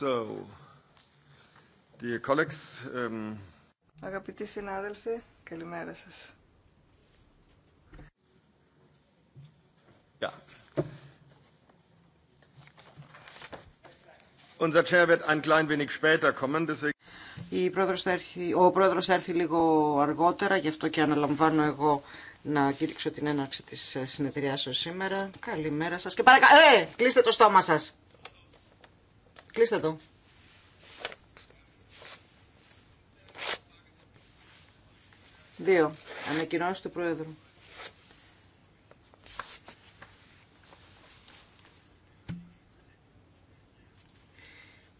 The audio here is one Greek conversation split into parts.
So, um, Αγαπητοί συνάδελφοι, καλημέρα σας. Yeah. ο πρόεδρος θα έρθει λίγο αργότερα, γι' αυτό και αναλαμβάνω εγώ να κήρυξω την έναρξη της συνεδριάσεως σήμερα. Καλημέρα σας και παρακαλώ, ε, κλείστε το στόμα σας. Κλείστε το. Δύο. Ανακοινώσει του Πρόεδρου.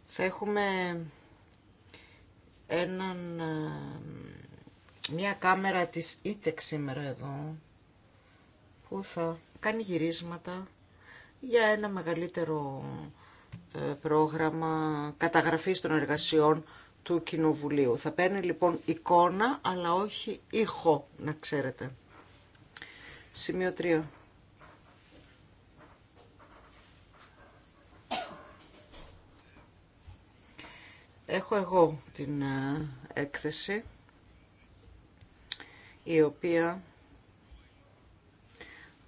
Θα έχουμε έναν, ε, μια κάμερα της ΙΤΕΚ σήμερα εδώ που θα κάνει γυρίσματα για ένα μεγαλύτερο ε, πρόγραμμα καταγραφής των εργασιών του Κοινοβουλίου. Θα παίρνει λοιπόν εικόνα αλλά όχι ήχο, να ξέρετε. Σημείο 3. Έχω εγώ την ε, έκθεση η οποία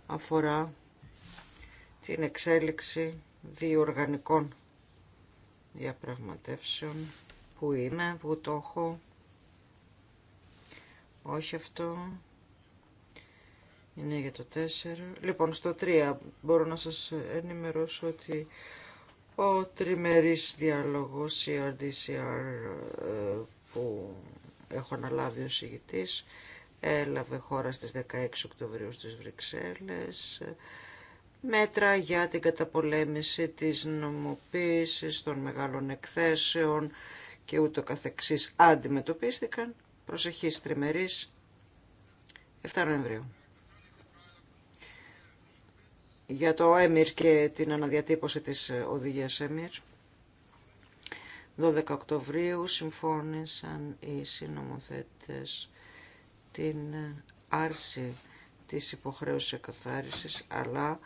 αφορά την εξέλιξη διοργανικών διαπραγματεύσεων. Πού είμαι, πού το έχω. Όχι αυτό. Είναι για το 4. Λοιπόν, στο 3 μπορώ να σας ενημερώσω ότι ο τριμερής διάλογος CRDCR ε, που έχω αναλάβει ο συγητής έλαβε χώρα στις 16 Οκτωβρίου στις Βρυξέλλες μέτρα για την καταπολέμηση της νομοποίησης των μεγάλων εκθέσεων και ούτω καθεξής αντιμετωπίστηκαν. Προσεχής τριμερής 7 Νοεμβρίου. Για το ΕΜΙΡ και την αναδιατύπωση της οδηγίας ΕΜΙΡ. 12 Οκτωβρίου συμφώνησαν οι συνομοθέτες την άρση της υποχρέωσης εκαθάρισης αλλά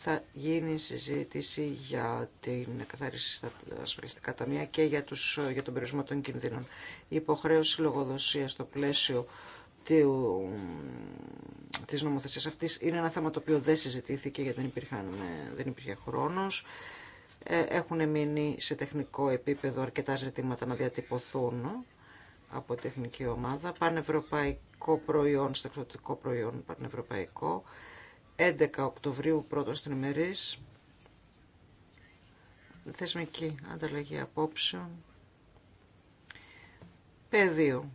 θα γίνει συζήτηση για την καθάριση στα ασφαλιστικά ταμεία και για, τους, για τον περιορισμό των κινδύνων. Η υποχρέωση λογοδοσία στο πλαίσιο του, της νομοθεσίας αυτής είναι ένα θέμα το οποίο δεν συζητήθηκε γιατί δεν, υπήρχαν, δεν υπήρχε χρόνος. Ε, έχουν μείνει σε τεχνικό επίπεδο αρκετά ζητήματα να διατυπωθούν από τεχνική ομάδα. Πανευρωπαϊκό προϊόν, εξωτερικό προϊόν πανευρωπαϊκό. 11 Οκτωβρίου πρώτος τριμερής θεσμική ανταλλαγή απόψεων πεδίο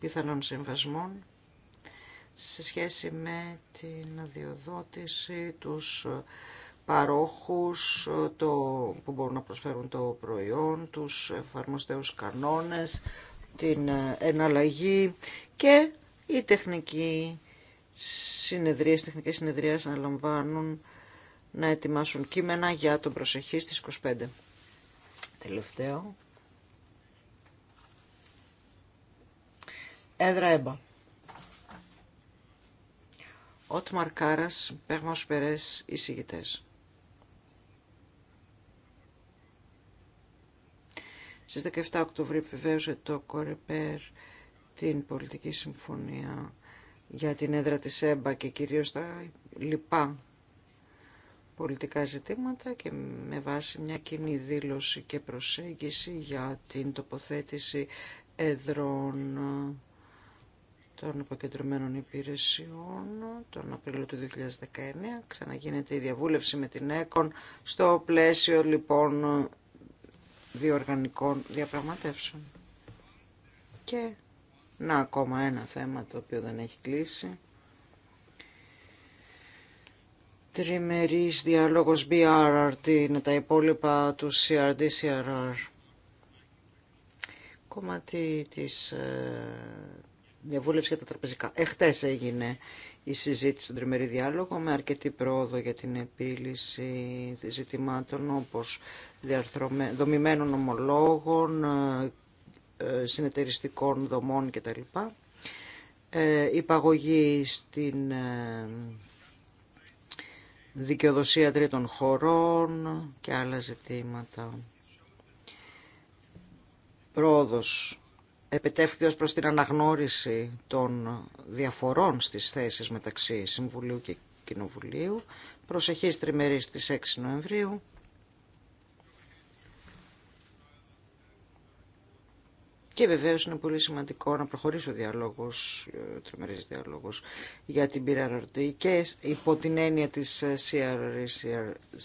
πιθανών συμβασμών σε σχέση με την αδειοδότηση, τους παρόχους το, που μπορούν να προσφέρουν το προϊόν, τους εφαρμοστέους κανόνες, την ε, εναλλαγή και η τεχνική συνεδρίες, τεχνικές συνεδρίες να λαμβάνουν, να ετοιμάσουν κείμενα για τον προσεχή στις 25. Τελευταίο. Έδρα έμπα. Ότ Μαρκάρας, Πέγμος Περές, εισηγητές. Στις 17 Οκτωβρίου επιβεβαίωσε το Κορεπέρ την πολιτική συμφωνία για την έδρα της ΕΜΠΑ και κυρίως τα λοιπά πολιτικά ζητήματα και με βάση μια κοινή δήλωση και προσέγγιση για την τοποθέτηση έδρων των υποκεντρωμένων υπηρεσιών τον Απρίλιο του 2019. Ξαναγίνεται η διαβούλευση με την ΕΚΟΝ στο πλαίσιο λοιπόν διοργανικών διαπραγματεύσεων. Και να ακόμα ένα θέμα το οποίο δεν έχει κλείσει. Τριμερής διάλογος BRRT είναι τα υπόλοιπα του CRD-CRR. Κομμάτι της ε, διαβούλευση για τα τραπεζικά. Εχθές έγινε η συζήτηση στον τριμερή διάλογο με αρκετή πρόοδο για την επίλυση ζητημάτων όπως δομημένων ομολόγων, ε, ε, συνεταιριστικών δομών κτλ. Ε, υπαγωγή στην ε, δικαιοδοσία τρίτων χωρών και άλλα ζητήματα. Πρόοδος επιτεύχθη ως προς την αναγνώριση των διαφορών στις θέσεις μεταξύ Συμβουλίου και Κοινοβουλίου. Προσεχής τριμερής στις 6 Νοεμβρίου. Και βεβαίως είναι πολύ σημαντικό να προχωρήσει ο διάλογο, ο ε, διάλογο για την BRRD και υπό την έννοια της ε,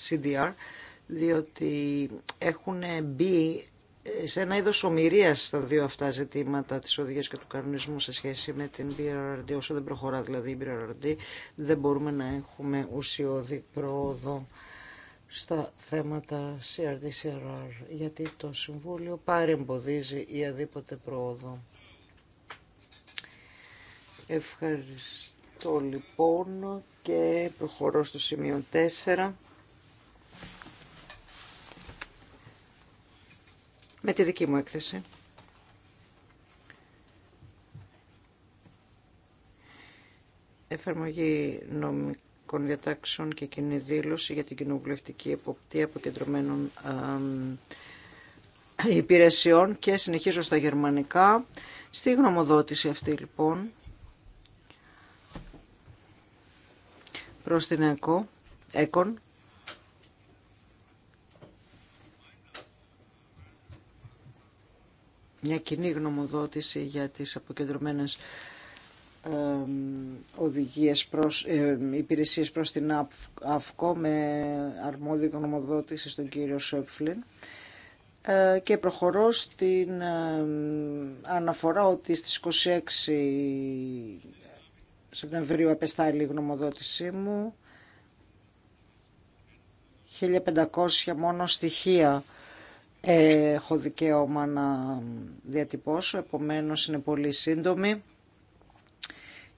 CDR, διότι έχουν μπει ε, σε ένα είδο ομοιρίας στα δύο αυτά ζητήματα τη οδηγία και του κανονισμού σε σχέση με την BRRD. Όσο δεν προχωρά δηλαδή η BRRD δεν μπορούμε να έχουμε ουσιώδη πρόοδο στα θέματα CRD-CRR, γιατί το Συμβούλιο παρεμποδίζει η αδίποτε πρόοδο. Ευχαριστώ λοιπόν και προχωρώ στο σημείο 4. με τη δική μου έκθεση. Εφαρμογή νομικών διατάξεων και κοινή δήλωση για την κοινοβουλευτική εποπτεία αποκεντρωμένων ε, ε, υπηρεσιών και συνεχίζω στα γερμανικά. Στη γνωμοδότηση αυτή λοιπόν προς την ΕΚΟ, ΕΚΟΝ μια κοινή γνωμοδότηση για τις αποκεντρωμένες οδηγίες προς, ε, υπηρεσίες προς την ΑΦΚΟ με αρμόδιο γνωμοδότηση στον κύριο Σόπφλιν ε, και προχωρώ στην αναφορά ότι στις 26 Σεπτεμβρίου απεστάλλει η γνωμοδότησή μου 1500 μόνο στοιχεία έχω δικαίωμα να διατυπώσω, επομένως είναι πολύ σύντομη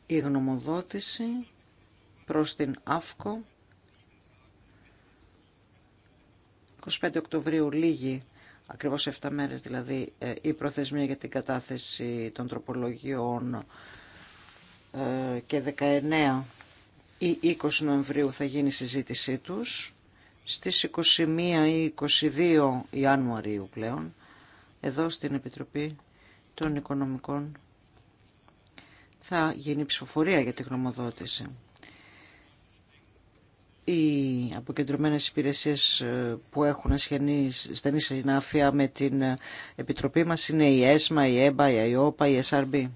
η γνωμοδότηση προς την ΑΦΚΟ 25 Οκτωβρίου λίγη ακριβώς 7 μέρες δηλαδή ε, η προθεσμία για την κατάθεση των τροπολογιών ε, και 19 ή 20 Νοεμβρίου θα γίνει η συζήτησή τους στις 21 ή 22 Ιανουαρίου πλέον εδώ στην Επιτροπή των Οικονομικών θα γίνει ψηφοφορία για τη γνωμοδότηση. Οι αποκεντρωμένες υπηρεσίες ε, που έχουν στενή, στενή συνάφεια με την ε, Επιτροπή μας είναι η ΕΣΜΑ, η ΕΜΠΑ, η ΑΙΟΠΑ, η SRB.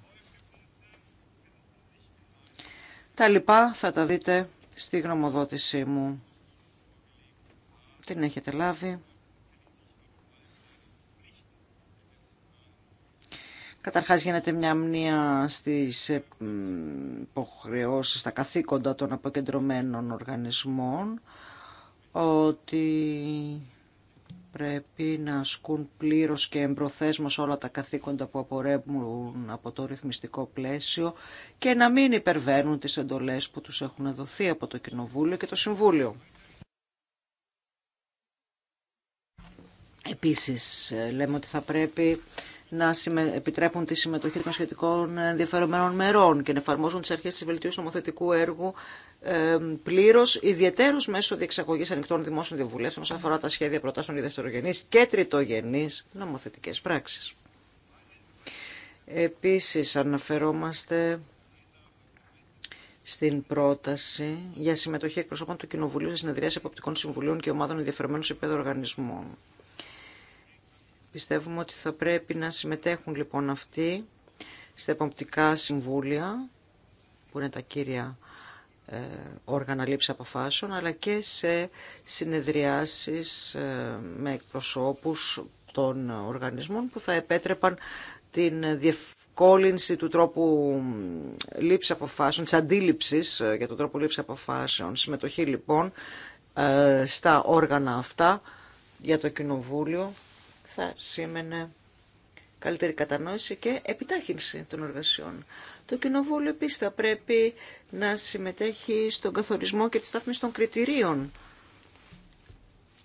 Τα λοιπά θα τα δείτε στη γνωμοδότησή μου. Την έχετε λάβει. Καταρχάς γίνεται μια μνήμα στις ε, υποχρεώσει στα καθήκοντα των αποκεντρωμένων οργανισμών, ότι πρέπει να ασκούν πλήρως και εμπροθέσμως όλα τα καθήκοντα που απορρέμουν από το ρυθμιστικό πλαίσιο και να μην υπερβαίνουν τις εντολές που τους έχουν δοθεί από το Κοινοβούλιο και το Συμβούλιο. Επίσης, ε, λέμε ότι θα πρέπει να επιτρέπουν τη συμμετοχή των σχετικών ενδιαφερομένων μερών και να εφαρμόζουν τι αρχέ τη βελτίωση νομοθετικού έργου ε, πλήρω, ιδιαίτερω μέσω διεξαγωγή ανοιχτών δημόσιων διαβουλεύσεων όσον αφορά τα σχέδια προτάσεων για δευτερογενεί και τριτογενεί νομοθετικέ πράξει. Επίση αναφερόμαστε στην πρόταση για συμμετοχή εκπροσώπων του Κοινοβουλίου σε συνεδριάσεις εποπτικών συμβουλίων και ομάδων ενδιαφερμένων σε επίπεδο οργανισμών. Πιστεύουμε ότι θα πρέπει να συμμετέχουν λοιπόν αυτοί στα εποπτικά συμβούλια, που είναι τα κύρια ε, όργανα λήψη αποφάσεων, αλλά και σε συνεδριάσεις ε, με εκπροσώπους των οργανισμών που θα επέτρεπαν την διευκόλυνση του τρόπου λήψη αποφάσεων, της αντίληψης ε, για τον τρόπο λήψη αποφάσεων. Συμμετοχή λοιπόν στα όργανα αυτά για το Κοινοβούλιο θα σήμαινε καλύτερη κατανόηση και επιτάχυνση των εργασιών. Το Κοινοβούλιο επίσης θα πρέπει να συμμετέχει στον καθορισμό και τη στάθμιση των κριτηρίων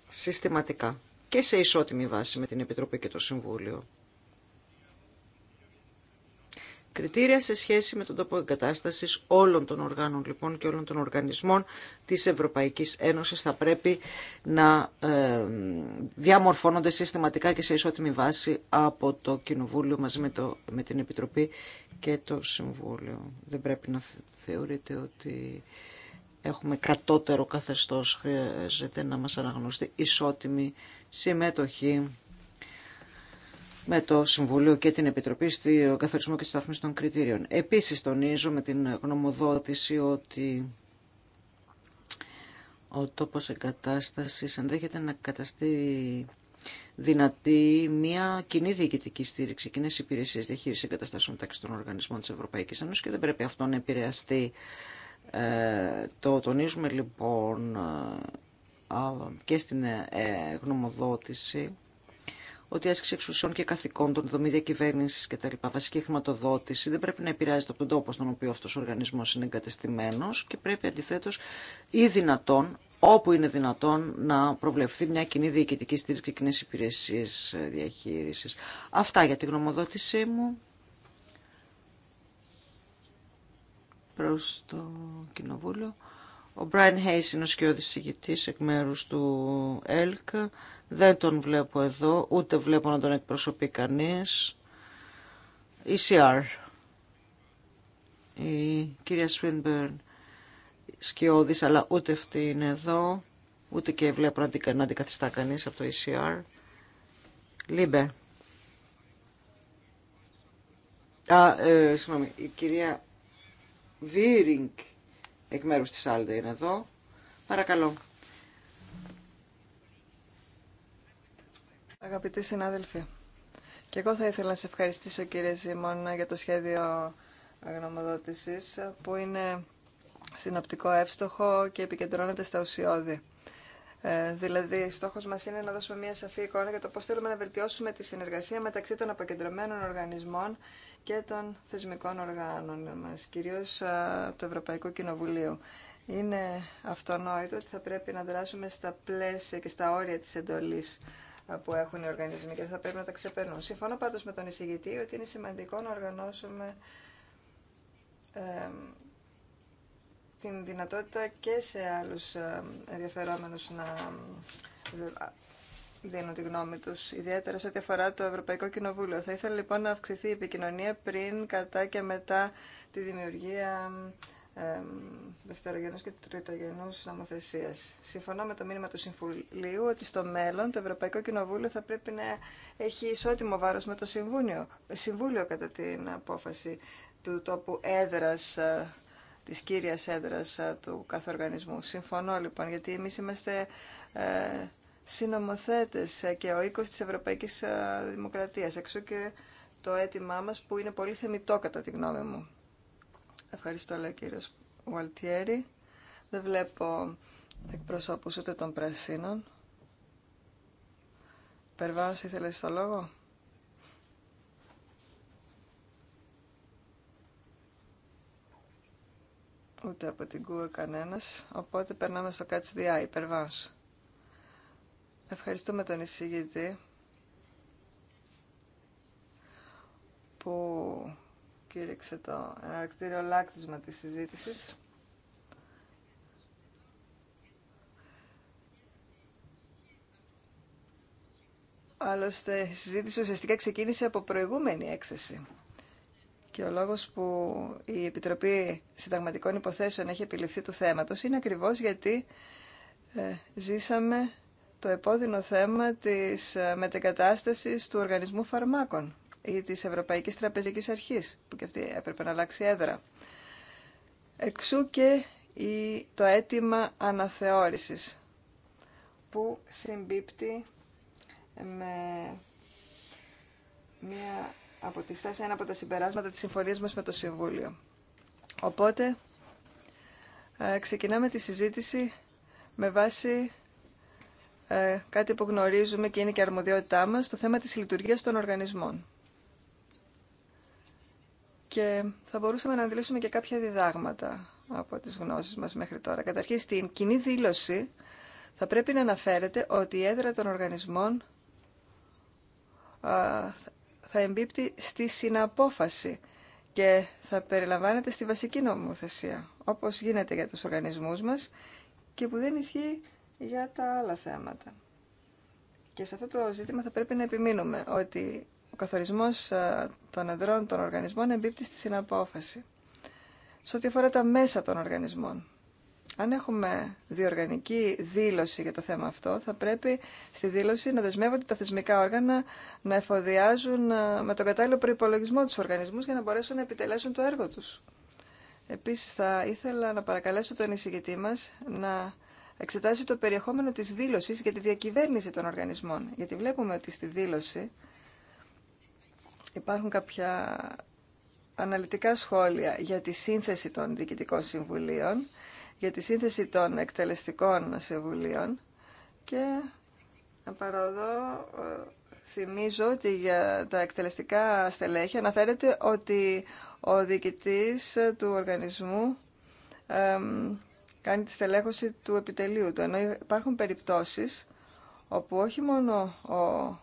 συστηματικά και σε ισότιμη βάση με την Επιτροπή και το Συμβούλιο κριτήρια σε σχέση με τον τόπο εγκατάσταση όλων των οργάνων λοιπόν και όλων των οργανισμών της Ευρωπαϊκής Ένωσης θα πρέπει να ε, διαμορφώνονται συστηματικά και σε ισότιμη βάση από το Κοινοβούλιο μαζί με, την Επιτροπή και το Συμβούλιο. Δεν πρέπει να θεωρείτε ότι έχουμε κατώτερο καθεστώς, χρειάζεται να μας αναγνωστεί ισότιμη συμμετοχή με το Συμβουλίο και την Επιτροπή στο καθορισμό και τη σταθμίση των κριτήριων. Επίσης τονίζω με την γνωμοδότηση ότι ο τόπος εγκατάστασης ενδέχεται να καταστεί δυνατή μια κοινή διοικητική στήριξη, κοινέ υπηρεσίε διαχείριση εγκαταστάσεων μεταξύ των οργανισμών τη Ευρωπαϊκή Ένωση και δεν πρέπει αυτό να επηρεαστεί. Ε, το τονίζουμε λοιπόν ε, και στην ε, γνωμοδότηση ότι η άσκηση εξουσιών και καθηκόντων, δομή διακυβέρνηση κτλ. βασική χρηματοδότηση δεν πρέπει να επηρεάζεται από τον τόπο στον οποίο αυτό ο οργανισμό είναι εγκατεστημένο και πρέπει αντιθέτω ή δυνατόν, όπου είναι δυνατόν, να προβλεφθεί μια κοινή διοικητική στήριξη και κοινέ υπηρεσίε διαχείριση. Αυτά για τη γνωμοδότησή μου. Προ το Κοινοβούλιο. Ο Brian Hayes είναι ο σκιώδης ηγητής εκ μέρους του ΕΛΚ. Δεν τον βλέπω εδώ, ούτε βλέπω να τον εκπροσωπεί κανείς. ECR. Η κυρία Σουίνμπερν σκιώδης, αλλά ούτε αυτή είναι εδώ, ούτε και βλέπω να αντικαθιστά κανείς από το ECR. Λίμπε. Α, ε, συγγνώμη, η κυρία Βίρινγκ εκ μέρους της Άλντε είναι εδώ. Παρακαλώ. Αγαπητοί συνάδελφοι, και εγώ θα ήθελα να σε ευχαριστήσω κύριε Σίμωνα για το σχέδιο αγνομοδότησης που είναι συνοπτικό εύστοχο και επικεντρώνεται στα ουσιώδη. Ε, δηλαδή, στόχος μας είναι να δώσουμε μια σαφή εικόνα για το πώς θέλουμε να βελτιώσουμε τη συνεργασία μεταξύ των αποκεντρωμένων οργανισμών και των θεσμικών οργάνων μας, κυρίως α, ε, του Ευρωπαϊκού Κοινοβουλίου. Είναι αυτονόητο ότι θα πρέπει να δράσουμε στα πλαίσια και στα όρια της εντολής που έχουν οι οργανισμοί και θα πρέπει να τα ξεπερνούν. Συμφωνώ πάντως με τον εισηγητή ότι είναι σημαντικό να οργανώσουμε την δυνατότητα και σε άλλους ενδιαφερόμενους να δίνουν τη γνώμη τους, ιδιαίτερα σε ό,τι αφορά το Ευρωπαϊκό Κοινοβούλιο. Θα ήθελα λοιπόν να αυξηθεί η επικοινωνία πριν, κατά και μετά τη δημιουργία δευτερογενούς και τριτογενούς νομοθεσίας. Συμφωνώ με το μήνυμα του Συμβουλίου ότι στο μέλλον το Ευρωπαϊκό Κοινοβούλιο θα πρέπει να έχει ισότιμο βάρος με το Συμβούλιο, Συμβούλιο κατά την απόφαση του τόπου έδρας ε, της κύριας έδρας ε, του κάθε οργανισμού. Συμφωνώ λοιπόν, γιατί εμείς είμαστε ε, συνομοθέτες ε, και ο οίκος της Ευρωπαϊκής Δημοκρατίας, έξω και το αίτημά μας που είναι πολύ θεμητό κατά τη γνώμη μου. Ευχαριστώ, λέει ο κύριο Γουαλτιέρη. Δεν βλέπω εκπροσώπους ούτε των πρασίνων. Περβάς, ήθελε το λόγο. Ούτε από την ΚΟΕ κανένας, οπότε περνάμε στο Catch the Eye, Ευχαριστούμε τον εισηγητή που κήρυξε το εναρκτήριο λάκτισμα της συζήτησης. Άλλωστε, η συζήτηση ουσιαστικά ξεκίνησε από προηγούμενη έκθεση. Και ο λόγος που η Επιτροπή Συνταγματικών Υποθέσεων έχει επιληφθεί του θέματος είναι ακριβώς γιατί ε, ζήσαμε το επώδυνο θέμα της ε, μετεγκατάστασης του οργανισμού φαρμάκων ή της Ευρωπαϊκής Τραπεζικής Αρχής, που και αυτή έπρεπε να αλλάξει έδρα. Εξού και η, το αίτημα αναθεώρησης, που συμπίπτει με μία από τις ένα από τα συμπεράσματα της συμφωνίας μας με το Συμβούλιο. Οπότε, ε, ξεκινάμε τη συζήτηση με βάση ε, κάτι που γνωρίζουμε και είναι και αρμοδιότητά μας, το θέμα της λειτουργίας των οργανισμών και θα μπορούσαμε να αντιλήσουμε και κάποια διδάγματα από τις γνώσεις μας μέχρι τώρα. Καταρχήν στην κοινή δήλωση θα πρέπει να αναφέρεται ότι η έδρα των οργανισμών θα εμπίπτει στη συναπόφαση και θα περιλαμβάνεται στη βασική νομοθεσία, όπως γίνεται για τους οργανισμούς μας και που δεν ισχύει για τα άλλα θέματα. Και σε αυτό το ζήτημα θα πρέπει να επιμείνουμε ότι ο καθορισμό ε, των εδρών των οργανισμών εμπίπτει στη συναπόφαση. Σε ό,τι αφορά τα μέσα των οργανισμών. Αν έχουμε διοργανική δήλωση για το θέμα αυτό, θα πρέπει στη δήλωση να δεσμεύονται τα θεσμικά όργανα να εφοδιάζουν ε, με τον κατάλληλο προπολογισμό του οργανισμού για να μπορέσουν να επιτελέσουν το έργο του. Επίση, θα ήθελα να παρακαλέσω τον εισηγητή μα να εξετάσει το περιεχόμενο τη δήλωση για τη διακυβέρνηση των οργανισμών. Γιατί βλέπουμε ότι στη δήλωση Υπάρχουν κάποια αναλυτικά σχόλια για τη σύνθεση των διοικητικών συμβουλίων, για τη σύνθεση των εκτελεστικών συμβουλίων και να ε, θυμίζω ότι για τα εκτελεστικά στελέχη αναφέρεται ότι ο διοικητής του οργανισμού κάνει τη στελέχωση του επιτελείου του, ενώ υπάρχουν περιπτώσεις όπου όχι μόνο ο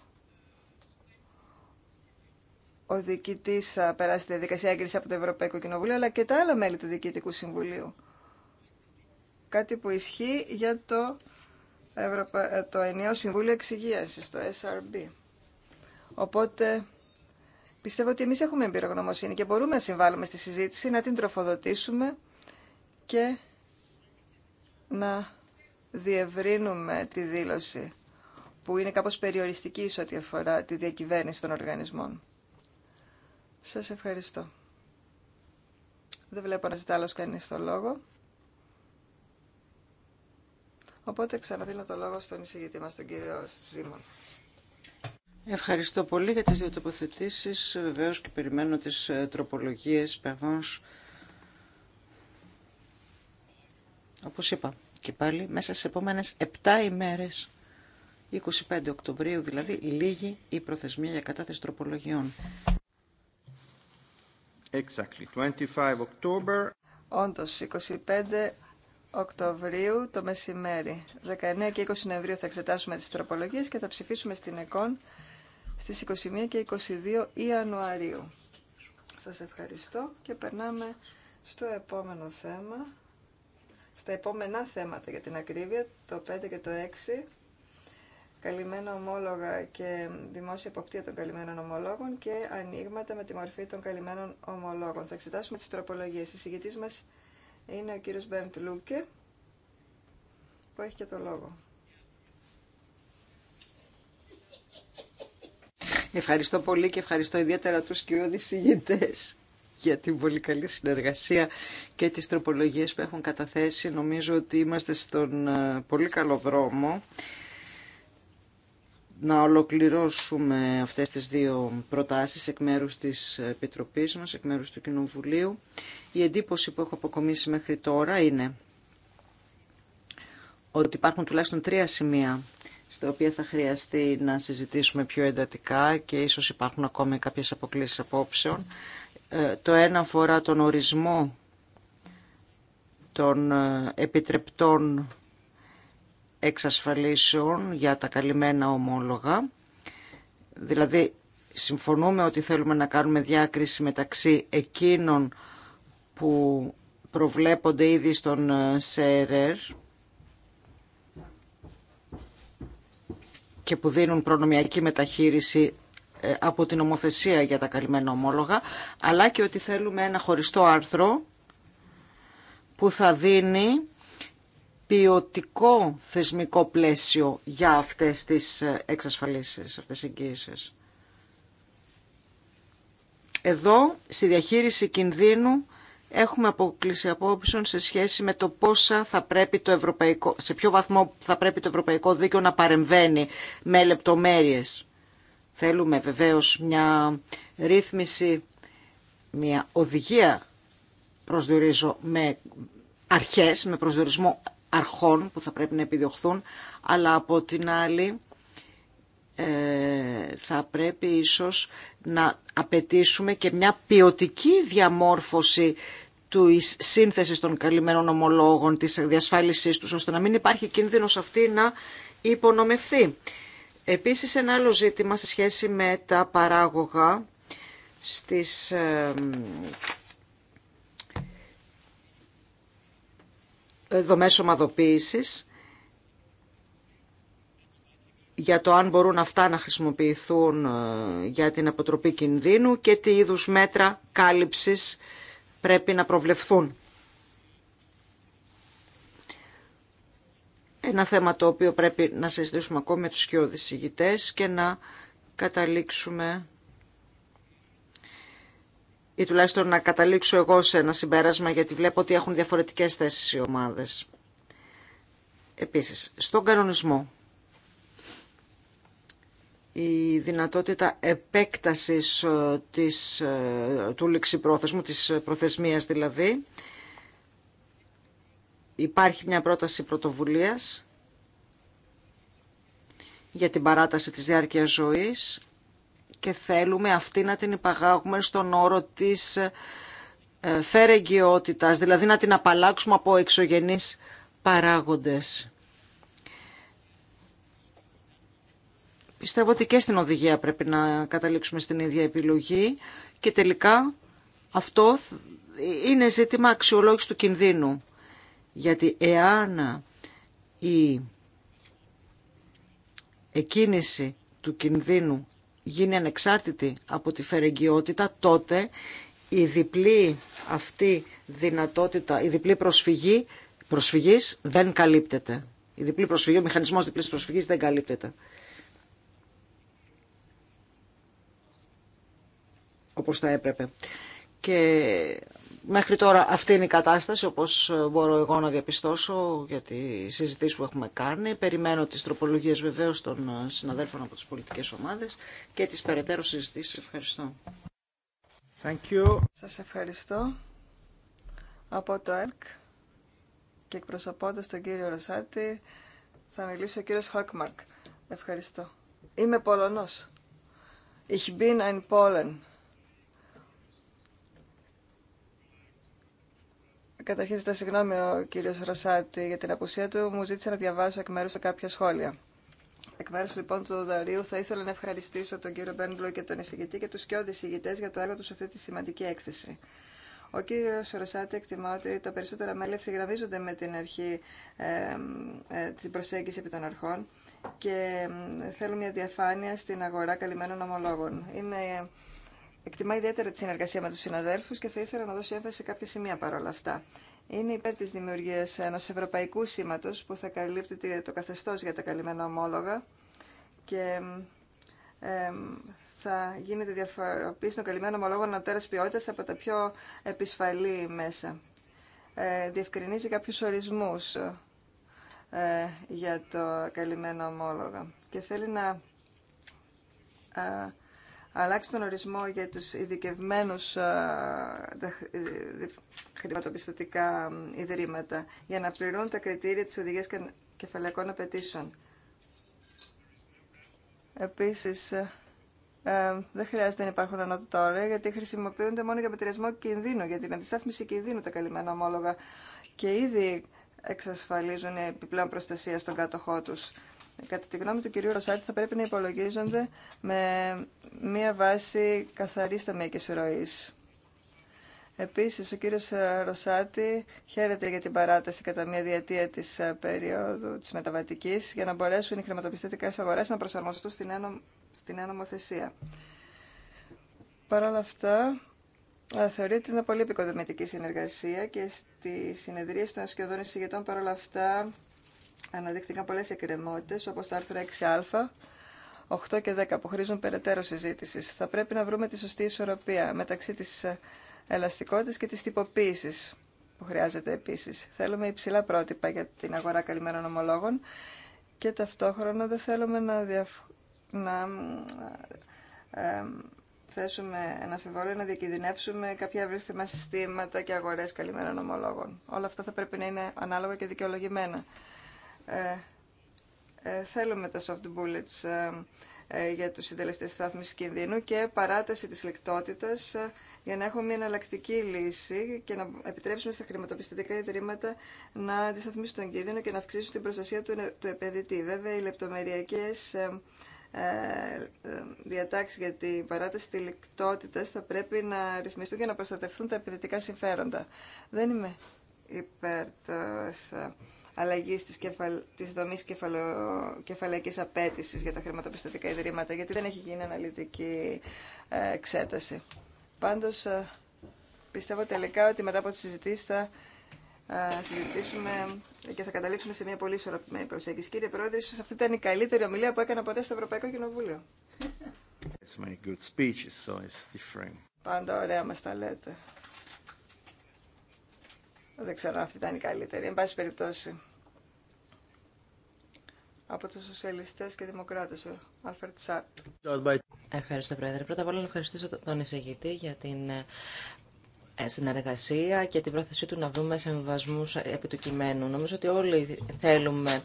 ο διοικητή θα περάσει τη διαδικασία έγκριση από το Ευρωπαϊκό Κοινοβούλιο, αλλά και τα άλλα μέλη του Διοικητικού Συμβουλίου. Κάτι που ισχύει για το, Ευρωπα... Ε, το Ενιαίο Συμβούλιο Εξυγίαση, το SRB. Οπότε πιστεύω ότι εμεί έχουμε εμπειρογνωμοσύνη και μπορούμε να συμβάλλουμε στη συζήτηση, να την τροφοδοτήσουμε και να διευρύνουμε τη δήλωση που είναι κάπως περιοριστική σε ό,τι αφορά τη διακυβέρνηση των οργανισμών. Σας ευχαριστώ. Δεν βλέπω να ζητά άλλος κανείς το λόγο. Οπότε ξαναδίνω το λόγο στον εισηγητή μας, τον κύριο Σίμων. Ευχαριστώ πολύ για τις δύο τοποθετήσεις. Βεβαίως και περιμένω τις ε, τροπολογίες παιδόνς. Όπως είπα και πάλι, μέσα στις επόμενες 7 ημέρες, 25 Οκτωβρίου δηλαδή, λίγη η προθεσμία για κατάθεση τροπολογιών. Exactly. 25 Όντως, 25 Οκτωβρίου το μεσημέρι. 19 και 20 Νευρίου θα εξετάσουμε τις τροπολογίες και θα ψηφίσουμε στην ΕΚΟΝ στις 21 και 22 Ιανουαρίου. Σας ευχαριστώ και περνάμε στο επόμενο θέμα, στα επόμενα θέματα για την ακρίβεια, το 5 και το 6 καλυμμένα ομόλογα και δημόσια υποπτία των καλυμμένων ομολόγων και ανοίγματα με τη μορφή των καλυμμένων ομολόγων. Θα εξετάσουμε τις τροπολογίες. Η συγκητής μας είναι ο κύριος Μπέρντ Λούκε, που έχει και το λόγο. Ευχαριστώ πολύ και ευχαριστώ ιδιαίτερα τους κοιόδης συγγετές... για την πολύ καλή συνεργασία και τις τροπολογίες που έχουν καταθέσει. Νομίζω ότι είμαστε στον ε, πολύ καλό δρόμο να ολοκληρώσουμε αυτές τις δύο προτάσεις εκ μέρους της Επιτροπής μας, εκ μέρους του Κοινοβουλίου. Η εντύπωση που έχω αποκομίσει μέχρι τώρα είναι ότι υπάρχουν τουλάχιστον τρία σημεία στα οποία θα χρειαστεί να συζητήσουμε πιο εντατικά και ίσως υπάρχουν ακόμη κάποιες αποκλήσεις απόψεων. Ε, το ένα αφορά τον ορισμό των ε, επιτρεπτών εξασφαλίσεων για τα καλυμμένα ομόλογα. Δηλαδή, συμφωνούμε ότι θέλουμε να κάνουμε διάκριση μεταξύ εκείνων που προβλέπονται ήδη στον ε, ΣΕΡΕΡ και που δίνουν προνομιακή μεταχείριση ε, από την ομοθεσία για τα καλυμμένα ομόλογα, αλλά και ότι θέλουμε ένα χωριστό άρθρο που θα δίνει ποιοτικό θεσμικό πλαίσιο για αυτές τις ε, εξασφαλίσεις, αυτές τις εγγύησεις. Εδώ, στη διαχείριση κινδύνου, έχουμε αποκλήσει απόψεων σε σχέση με το πόσα θα πρέπει το ευρωπαϊκό, σε ποιο βαθμό θα πρέπει το ευρωπαϊκό δίκαιο να παρεμβαίνει με λεπτομέρειες. Θέλουμε βεβαίως μια ρύθμιση, μια οδηγία προσδιορίζω με αρχές, με προσδιορισμό αρχών που θα πρέπει να επιδιωχθούν, αλλά από την άλλη ε, θα πρέπει ίσως να απαιτήσουμε και μια ποιοτική διαμόρφωση του σύνθεσης των καλυμμένων ομολόγων, της διασφάλισής τους, ώστε να μην υπάρχει κίνδυνος αυτή να υπονομευθεί. Επίσης ένα άλλο ζήτημα σε σχέση με τα παράγωγα στις ε, δομές ομαδοποίησης για το αν μπορούν αυτά να χρησιμοποιηθούν ε, για την αποτροπή κινδύνου και τι είδους μέτρα κάλυψης πρέπει να προβλεφθούν. Ένα θέμα το οποίο πρέπει να συζητήσουμε ακόμη με τους υγιτές και να καταλήξουμε ή τουλάχιστον να καταλήξω εγώ σε ένα συμπέρασμα γιατί βλέπω ότι έχουν διαφορετικές θέσεις οι ομάδες. Επίσης, στον κανονισμό η δυνατότητα επέκτασης ε, της, ε, του ληξιπρόθεσμου, της προθεσμίας δηλαδή. Υπάρχει μια πρόταση πρωτοβουλίας για την παράταση της διάρκειας ζωής και θέλουμε αυτή να την υπαγάγουμε στον όρο της ε, φερεγγιότητας, δηλαδή να την απαλλάξουμε από εξωγενείς παράγοντες. Πιστεύω ότι και στην οδηγία πρέπει να καταλήξουμε στην ίδια επιλογή και τελικά αυτό είναι ζήτημα αξιολόγηση του κινδύνου. Γιατί εάν η εκκίνηση του κινδύνου γίνει ανεξάρτητη από τη φερεγγιότητα, τότε η διπλή αυτή δυνατότητα, η διπλή προσφυγή προσφυγής δεν καλύπτεται. Η διπλή προσφυγή, ο μηχανισμός διπλής προσφυγής δεν καλύπτεται. Όπως θα έπρεπε. Και Μέχρι τώρα αυτή είναι η κατάσταση, όπως μπορώ εγώ να διαπιστώσω για τι συζητήσει που έχουμε κάνει. Περιμένω τις τροπολογίες βεβαίως των συναδέλφων από τις πολιτικές ομάδες και τις περαιτέρω συζητήσεις. Ευχαριστώ. Thank Σας ευχαριστώ. Από το ΕΛΚ και εκπροσωπώντας τον κύριο Ρωσάτη θα μιλήσει ο κύριος Χόκμαρκ. Ευχαριστώ. Είμαι Πολωνός. Ich bin ein Polen. Καταρχήν, ζητά συγγνώμη ο κύριο Ρωσάτη για την απουσία του. Μου ζήτησε να διαβάσω εκ μέρου κάποια σχόλια. Εκ μέρου λοιπόν του Δαρίου, θα ήθελα να ευχαριστήσω τον κύριο Μπέρνγκλου και τον εισηγητή και του σκιώδη εισηγητέ για το έργο του σε αυτή τη σημαντική έκθεση. Ο κύριο Ρωσάτη εκτιμά ότι τα περισσότερα μέλη ευθυγραμμίζονται με την αρχή ε, ε, την προσέγγιση επί των αρχών και θέλουν μια διαφάνεια στην αγορά καλυμμένων ομολόγων. Είναι εκτιμά ιδιαίτερα τη συνεργασία με του συναδέλφου και θα ήθελα να δώσω έμφαση σε κάποια σημεία παρόλα αυτά. Είναι υπέρ τη δημιουργία ενό ευρωπαϊκού σήματο που θα καλύπτει το καθεστώ για τα καλυμμένα ομόλογα και θα γίνεται διαφοροποίηση των καλυμμένων ομολόγων ανωτέρα ποιότητας από τα πιο επισφαλή μέσα. Ε, διευκρινίζει κάποιους ορισμούς ε, για το καλυμμένο ομόλογα και θέλει να ε, αλλάξει τον ορισμό για τους ειδικευμένου ε, ε, χρηματοπιστωτικά ιδρύματα για να πληρούν τα κριτήρια της οδηγίας κεφαλαϊκών απαιτήσεων. Επίσης, ε, δεν χρειάζεται να υπάρχουν ανώτατα όρια, γιατί χρησιμοποιούνται μόνο για μετριασμό κινδύνου, για την αντιστάθμιση κινδύνου τα καλυμμένα ομόλογα και ήδη εξασφαλίζουν επιπλέον προστασία στον κάτοχό τους κατά τη γνώμη του κυρίου Ρωσάτη θα πρέπει να υπολογίζονται με μία βάση καθαρής ταμιακή ροή. Επίσης, ο κύριος Ρωσάτη χαίρεται για την παράταση κατά μία διετία της ε, περίοδου της μεταβατικής για να μπορέσουν οι χρηματοπιστωτικές αγορές να προσαρμοστούν στην, ένο, στην Παρ' όλα αυτά, ε, θεωρεί ότι είναι πολύ επικοδομητική συνεργασία και στη συνεδρία των σκιωδών εισηγητών παρ' όλα αυτά αναδείχθηκαν πολλές εκκρεμότητες, όπως το άρθρο 6α, 8 και 10 που χρήζουν περαιτέρω συζήτηση. Θα πρέπει να βρούμε τη σωστή ισορροπία μεταξύ της ε, ελαστικότητας και της τυποποίησης που χρειάζεται επίσης. Θέλουμε υψηλά πρότυπα για την αγορά καλυμμένων ομολόγων και ταυτόχρονα δεν θέλουμε να, διαφ... να ε, θέσουμε ένα αφιβόλιο να διακινδυνεύσουμε κάποια ευρύθυμα συστήματα και αγορές καλυμμένων ομολόγων. Όλα αυτά θα πρέπει να είναι ανάλογα και δικαιολογημένα. Ε, ε, θέλουμε τα soft bullets ε, για τους συντελεστές στάθμης κινδύνου και παράταση της λεκτότητας για να έχουμε μια εναλλακτική λύση και να επιτρέψουμε στα χρηματοπιστωτικά ιδρύματα να αντισταθμίσουν τον κίνδυνο και να αυξήσουν την προστασία του επενδυτή. Βέβαια, οι λεπτομεριακές διατάξεις για την παράταση της λεκτότητας θα πρέπει να ρυθμιστούν και να προστατευτούν τα επενδυτικά συμφέροντα. Δεν είμαι υπέρ Αλλαγή τη κεφαλ... της δομής για τα χρηματοπιστωτικά ιδρύματα, γιατί δεν έχει γίνει αναλυτική ε, εξέταση. Πάντως, ε, πιστεύω τελικά ότι μετά από τις συζητήσεις θα ε, συζητήσουμε και θα καταλήξουμε σε μια πολύ ισορροπημένη προσέγγιση. Κύριε Πρόεδρε, ίσω αυτή ήταν η καλύτερη ομιλία που έκανα ποτέ στο Ευρωπαϊκό Κοινοβούλιο. Πάντα ωραία μας τα λέτε. Δεν ξέρω αν αυτή ήταν η καλύτερη. Εν πάση περιπτώσει. Από τους σοσιαλιστές και δημοκράτες, ο Άλφερτ Σάρτ. Ευχαριστώ, Πρόεδρε. Πρώτα απ' όλα να ευχαριστήσω τον εισηγητή για την ε, συνεργασία και την πρόθεσή του να βρούμε συμβασμούς επί του κειμένου. Νομίζω ότι όλοι θέλουμε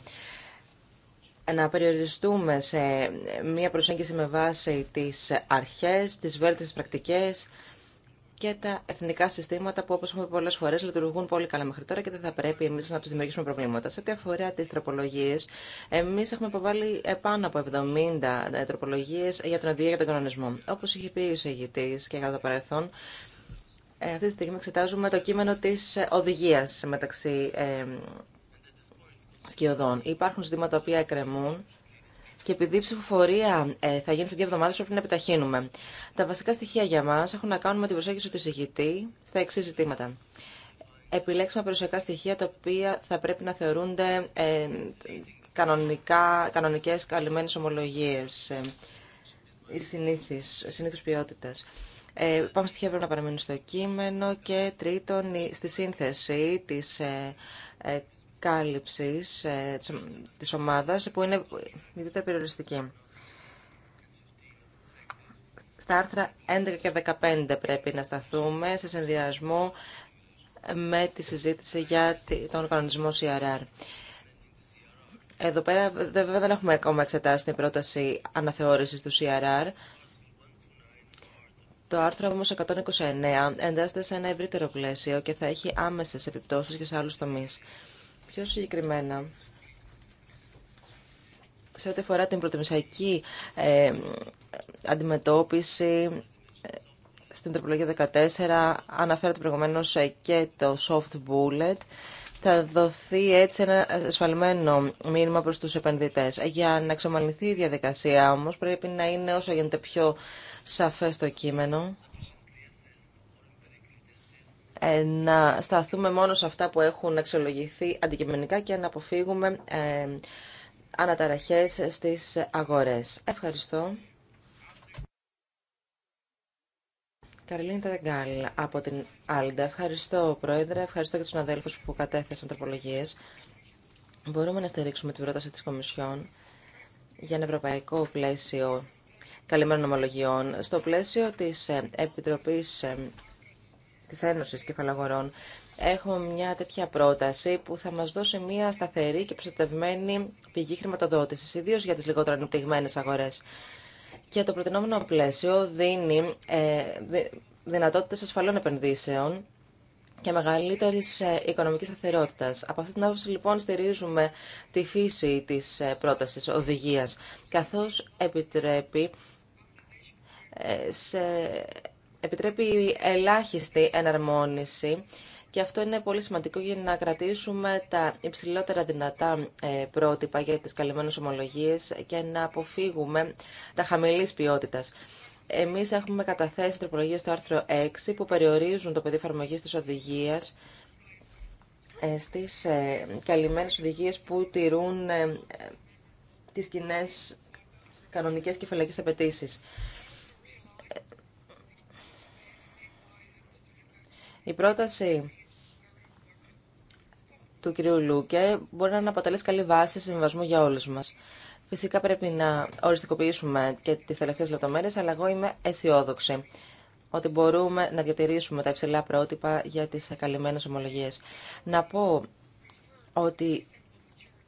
να περιοριστούμε σε μία προσέγγιση με βάση τις αρχές, τις βέλτιστες πρακτικές και τα εθνικά συστήματα που όπω έχουμε πολλές φορές λειτουργούν πολύ καλά μέχρι τώρα και δεν θα πρέπει εμείς να του δημιουργήσουμε προβλήματα. Σε ό,τι αφορά τις τροπολογίε, εμείς έχουμε υποβάλει ε, πάνω από 70 ε, τροπολογίε για την οδηγία για τον κανονισμό. Όπως είχε πει ο εισηγητή και κατά το παρελθόν, ε, αυτή τη στιγμή εξετάζουμε το κείμενο τη οδηγία μεταξύ σκιωδών. Υπάρχουν ζητήματα τα οποία εκκρεμούν και επειδή η ψηφοφορία ε, θα γίνει σε δύο εβδομάδε, πρέπει να επιταχύνουμε. Τα βασικά στοιχεία για μα έχουν να κάνουν με την προσέγγιση του εισηγητή στα εξή ζητήματα. Επιλέξουμε περιουσιακά στοιχεία τα οποία θα πρέπει να θεωρούνται ε, κανονικέ κανονικές ομολογίε ομολογίες ε, ή συνήθεις, συνήθους Ε, πάμε στοιχεία πρέπει να παραμείνουν στο κείμενο και τρίτον στη σύνθεση της κάλυψης ε, της ομάδας που είναι ιδιαίτερα περιοριστική. Στα άρθρα 11 και 15 πρέπει να σταθούμε σε συνδυασμό με τη συζήτηση για τον κανονισμό CRR. Εδώ πέρα βέβαια δεν έχουμε ακόμα εξετάσει την πρόταση αναθεώρησης του CRR. Το άρθρο όμω 129 εντάσσεται σε ένα ευρύτερο πλαίσιο και θα έχει άμεσε επιπτώσει και σε άλλου τομεί. Πιο συγκεκριμένα, σε ό,τι αφορά την προτιμησιακή ε, αντιμετώπιση, ε, στην τροπολογία 14 αναφέρεται προηγουμένως ε, και το soft bullet, θα δοθεί έτσι ένα ασφαλμένο μήνυμα προς τους επενδυτές. Για να εξομαλυνθεί η διαδικασία όμως πρέπει να είναι όσο γίνεται πιο σαφές το κείμενο. Ε, να σταθούμε μόνο σε αυτά που έχουν αξιολογηθεί αντικειμενικά και να αποφύγουμε ε, αναταραχές στις αγορές. Ευχαριστώ. Καρολίνη Ταγκάλ από την Άλντα. Ευχαριστώ, Πρόεδρε. Ευχαριστώ και τους αδέλφους που κατέθεσαν τροπολογίες. Μπορούμε να στηρίξουμε την πρόταση της Κομισιόν για ένα ευρωπαϊκό πλαίσιο καλυμμένων ομολογιών στο πλαίσιο της ε, Επιτροπής της Ένωσης Κεφαλαγορών. Έχουμε μια τέτοια πρόταση που θα μας δώσει μια σταθερή και προστατευμένη πηγή χρηματοδότησης, ιδίως για τις λιγότερο ανεπτυγμένες αγορές. Και το προτινόμενο πλαίσιο δίνει ε, δυνατότητες ασφαλών επενδύσεων και μεγαλύτερη ε, οικονομική σταθερότητα. Από αυτή την άποψη, λοιπόν, στηρίζουμε τη φύση τη ε, πρόταση οδηγία, καθώ επιτρέπει ε, σε επιτρέπει ελάχιστη εναρμόνιση και αυτό είναι πολύ σημαντικό για να κρατήσουμε τα υψηλότερα δυνατά ε, πρότυπα για τις καλυμμένες ομολογίες και να αποφύγουμε τα χαμηλής ποιότητας. Εμείς έχουμε καταθέσει τροπολογίες στο άρθρο 6 που περιορίζουν το πεδίο εφαρμογή της οδηγίας ε, στις ε, καλυμμένες οδηγίες που τηρούν τις κοινέ κανονικές κεφαλαϊκές απαιτήσει. Η πρόταση του κυρίου Λούκε μπορεί να αποτελέσει καλή βάση συμβασμού για όλους μας. Φυσικά πρέπει να οριστικοποιήσουμε και τις τελευταίες λεπτομέρειες, αλλά εγώ είμαι αισιόδοξη ότι μπορούμε να διατηρήσουμε τα υψηλά πρότυπα για τις καλυμμένες ομολογίες. Να πω ότι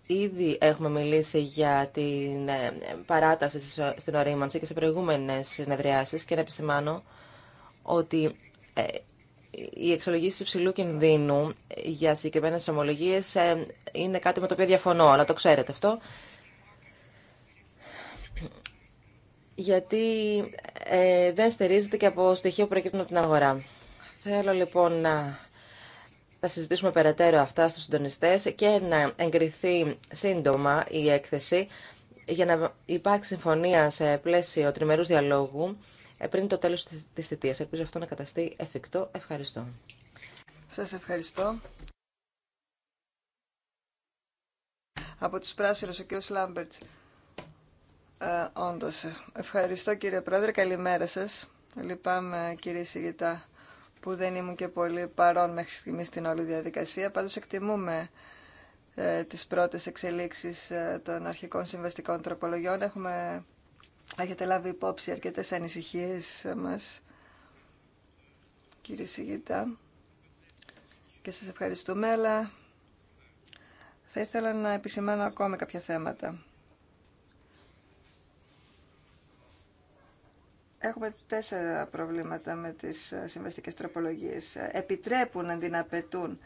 ήδη έχουμε μιλήσει για την ε, παράταση στην ορίμανση και σε προηγούμενες συνεδριάσεις και να επισημάνω ότι ε, οι εξολογήσει υψηλού κινδύνου για συγκεκριμένε ομολογίε ε, είναι κάτι με το οποίο διαφωνώ, αλλά το ξέρετε αυτό. Γιατί ε, δεν στερίζεται και από στοιχεία που προκύπτουν από την αγορά. Θέλω λοιπόν να τα συζητήσουμε περαιτέρω αυτά στους συντονιστές και να εγκριθεί σύντομα η έκθεση για να υπάρξει συμφωνία σε πλαίσιο τριμερούς διαλόγου ε, πριν το τέλος της θητείας. Ελπίζω αυτό να καταστεί εφικτό. Ευχαριστώ. Σας ευχαριστώ. Από τους πράσινους ο κ. Λάμπερτς. Ε, όντως, ε, ευχαριστώ κύριε Πρόεδρε. Καλημέρα σας. Λυπάμαι κύριε Σιγητά που δεν ήμουν και πολύ παρόν μέχρι στιγμή στην όλη διαδικασία. Πάντως εκτιμούμε ε, τις πρώτες εξελίξεις ε, των αρχικών συμβαστικών τροπολογιών. Έχουμε έχετε λάβει υπόψη αρκετές ανησυχίες μας, κύριε Σιγητά, και σας ευχαριστούμε, αλλά θα ήθελα να επισημάνω ακόμη κάποια θέματα. Έχουμε τέσσερα προβλήματα με τις συμβαστικές τροπολογίες. Επιτρέπουν αντί να απαιτούν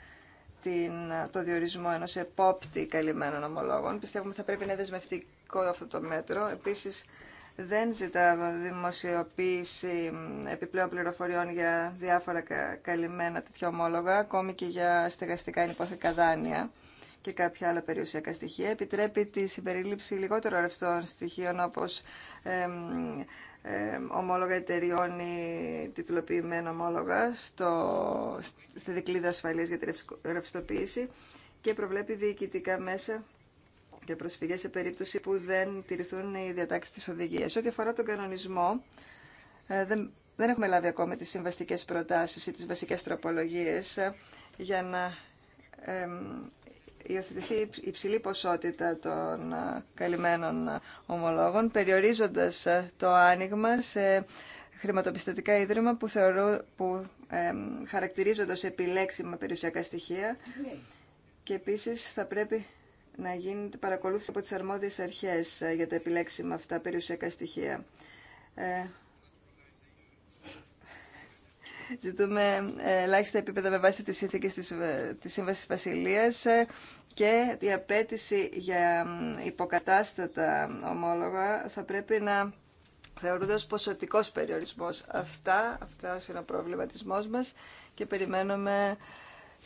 την, το διορισμό ενός επόπτη καλυμμένων ομολόγων. Πιστεύουμε ότι θα πρέπει να είναι δεσμευτικό αυτό το μέτρο. Επίσης, δεν ζητά δημοσιοποίηση επιπλέον πληροφοριών για διάφορα καλυμμένα τέτοια ομόλογα, ακόμη και για στεγαστικά ενυποθεκά δάνεια και κάποια άλλα περιουσιακά στοιχεία. Επιτρέπει τη συμπερίληψη λιγότερο ρευστών στοιχείων όπως ομόλογα εταιριών ή τιτλοποιημένα ομόλογα στο, στη δικλίδα ασφαλείας για τη ρευστοποίηση και προβλέπει διοικητικά μέσα για προσφυγές σε περίπτωση που δεν τηρηθούν οι διατάξεις της οδηγίας. Ό,τι αφορά τον κανονισμό, ε, δεν, δεν έχουμε λάβει ακόμα τις συμβαστικές προτάσεις ή τις βασικές τροπολογίες ε, για να υιοθετηθεί υψηλή ποσότητα των ε, καλυμμένων ομολόγων, περιορίζοντας το άνοιγμα σε χρηματοπιστωτικά ίδρυμα που, θεωρώ, που χαρακτηρίζονται ως επιλέξιμα περιουσιακά στοιχεία ναι. και επίσης θα πρέπει να γίνεται παρακολούθηση από τις αρμόδιες αρχές ε, για τα επιλέξιμα αυτά περιουσιακά στοιχεία. Ε, ζητούμε ε, ελάχιστα επίπεδα με βάση τις συνθήκες της, της Σύμβασης Βασιλείας και η απέτηση για υποκατάστατα ομόλογα θα πρέπει να θεωρούνται ως ποσοτικός περιορισμός. Αυτά, αυτά είναι ο προβληματισμός μας και περιμένουμε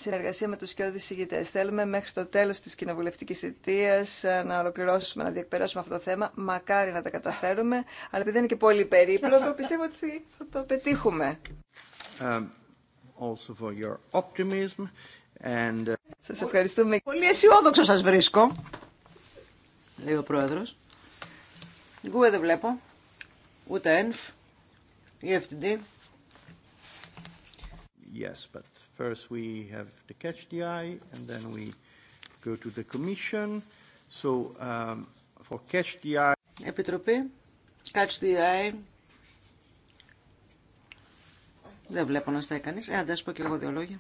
συνεργασία με τους κοιόδης ηγητές. Θέλουμε μέχρι το τέλος της κοινοβουλευτική θητείας ε, να ολοκληρώσουμε, να διεκπαιρώσουμε αυτό το θέμα. Μακάρι να τα καταφέρουμε, αλλά επειδή είναι και πολύ περίπλοκο, πιστεύω ότι θα το πετύχουμε. Um, and... Uh, σας ευχαριστούμε. Πολύ αισιόδοξο σας βρίσκω, λέει ο Πρόεδρος. Εγώ δεν βλέπω, ούτε ΕΝΦ, η FTD. Yes, but First, we have the catch the eye, and then we go to the commission. So, um, for catch the eye... Επιτροπή, catch the eye. Δεν βλέπω να στάει κανείς. Ε, αντάς πω και εγώ δύο λόγια.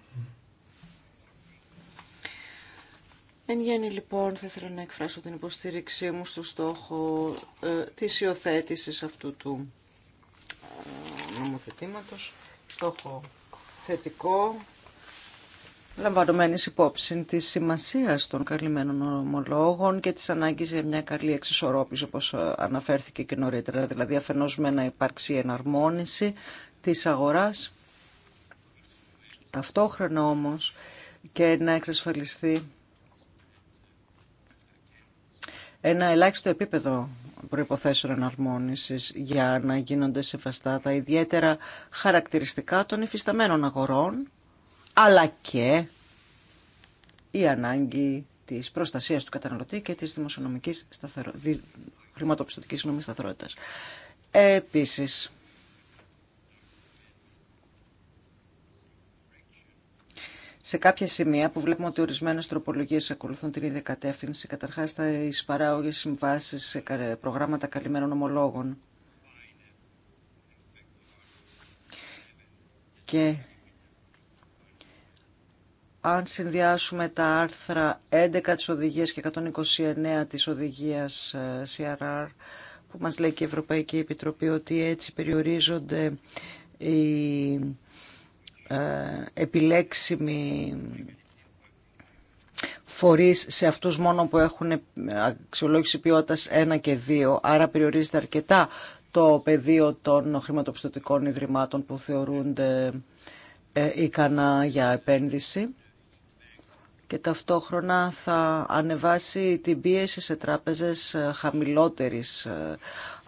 Εν γέννη λοιπόν θα ήθελα να εκφράσω την υποστήριξή μου στο στόχο ε, της υιοθέτηση αυτού του ε, νομοθετήματος. Στόχο θετικό, Λαμβανωμένη υπόψη τη σημασία των καλυμμένων ομολόγων και τη ανάγκη για μια καλή εξισορρόπηση, όπως αναφέρθηκε και νωρίτερα, δηλαδή αφενός με να υπάρξει εναρμόνιση της αγοράς, ταυτόχρονα όμω, και να εξασφαλιστεί ένα ελάχιστο επίπεδο προϋποθέσεων εναρμόνισης για να γίνονται σεβαστά τα ιδιαίτερα χαρακτηριστικά των υφισταμένων αγορών αλλά και η ανάγκη της προστασίας του καταναλωτή και της δημοσιονομικής σταθερο... δι... χρηματοπιστωτικής νομής σταθερότητας. Επίσης, σε κάποια σημεία που βλέπουμε ότι ορισμένες τροπολογίες ακολουθούν την ίδια κατεύθυνση, καταρχάς τα εισπαράγωγες συμβάσεις σε προγράμματα καλυμμένων ομολόγων. Και αν συνδυάσουμε τα άρθρα 11 της οδηγίας και 129 της οδηγίας ε, CRR που μας λέει και η Ευρωπαϊκή Επιτροπή ότι έτσι περιορίζονται οι ε, επιλέξιμοι φορείς σε αυτούς μόνο που έχουν αξιολόγηση ποιότητας 1 και 2, άρα περιορίζεται αρκετά το πεδίο των χρηματοπιστωτικών ιδρυμάτων που θεωρούνται ε, ικανά για επένδυση και ταυτόχρονα θα ανεβάσει την πίεση σε τράπεζες ε, χαμηλότερης ε,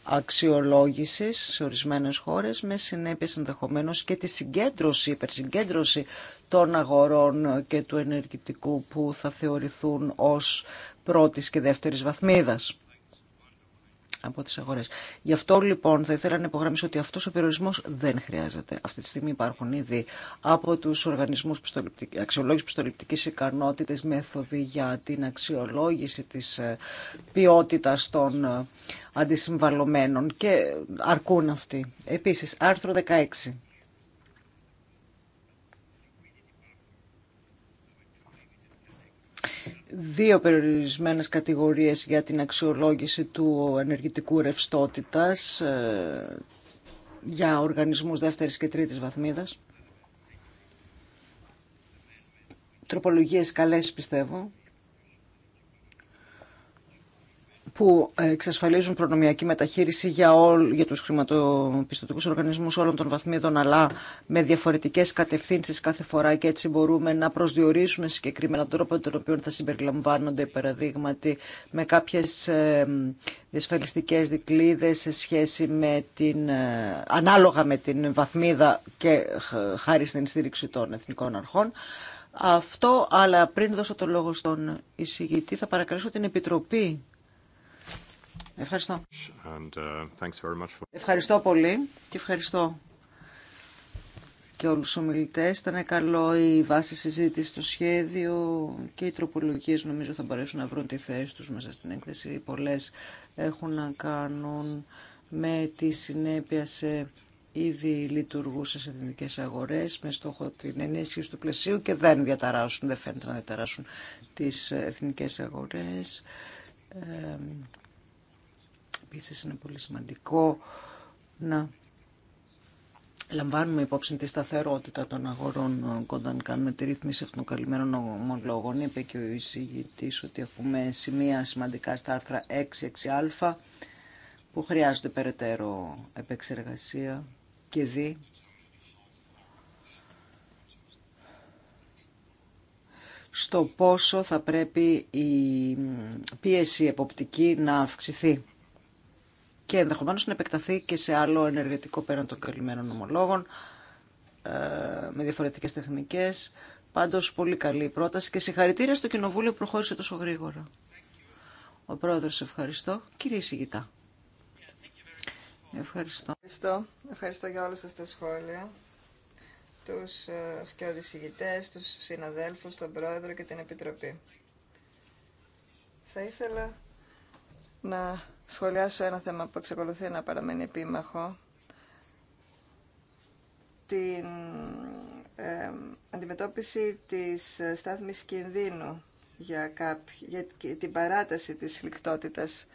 αξιολόγησης σε ορισμένες χώρες με συνέπειες ενδεχομένως και τη συγκέντρωση, υπερσυγκέντρωση των αγορών και του ενεργητικού που θα θεωρηθούν ως πρώτης και δεύτερης βαθμίδας από τις αγορές. Γι' αυτό λοιπόν θα ήθελα να υπογραμμίσω ότι αυτός ο περιορισμός δεν χρειάζεται. Αυτή τη στιγμή υπάρχουν ήδη από τους οργανισμούς αξιολόγησης πιστοληπτικής ικανότητες μέθοδοι για την αξιολόγηση της ε, ποιότητας των ε, αντισυμβαλωμένων και αρκούν αυτοί. Επίσης, άρθρο 16 δύο περιορισμένες κατηγορίες για την αξιολόγηση του ενεργητικού ρευστότητας ε, για οργανισμούς δεύτερης και τρίτης βαθμίδας. Τροπολογίες καλές πιστεύω. που εξασφαλίζουν προνομιακή μεταχείριση για, όλ, για τους χρηματοπιστωτικούς οργανισμούς όλων των βαθμίδων αλλά με διαφορετικές κατευθύνσεις κάθε φορά και έτσι μπορούμε να προσδιορίσουμε συγκεκριμένα τρόπο τον οποίο θα συμπεριλαμβάνονται παραδείγματι με κάποιες ε, διασφαλιστικές σε σχέση με την, ε, ανάλογα με την βαθμίδα και χάρη στην στήριξη των εθνικών αρχών. Αυτό, αλλά πριν δώσω το λόγο στον εισηγητή, θα παρακαλέσω την Επιτροπή Ευχαριστώ. And, uh, for... Ευχαριστώ πολύ και ευχαριστώ και όλου του ομιλητέ. Ήταν καλό η βάση συζήτηση στο σχέδιο και οι τροπολογίε νομίζω θα μπορέσουν να βρουν τη θέση του μέσα στην έκθεση. Πολλέ έχουν να κάνουν με τη συνέπεια σε ήδη λειτουργούσε σε εθνικέ αγορέ με στόχο την ενίσχυση του πλαισίου και δεν διαταράσουν, δεν φαίνεται να διαταράσουν τι εθνικέ αγορέ. Ε, Επίσης είναι πολύ σημαντικό να λαμβάνουμε υπόψη τη σταθερότητα των αγορών ε, όταν κάνουμε τη ρύθμιση των καλυμμένων ομολόγων. Είπε και ο εισηγητής ότι έχουμε σημεία σημαντικά στα άρθρα 6, 6α που χρειάζονται περαιτέρω επεξεργασία και δι. στο πόσο θα πρέπει η πίεση εποπτική να αυξηθεί και ενδεχομένω να επεκταθεί και σε άλλο ενεργετικό πέραν των καλυμμένων ομολόγων ε, με διαφορετικές τεχνικές. Πάντως πολύ καλή πρόταση και συγχαρητήρια στο Κοινοβούλιο που προχώρησε τόσο γρήγορα. Ο Πρόεδρος, ευχαριστώ. Κύριε Σιγητά. Ευχαριστώ. ευχαριστώ. Ευχαριστώ για όλα σας τα σχόλια. Τους ε, σκιώδη ηγητές, τους συναδέλφους, τον Πρόεδρο και την Επιτροπή. Θα ήθελα να σχολιάσω ένα θέμα που εξακολουθεί να παραμένει επίμαχο. Την αντιμετώπιση της ε, στάθμης κινδύνου για, κάποι, για την παράταση της λικτότητας.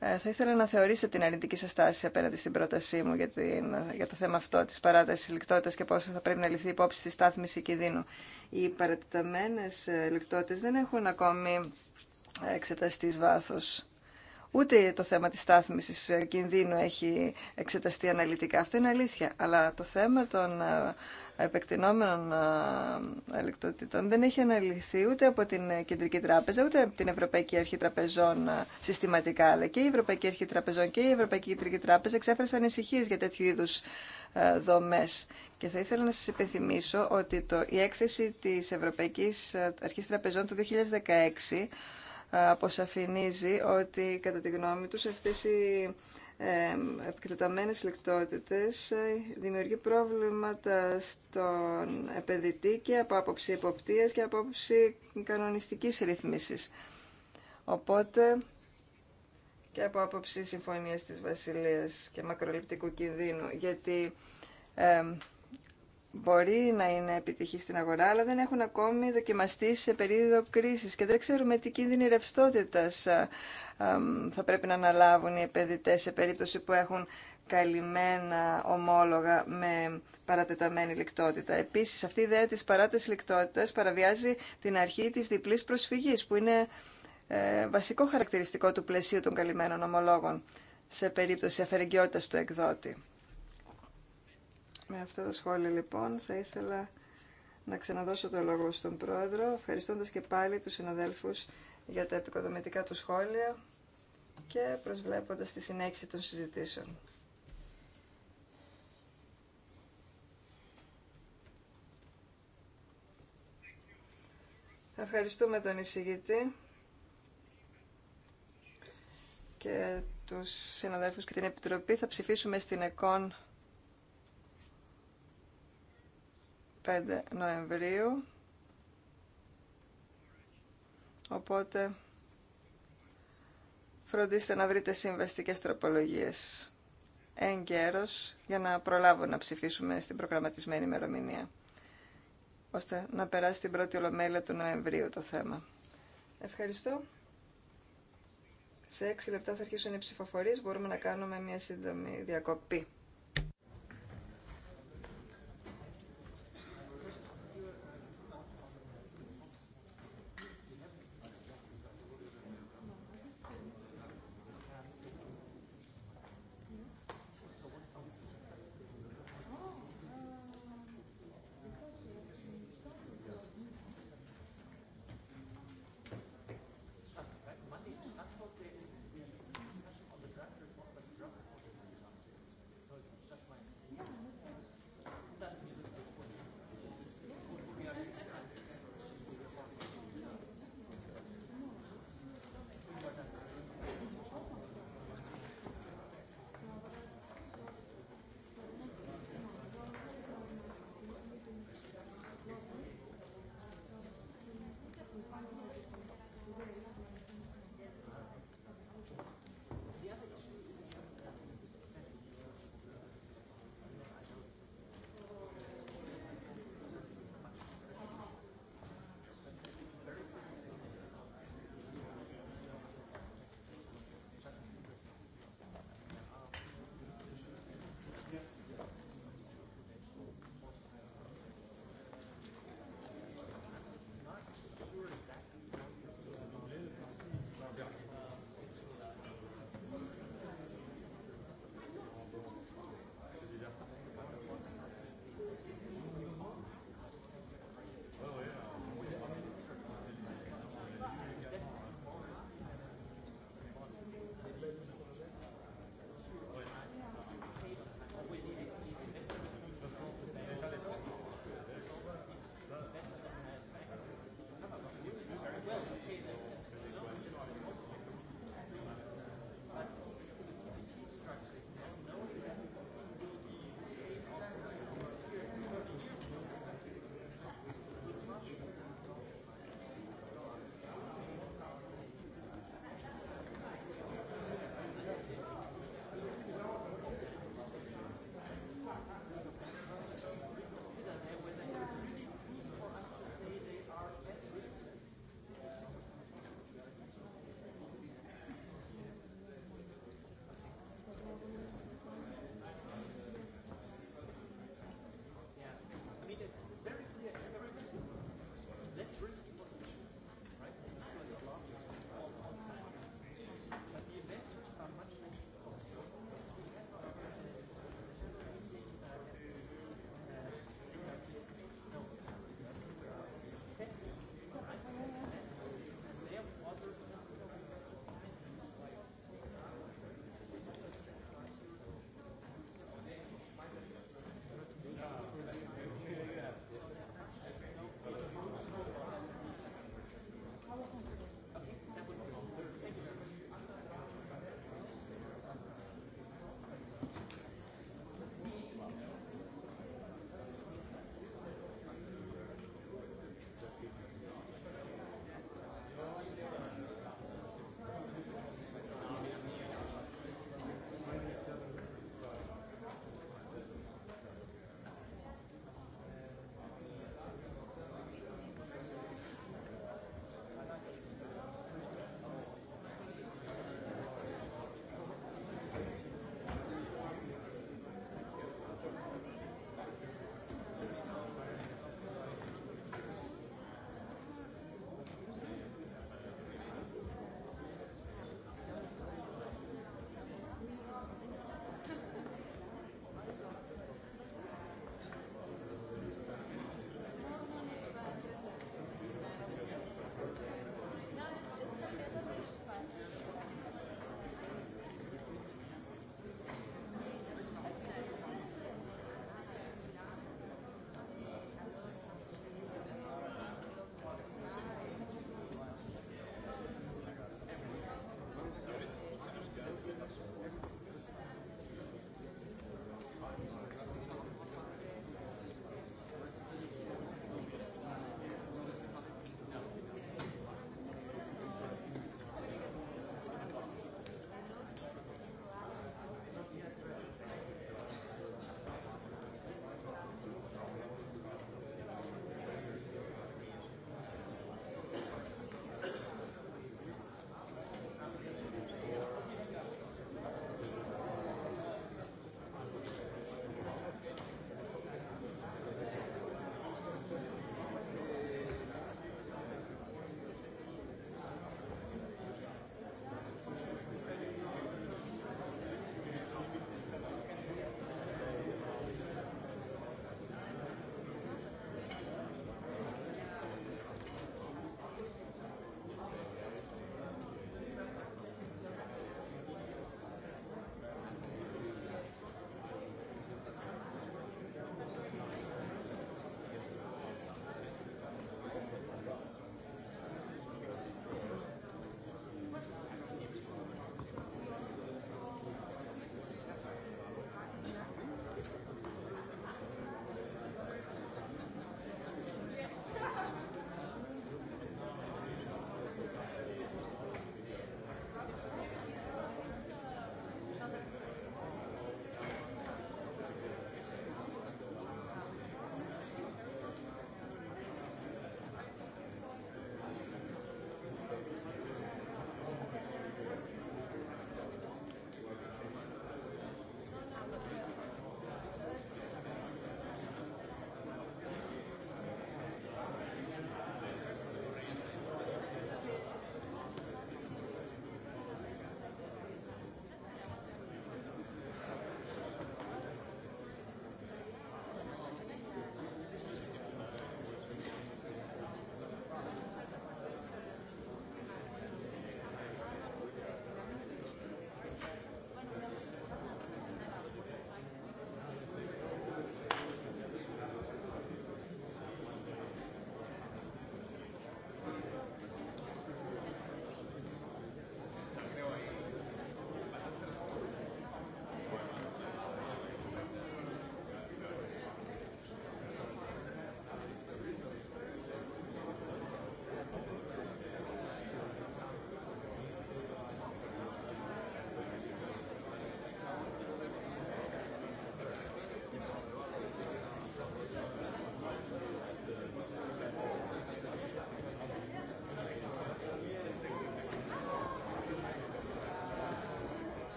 Ε, θα ήθελα να θεωρήσετε την αρνητική σας στάση απέναντι στην πρότασή μου για, την, για το θέμα αυτό της παράτασης λικτότητας και πώς θα πρέπει να ληφθεί υπόψη στη στάθμιση κινδύνου. Οι παρατηταμένες ε, λικτότητες δεν έχουν ακόμη εξεταστεί βάθος. Ούτε το θέμα της στάθμισης ε, κινδύνου έχει εξεταστεί αναλυτικά. Αυτό είναι αλήθεια. Αλλά το θέμα των ε, επεκτηνόμενων αλεκτοτήτων ε, δεν έχει αναλυθεί ούτε από την Κεντρική Τράπεζα, ούτε από την Ευρωπαϊκή Αρχή Τραπεζών συστηματικά. Αλλά και η Ευρωπαϊκή Αρχή Τραπεζών και η Ευρωπαϊκή Κεντρική Τράπεζα εξέφρασαν ανησυχίε για τέτοιου είδου δομέ. Και θα ήθελα να σα υπενθυμίσω ότι το, η έκθεση της Ευρωπαϊκή Αρχή Τραπεζών του 2016 αποσαφηνίζει ότι κατά τη γνώμη τους αυτές οι επικριταμένες λεκτότητες ε, δημιουργεί προβλήματα στον επενδυτή και από άποψη υποπτίας και από άποψη κανονιστικής ρυθμίσης. Οπότε και από άποψη συμφωνίας της Βασιλείας και μακροληπτικού κινδύνου, γιατί μπορεί να είναι επιτυχή στην αγορά, αλλά δεν έχουν ακόμη δοκιμαστεί σε περίοδο κρίσης και δεν ξέρουμε τι κίνδυνοι ρευστότητα θα πρέπει να αναλάβουν οι επενδυτέ σε περίπτωση που έχουν καλυμμένα ομόλογα με παρατεταμένη ληκτότητα. Επίσης, αυτή η ιδέα της παράτες λεκτότητα παραβιάζει την αρχή της διπλής προσφυγής, που είναι ε, βασικό χαρακτηριστικό του πλαισίου των καλυμμένων ομολόγων σε περίπτωση αφαιρεγγιότητας του εκδότη. Με αυτά τα σχόλια λοιπόν θα ήθελα να ξαναδώσω το λόγο στον Πρόεδρο, ευχαριστώντα και πάλι τους συναδέλφους για τα επικοδομητικά του σχόλια και προσβλέποντας τη συνέχιση των συζητήσεων. Ευχαριστούμε τον εισηγητή και τους συναδέλφους και την Επιτροπή. Θα ψηφίσουμε στην ΕΚΟΝ 5 Νοεμβρίου. Οπότε φροντίστε να βρείτε συμβαστικές τροπολογίες καιρός, για να προλάβουν να ψηφίσουμε στην προγραμματισμένη ημερομηνία ώστε να περάσει την πρώτη ολομέλεια του Νοεμβρίου το θέμα. Ευχαριστώ. Σε έξι λεπτά θα αρχίσουν οι ψηφοφορίες. Μπορούμε να κάνουμε μια σύντομη διακοπή.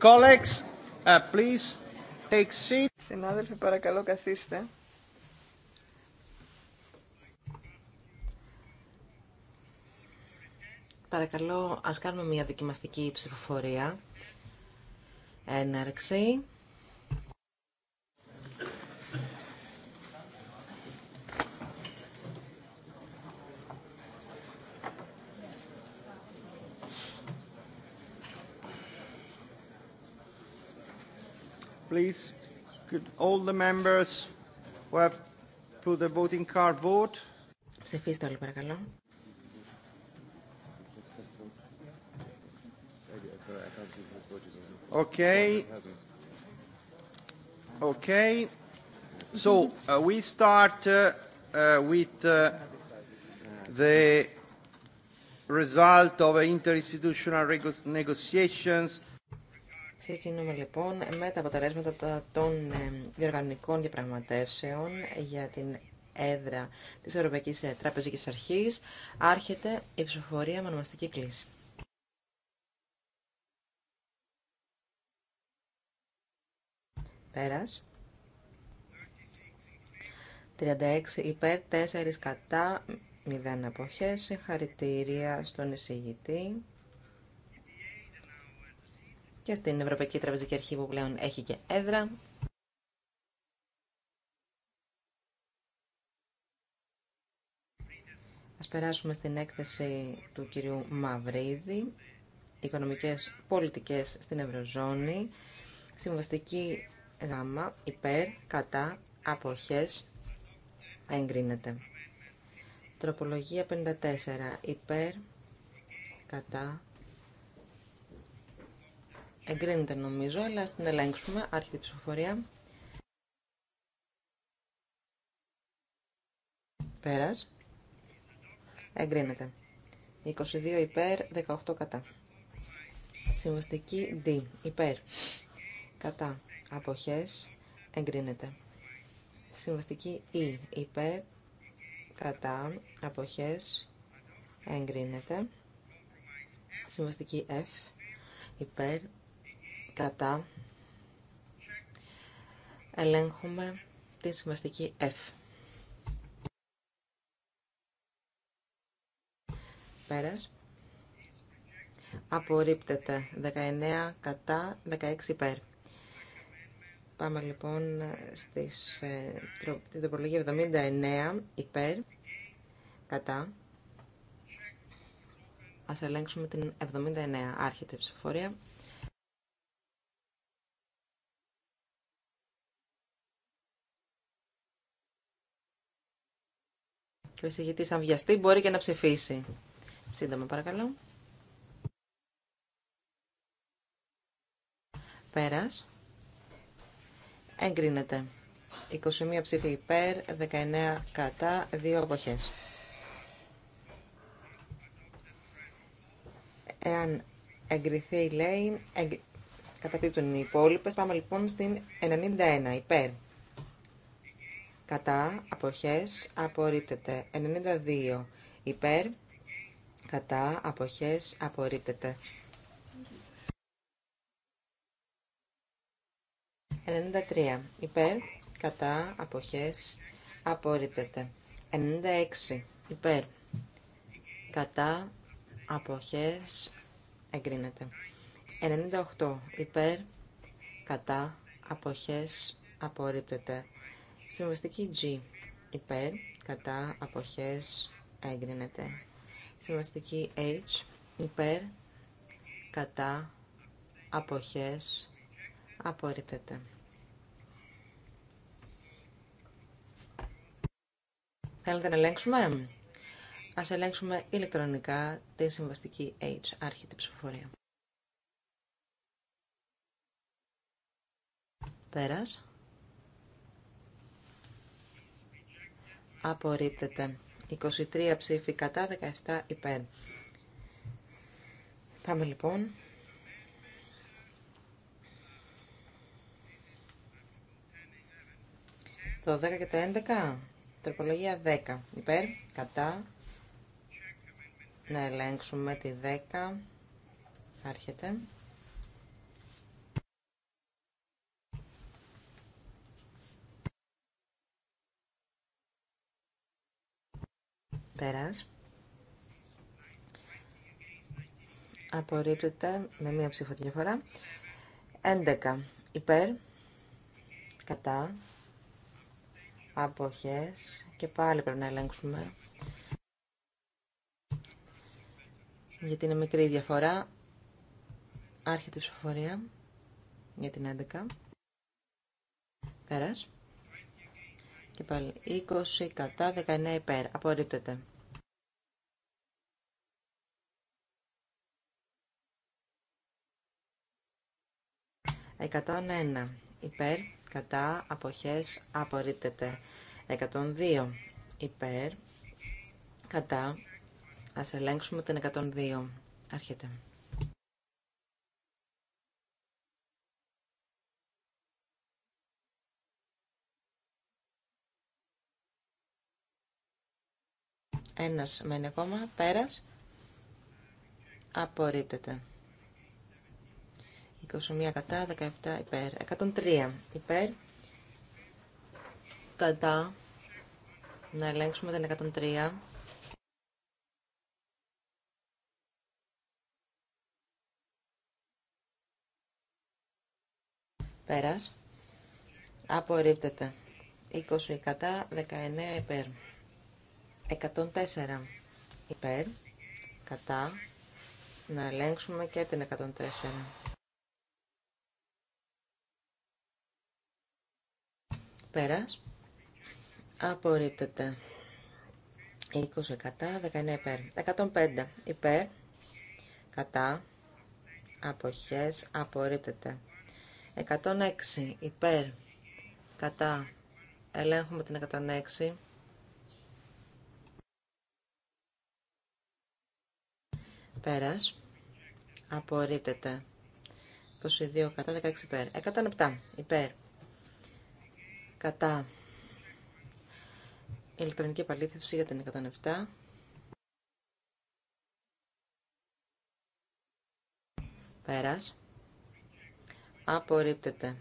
Colleagues, uh, please take seat. Συνάδελφοι, παρακαλώ καθίστε. Παρακαλώ, ας κάνουμε μια δοκιμαστική ψηφοφορία. Έναρξη. members who have put the voting card vote. Ψηφίστε όλοι παρακαλώ. Okay. Okay. So uh, we start uh, uh, with uh, the result of interinstitutional negotiations Ξεκινούμε λοιπόν με τα αποτελέσματα των ε, διοργανικών διαπραγματεύσεων για την έδρα της Ευρωπαϊκής ε, Τραπεζικής Αρχής. Άρχεται η ψηφοφορία με ονομαστική κλίση. Πέρας. 36 υπέρ, 4 κατά, 0 εποχές. Συγχαρητήρια στον εισηγητή και στην Ευρωπαϊκή Τραπεζική Αρχή που πλέον έχει και έδρα. Ας περάσουμε στην έκθεση του κυρίου Μαυρίδη, οικονομικές πολιτικές στην Ευρωζώνη, συμβαστική γάμα, υπέρ, κατά, αποχές, εγκρίνεται. Τροπολογία 54, υπέρ, κατά, Εγκρίνεται νομίζω, αλλά την ελέγξουμε. Άρχεται ψηφοφορία. Πέρας. Εγκρίνεται. 22 υπέρ, 18 κατά. Συμβαστική D. Υπέρ. Κατά. Αποχές. Εγκρίνεται. Συμβαστική E. Υπέρ. Κατά. Αποχές. Εγκρίνεται. Συμβαστική F. Υπέρ κατά ελέγχουμε τη σημαστική F. Πέρας. Απορρίπτεται 19 κατά 16 υπέρ. Πάμε λοιπόν στις, στην ε, τροπολογία 79 υπέρ κατά. Ας ελέγξουμε την 79 άρχεται η Και ο εισηγητή, αν βιαστεί μπορεί και να ψηφίσει. Σύντομα παρακαλώ. Πέρας. Εγκρίνεται. 21 ψήφοι υπέρ, 19 κατά, 2 αποχές. Εάν εγκριθεί, λέει, εγκ... καταπίπτουν οι υπόλοιπες. Πάμε λοιπόν στην 91 υπέρ κατά, αποχές, απορρίπτεται. 92 υπέρ, κατά, αποχές, απορρίπτεται. 93 υπέρ, κατά, αποχές, απορρίπτεται. 96 υπέρ, κατά, αποχές, εγκρίνεται. 98 υπέρ, κατά, αποχές, απορρίπτεται. Συμβαστική G. Υπέρ, κατά, αποχές, έγκρινεται. Συμβαστική H. Υπέρ, κατά, αποχές, απορρίπτεται. Θέλετε να ελέγξουμε? Ας ελέγξουμε ηλεκτρονικά τη συμβαστική H, άρχεται ψηφοφορία. Πέρας. απορρίπτεται. 23 ψήφοι κατά, 17 υπέρ. Πάμε λοιπόν. Το 10 και το 11. Τροπολογία 10. Υπέρ, κατά. Να ελέγξουμε τη 10. Άρχεται. Πέρας. Απορρίπτεται με μία ψήφο διαφορά. 11. Υπέρ. Κατά. Αποχές. Και πάλι πρέπει να ελέγξουμε. Γιατί είναι μικρή η διαφορά. Άρχεται η ψηφοφορία για την 11. Πέρας. Και πάλι 20 κατά 19 υπέρ. Απορρίπτεται. 101 υπέρ, κατά, αποχές, απορρίπτεται. 102 υπέρ, κατά, ας ελέγξουμε την 102. Αρχίτε. Ένας μένει ακόμα. Πέρας. Απορρίπτεται. 21 κατά, 17 υπέρ. 103 υπέρ. Κατά. Να ελέγξουμε την 103. Πέρας. Απορρίπτεται. 20 κατά, 19 υπέρ. 104 υπέρ, κατά, να ελέγξουμε και την 104. Πέρας, απορρίπτεται. 20 κατά, 19 υπέρ. 105 υπέρ, κατά, αποχές, απορρίπτεται. 106 υπέρ, κατά, ελέγχουμε την 106. Πέρας. Απορρίπτεται. 22 κατά 16 υπέρ. 107 υπέρ. Κατά. Ηλεκτρονική επαλήθευση για την 107. Πέρας. Απορρίπτεται.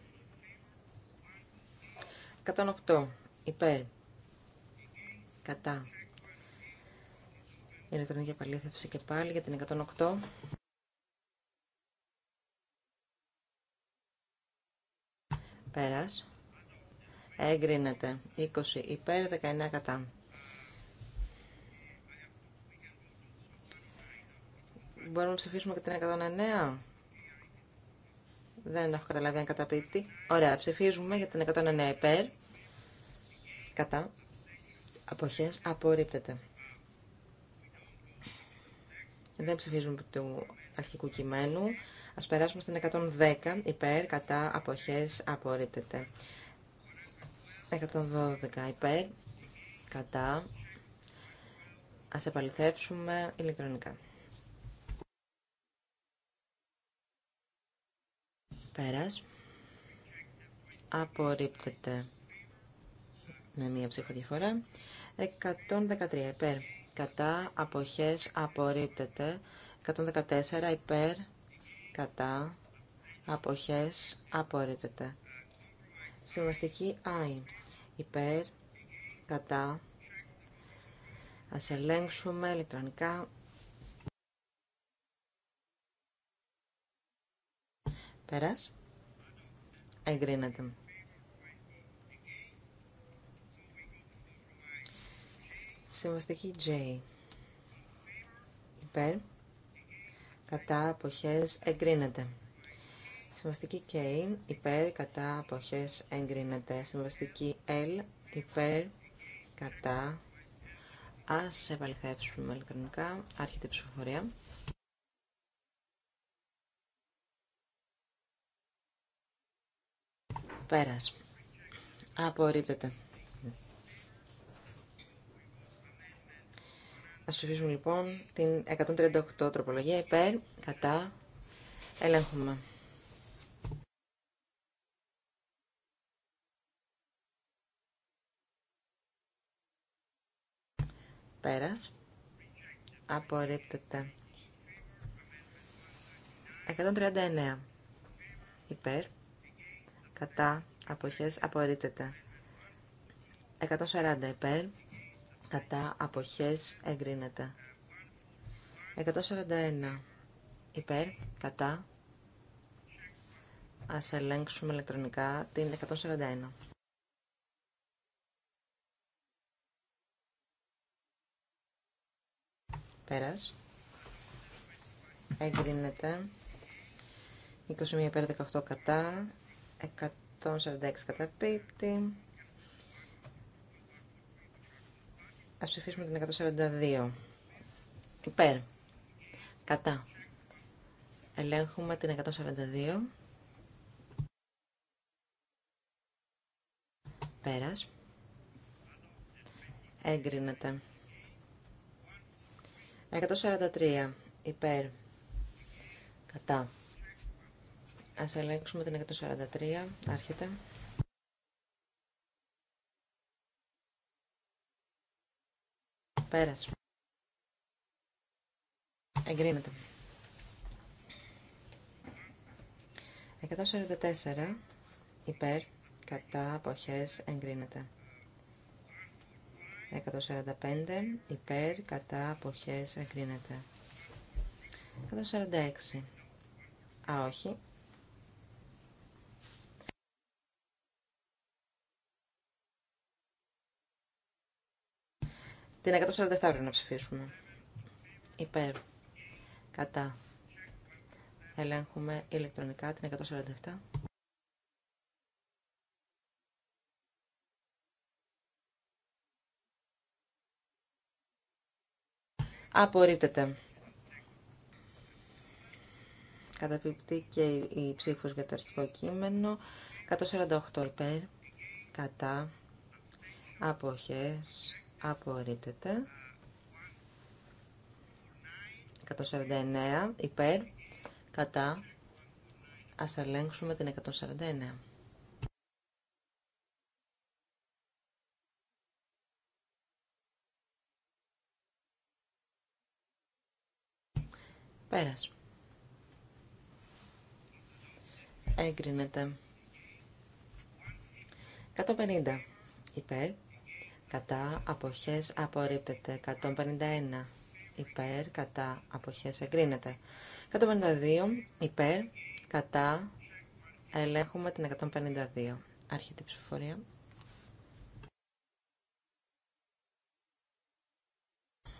108 υπέρ. Κατά ηλεκτρονική επαλήθευση και πάλι για την 108. Πέρας. Εγκρίνεται. 20 υπέρ, 19 κατά. Μπορούμε να ψηφίσουμε και την 109. Δεν έχω καταλάβει αν καταπίπτει. Ωραία, ψηφίζουμε για την 109 υπέρ. Κατά. Αποχές απορρίπτεται. Δεν ψηφίζουμε του αρχικού κειμένου. Ας περάσουμε στην 110. Υπέρ, κατά, αποχές, απορρίπτεται. 112. Υπέρ, κατά. Ας επαληθεύσουμε ηλεκτρονικά. Πέρας. Απορρίπτεται με μία ψήφο διαφορά. 113. Υπέρ κατά αποχές απορρίπτεται 114 υπέρ κατά αποχές απορρίπτεται συμβαστική I υπέρ κατά ας ελέγξουμε ηλεκτρονικά πέρας εγκρίνεται Συμβαστική J. Υπέρ. Κατά αποχές εγκρίνεται. Συμβαστική K. Υπέρ. Κατά αποχές εγκρίνεται. Συμβαστική L. Υπέρ. Κατά. Ας επαληθεύσουμε ηλεκτρονικά. Άρχεται η ψηφοφορία. Πέρας. Απορρίπτεται. Ας ψηφίσουμε λοιπόν την 138 τροπολογία υπέρ, κατά, ελέγχουμε. Πέρας. Απορρίπτεται. 139. Υπέρ. Κατά. Αποχές. Απορρίπτεται. 140. Υπέρ κατά αποχές εγκρίνεται. 141 υπέρ, κατά, ας ελέγξουμε ηλεκτρονικά την 141. Πέρας. Εγκρίνεται. 21 υπέρ 18 κατά. 146 κατά πίπτη. Ας ψηφίσουμε την 142. Υπέρ. Κατά. Ελέγχουμε την 142. Πέρας. Έγκρινεται. 143. Υπέρ. Κατά. Ας ελέγξουμε την 143. Άρχεται. Πέρας. Εγκρίνεται. 144 υπέρ, κατά, αποχές, εγκρίνεται. 145 υπέρ, κατά, αποχές, εγκρίνεται. 146. Α, όχι. Την 147 πρέπει να ψηφίσουμε. Υπέρ. Κατά. Ελέγχουμε ηλεκτρονικά την 147. Απορρίπτεται. Καταπίπτει και η ψήφος για το αρχικό κείμενο. 148 υπέρ. Κατά. Αποχές απορρίπτεται 149 υπέρ κατά ας ελέγξουμε την 149 Πέρας. Έγκρινεται. 150 υπέρ κατά αποχές απορρίπτεται 151 υπέρ κατά αποχές εγκρίνεται 152 υπέρ κατά ελέγχουμε την 152 άρχεται η ψηφοφορία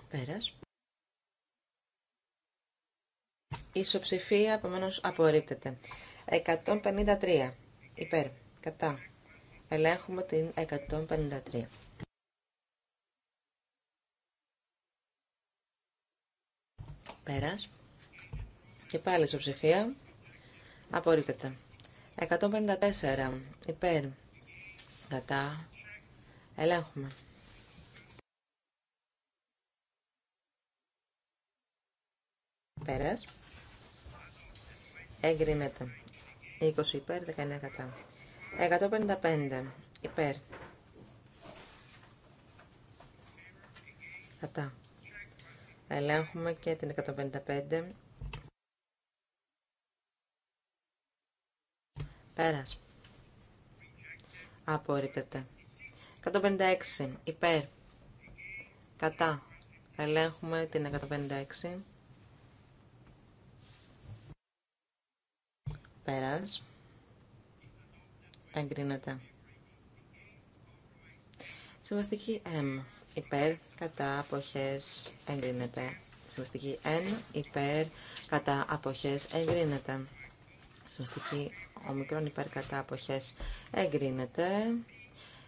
πέρας ισοψηφία επομένω απορρίπτεται 153 υπέρ κατά ελέγχουμε την 153 Πέρας. Και πάλι ψηφία Απορρίπτεται. 154. Υπέρ. Κατά. Ελέγχουμε. Πέρας. Εγκρίνεται. 20 υπέρ, 19 κατά. 155 υπέρ. Κατά ελέγχουμε και την 155. Πέρας. Απορρίπτεται. 156. Υπέρ. Κατά. Ελέγχουμε την 156. Πέρας. Εγκρίνεται. Συμβαστική M υπέρ κατά αποχές εγκρίνεται. Συμβαστική N υπέρ κατά αποχές εγκρίνεται. Συμβαστική ομικρόν υπέρ κατά αποχές εγκρίνεται.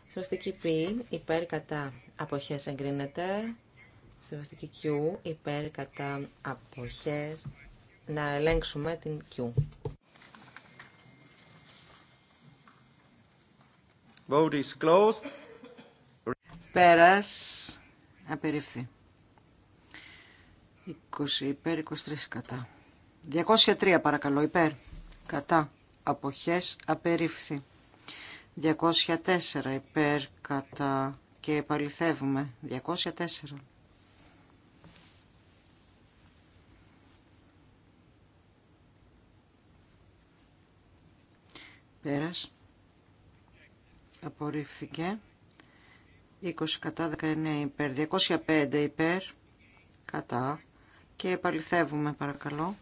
Συμβαστική P υπέρ κατά αποχές εγκρίνεται. Συμβαστική Q υπέρ κατά αποχές. Να ελέγξουμε την Q. Vote is closed. Πέρας. Απεριφθεί. 20 υπέρ, 23 κατά. 203 παρακαλώ υπέρ. Κατά. Αποχές. Απερίφθη. 204 υπέρ, κατά. Και επαληθεύουμε. 204. Πέρας. Απορρίφθηκε. 20 κατά 19 υπέρ. 205 υπέρ. Κατά. Και επαληθεύουμε παρακαλώ.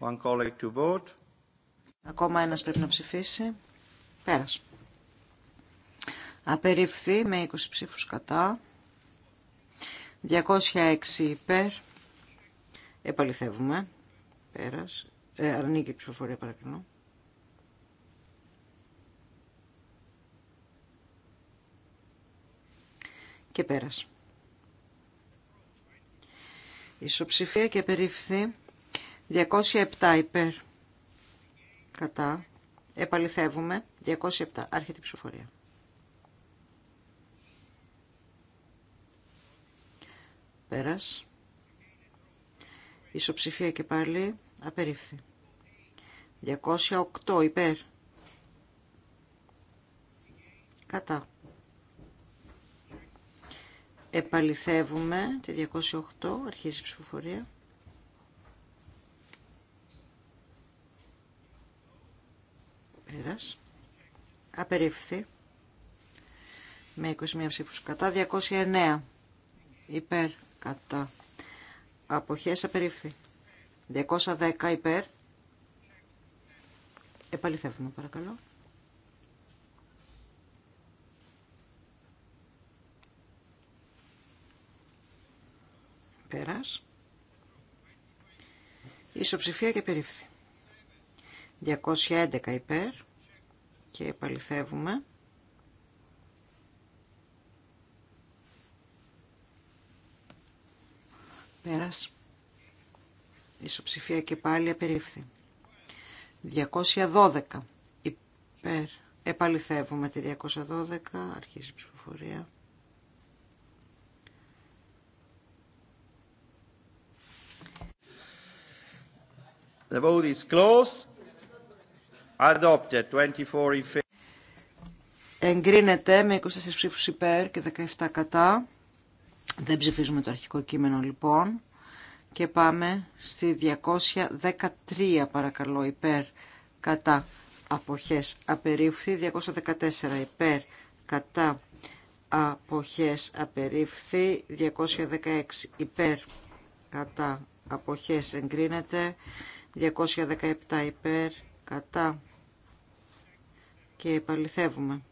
One vote. Ακόμα ένας πρέπει να ψηφίσει. Πέρας. Απεριφθεί με 20 ψήφους κατά. 206 υπέρ. Επαληθεύουμε. Πέρας. Ε, η ψηφοφορία παρακαλώ. Και πέρας. Ισοψηφία και περίφθη 207 υπέρ. Κατά. Επαληθεύουμε. 207. Άρχεται η ψηφοφορία. Πέρας. Ισοψηφία και πάλι απερίφθη. 208 υπέρ. Κατά. Επαληθεύουμε τη 208, αρχίζει η ψηφοφορία. Πέρας. Απερίφθη. Με 21 ψήφους κατά. 209 υπέρ κατά Αποχές απερίφθη. 210 υπέρ. Επαληθεύουμε παρακαλώ. Πέρας. Ισοψηφία και περίφθη. 211 υπέρ και επαληθεύουμε. Πέρας. Ισοψηφία και πάλι απερίφθη. 212. Υπέρ. Επαληθεύουμε τη 212. Αρχίζει η ψηφοφορία. The vote is closed. Adopted 24 in Εγκρίνεται με 24 ψήφους υπέρ και 17 κατά. Δεν ψηφίζουμε το αρχικό κείμενο λοιπόν και πάμε στη 213 παρακαλώ υπέρ κατά αποχές απερίφθη, 214 υπέρ κατά αποχές απερίφθη, 216 υπέρ κατά αποχές εγκρίνεται, 217 υπέρ κατά και επαληθεύουμε.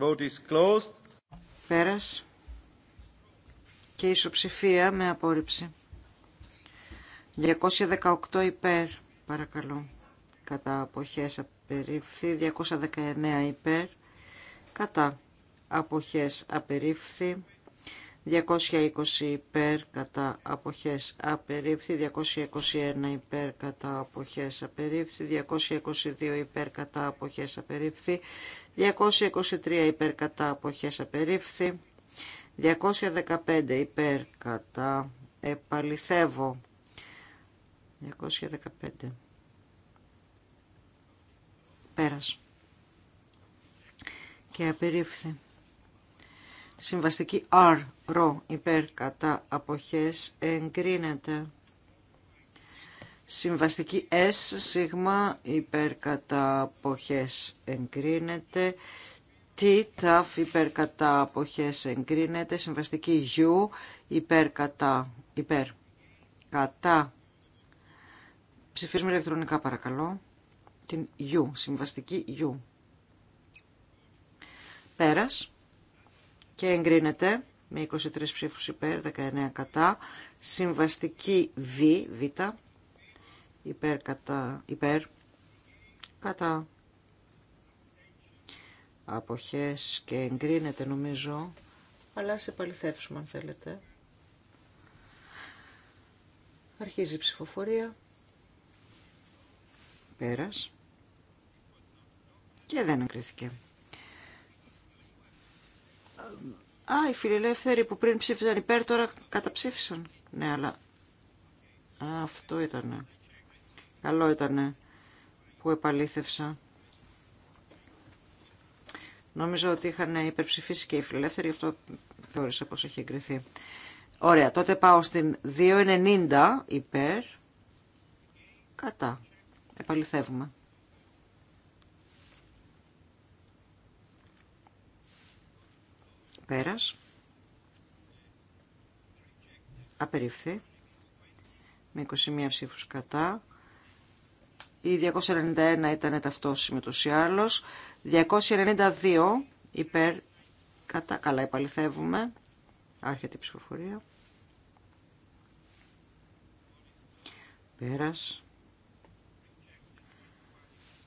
Vote is closed. Πέρας. Και ισοψηφία με απόρριψη. 218 υπέρ, παρακαλώ. Κατά αποχές απερίφθη. 219 υπέρ. Κατά αποχές απερίφθη. 220 υπέρ κατά αποχές απερίφθη, 221 υπέρ κατά αποχές απερίφθη, 222 υπέρ κατά αποχές απερίφθη, 223 υπέρ κατά αποχές απερίφθη, 215 υπέρ κατά επαληθεύω, 215 πέρας και απερίφθη. Συμβαστική R, ρο, υπέρ, κατά, αποχές, εγκρίνεται. Συμβαστική S, σίγμα, υπέρ, κατά, αποχές, εγκρίνεται. T, ταφ, υπέρ, κατά, αποχές, εγκρίνεται. Συμβαστική U, υπέρ, κατά, υπέρ, κατά. Ψηφίζουμε ηλεκτρονικά παρακαλώ. Την U, συμβαστική U. Πέρας και εγκρίνεται με 23 ψήφους υπέρ, 19 κατά. Συμβαστική Β, Β, υπέρ, κατά, υπέρ, κατά. Αποχές και εγκρίνεται νομίζω, αλλά σε επαληθεύσουμε αν θέλετε. Αρχίζει η ψηφοφορία. Πέρας. Και δεν εγκρίθηκε. Α, οι φιλελεύθεροι που πριν ψήφισαν υπέρ τώρα καταψήφισαν. Ναι, αλλά Α, αυτό ήτανε. Καλό ήτανε που επαλήθευσα. Νομίζω ότι είχαν υπερψηφίσει και οι φιλελεύθεροι, αυτό θεώρησα πως έχει εγκριθεί. Ωραία, τότε πάω στην 2.90 υπέρ, κατά. Επαληθεύουμε. Πέρας. Απερίφθη. Με 21 ψήφους κατά. Η 291 ήταν ταυτόσιμοι τους ή άλλως. 292 υπέρ κατά. Καλά επαληθεύουμε. Άρχεται η ψηφοφορία. Πέρας.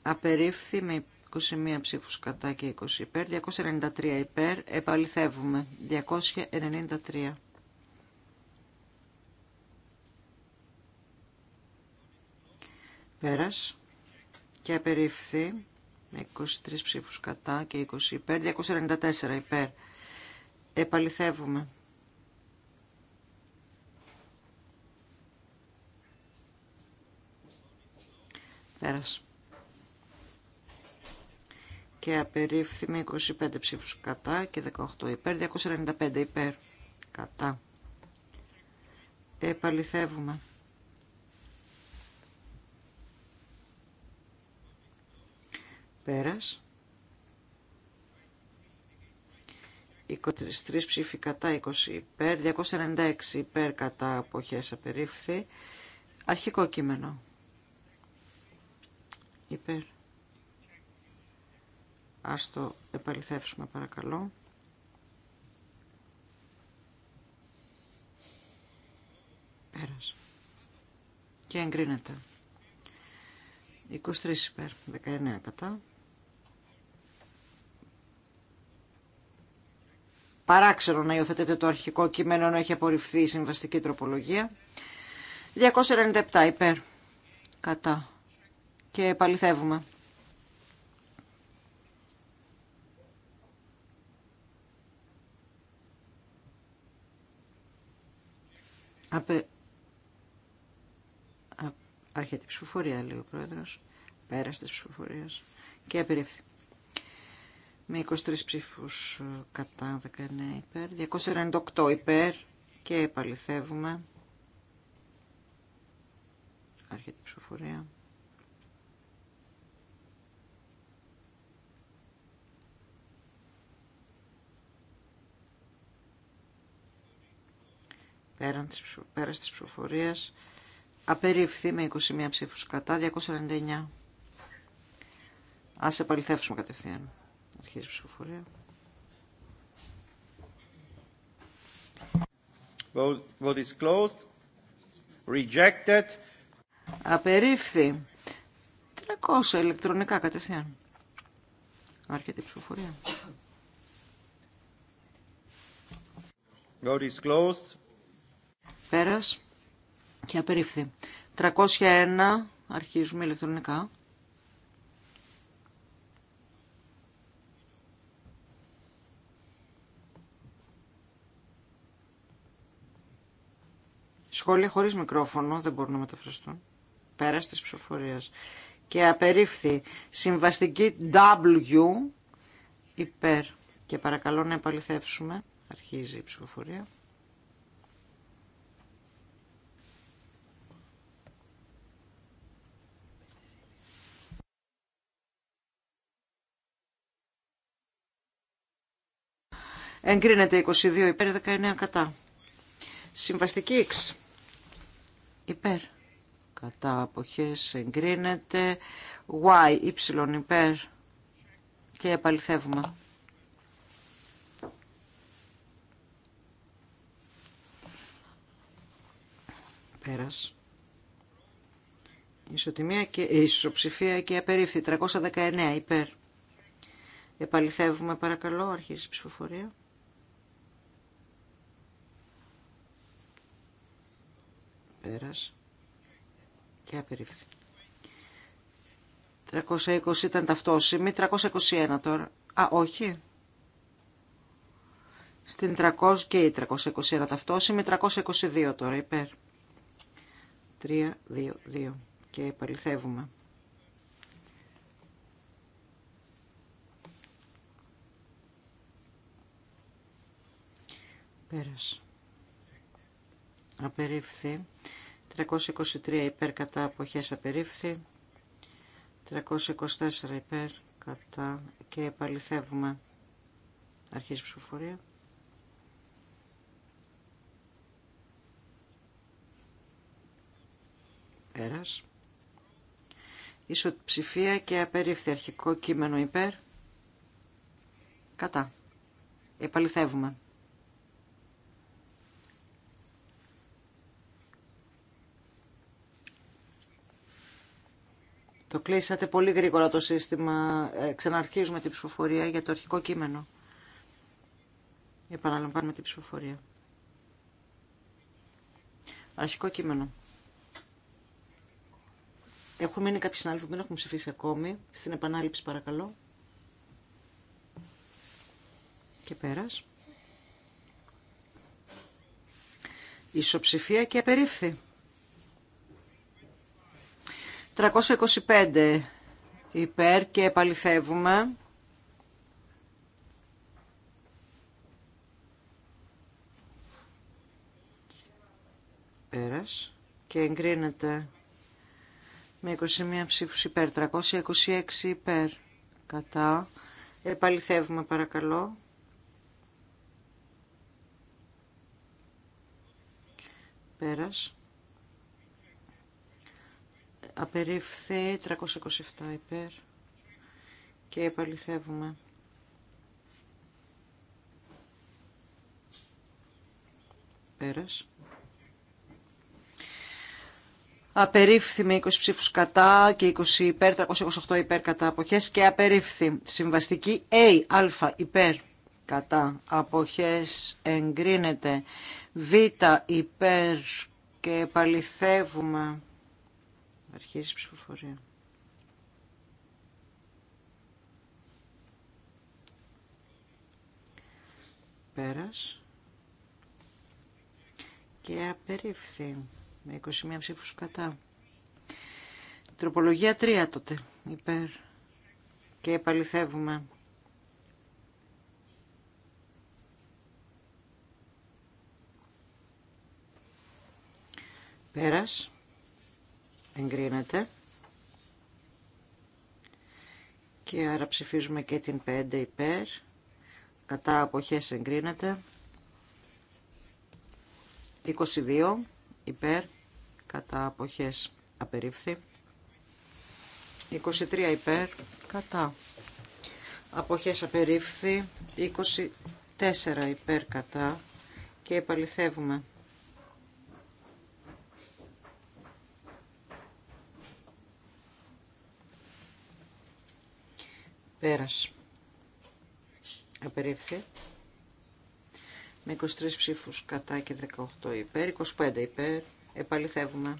Απερίφθη με 21 ψήφους κατά και 20 υπέρ. 293 υπέρ. Επαληθεύουμε. 293. Πέρας και απερίφθη με 23 ψήφους κατά και 20 υπέρ. 294 υπέρ. Επαληθεύουμε. Πέρας και απερίφθη 25 ψήφους κατά και 18 υπέρ, 295 υπέρ κατά. Επαληθεύουμε. Πέρας. 23 ψήφοι κατά, 20 υπέρ, 296 υπέρ κατά αποχές απερίφθη. Αρχικό κείμενο. Υπέρ. Ας το επαληθεύσουμε παρακαλώ. Πέρας. Και εγκρίνεται. 23 υπέρ, 19 κατά. Παράξερο να υιοθετείτε το αρχικό κείμενο ενώ έχει απορριφθεί η συμβαστική τροπολογία. 297 υπέρ. Κατά. Και επαληθεύουμε. Απε... Α... Άρχεται ψηφοφορία, λέει ο πρόεδρος. πέρασε ψηφοφορία Και απερίφθη. Με 23 ψήφους ε, κατά 19 υπέρ. 298 υπέρ. Και επαληθεύουμε. Άρχεται η ψηφοφορία. πέραν της, πέρας της ψηφοφορίας με 21 ψήφους κατά 299. Ας επαληθεύσουμε κατευθείαν. Αρχίζει η ψηφοφορία. Vote is closed. Rejected. Απερίφθη. 300 ηλεκτρονικά κατευθείαν. Άρχεται η ψηφοφορία. Vote is closed πέρας και απερίφθη. 301 αρχίζουμε ηλεκτρονικά. Σχόλια χωρίς μικρόφωνο δεν μπορούν να μεταφραστούν. Πέρας της ψηφοφορίας. Και απερίφθη συμβαστική W υπέρ. Και παρακαλώ να επαληθεύσουμε. Αρχίζει η ψηφοφορία. Εγκρίνεται 22 υπέρ 19 κατά. Συμβαστική 6 υπέρ κατά αποχές εγκρίνεται. Y y υπέρ και επαληθεύουμε. Πέρας. Ισοτιμία και ε, ισοψηφία και απερίφθη 319 υπέρ. Επαληθεύουμε παρακαλώ, αρχίζει η ψηφοφορία. πέρας και απερίφθη. 320 ήταν ταυτόσημη, 321 τώρα. Α, όχι. Στην 300 και η 321 ταυτόσημη, 322 τώρα, υπέρ. 3, 2, 2 και επαληθεύουμε. Πέρασε απερίφθη. 323 υπέρ κατά αποχές απερίφθη. 324 υπέρ κατά και επαληθεύουμε. Αρχής ψηφοφορία. Πέρας. ψηφία και απερίφθη αρχικό κείμενο υπέρ. Κατά. Επαληθεύουμε. Το κλείσατε πολύ γρήγορα το σύστημα. Ε, ξαναρχίζουμε την ψηφοφορία για το αρχικό κείμενο. Επαναλαμβάνουμε την ψηφοφορία. Αρχικό κείμενο. Έχουν μείνει κάποιοι συνάδελφοι που δεν έχουν ψηφίσει ακόμη. Στην επανάληψη παρακαλώ. Και πέρας. Ισοψηφία και απερίφθη. 325 υπέρ και επαληθεύουμε. Πέρας και εγκρίνεται με 21 ψήφους υπέρ, 326 υπέρ, κατά. Επαληθεύουμε παρακαλώ. Πέρας απερίφθη 327 υπέρ και επαληθεύουμε. Πέρας. Απερίφθη με 20 ψήφους κατά και 20 υπέρ, 328 υπέρ κατά αποχές και απερίφθη. Συμβαστική A, α, υπέρ κατά αποχές εγκρίνεται. Β, υπέρ και επαληθεύουμε. Αρχίζει η ψηφοφορία. Πέρας. Και απερίφθη με 21 ψήφους κατά. Τροπολογία 3 τότε υπέρ και επαληθεύουμε. Πέρας εγκρίνεται. Και άρα ψηφίζουμε και την 5 υπέρ. Κατά αποχές εγκρίνεται. 22 υπέρ. Κατά αποχές απερίφθη. 23 υπέρ. Κατά. Αποχές απερίφθη. 24 υπέρ κατά. Και επαληθεύουμε. Πέρας. Απερίφθη. Με 23 ψήφους κατά και 18 υπέρ. 25 υπέρ. Επαληθεύουμε.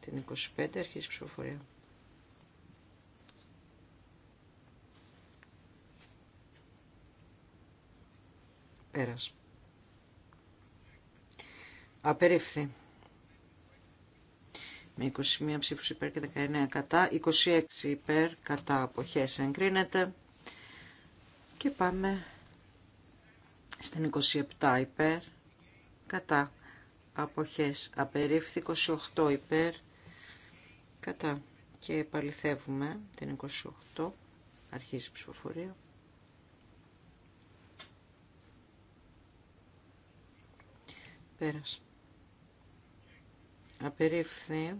Την 25 αρχίζει ψηφοφορία. Πέρας. Απερίφθη με 21 ψήφους υπέρ και 19 κατά, 26 υπέρ κατά αποχές εγκρίνεται και πάμε στην 27 υπέρ κατά αποχές απερίφθη, 28 υπέρ κατά και επαληθεύουμε την 28, αρχίζει η ψηφοφορία. Πέρασε. Απερίφθη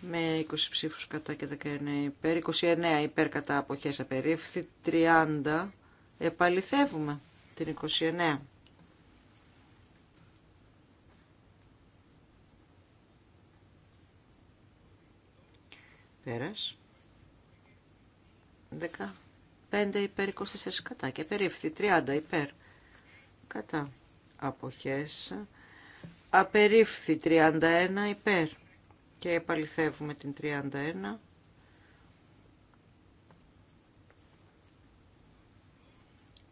με 20 ψήφους κατά και 19 υπέρ, 29 υπέρ κατά αποχές απερίφθη, 30 επαληθεύουμε την 29. Πέρας. 15 υπέρ, 24 κατά και απερίφθη, 30 υπέρ κατά αποχές Απερίφθη 31 υπέρ. Και επαληθεύουμε την 31.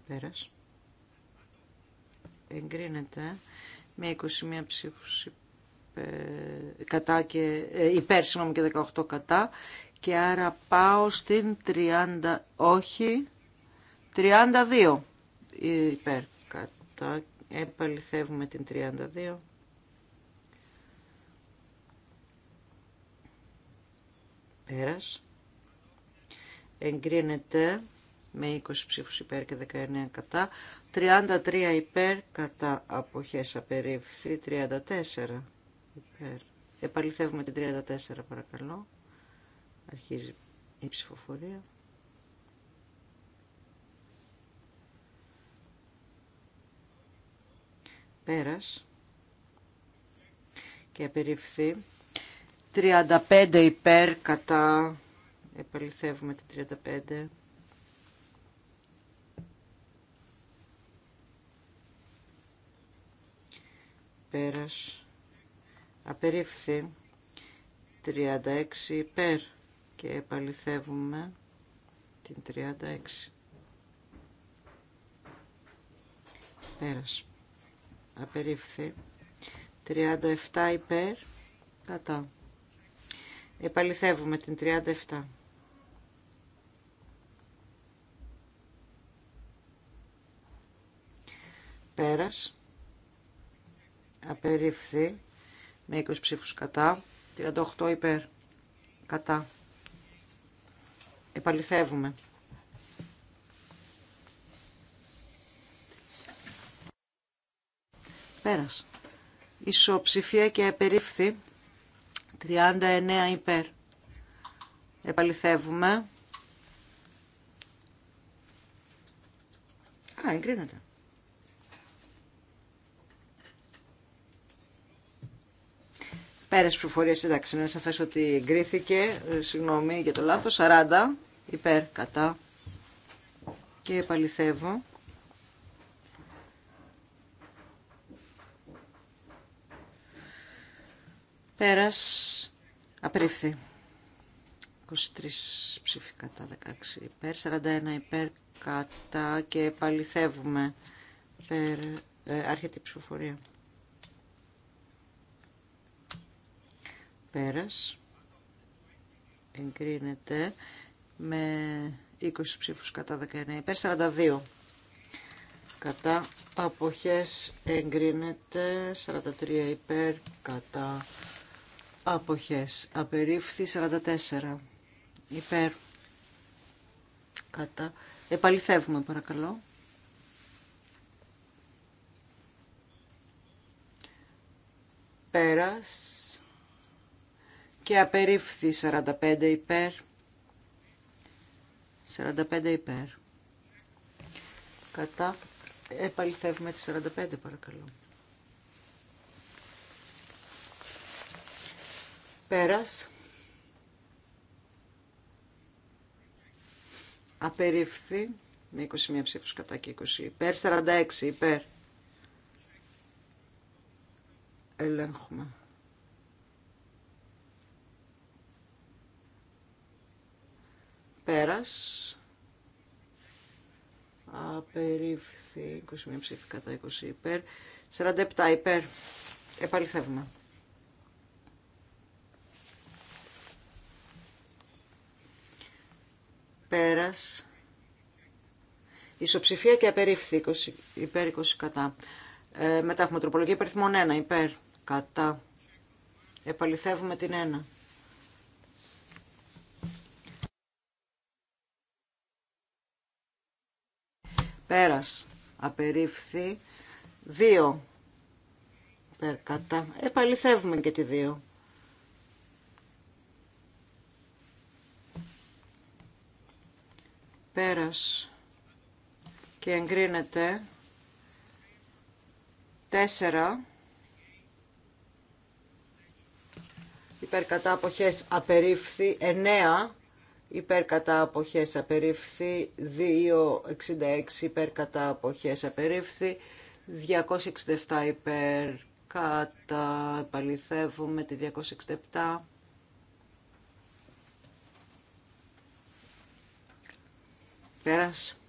Πέρας. Εγκρίνεται με 21 ψήφους υπέρ, κατά και, ε, υπέρ και 18 κατά. Και άρα πάω στην 30, όχι, 32 ε, υπέρ κατά. Επαληθεύουμε την 32. Πέρας. Εγκρίνεται με 20 ψήφους υπέρ και 19 κατά. 33 υπέρ κατά αποχές απερίφθη. 34 υπέρ. Επαληθεύουμε την 34 παρακαλώ. Αρχίζει η ψηφοφορία. Πέρας και απερίφθη 35 υπέρ κατά επαληθεύουμε την 35 πέρας απερίφθη 36 υπέρ και επαληθεύουμε την 36 πέρας απερίφθη 37 υπέρ κατά Επαληθεύουμε την 37. Πέρας. Απερίφθη. Με 20 ψήφους κατά. 38 υπέρ. Κατά. Επαληθεύουμε. Πέρας. Ισοψηφία και απερίφθη 39 υπέρ. Επαληθεύουμε. Α, εγκρίνεται. Πέρες προφορίες, εντάξει, είναι σαφές ότι εγκρίθηκε, ε, συγγνώμη για το λάθος, 40 υπέρ, κατά και επαληθεύω. Πέρας απερίφθη. 23 ψήφι κατά 16 υπέρ, 41 υπέρ κατά και επαληθεύουμε. Περ, ε, άρχεται η ψηφοφορία. Πέρας. Εγκρίνεται με 20 ψήφους κατά 19 υπέρ, 42 κατά αποχές εγκρίνεται, 43 υπέρ κατά αποχές απερίφθη 44 υπέρ κατά επαληθεύουμε παρακαλώ πέρας και απερίφθη 45 υπέρ 45 υπέρ κατά επαληθεύουμε τις 45 παρακαλώ Πέρας. Απερίφθη με 21 ψήφους κατά και 20 υπέρ. 46 υπέρ. Ελέγχουμε. Πέρας. Απερίφθη 21 ψήφους κατά 20 υπέρ. 47 υπέρ. Επαληθεύουμε. Πέρας. Ισοψηφία και απερίφθη υπέρ 20 κατά. Ε, μετά έχουμε τροπολογία υπερθυμών 1 υπέρ κατά. Επαληθεύουμε την 1. Πέρας. Απερίφθη 2 υπέρ κατά. Επαληθεύουμε και τη 2. και εγκρίνεται 4 υπερκατάποχες αποχές απερίφθη 9 υπερκατάποχες αποχές απερίφθη 266 υπερκατάποχες αποχές απερίφθη 267 υπερκατά επαληθεύουμε τη 267 Πέρας.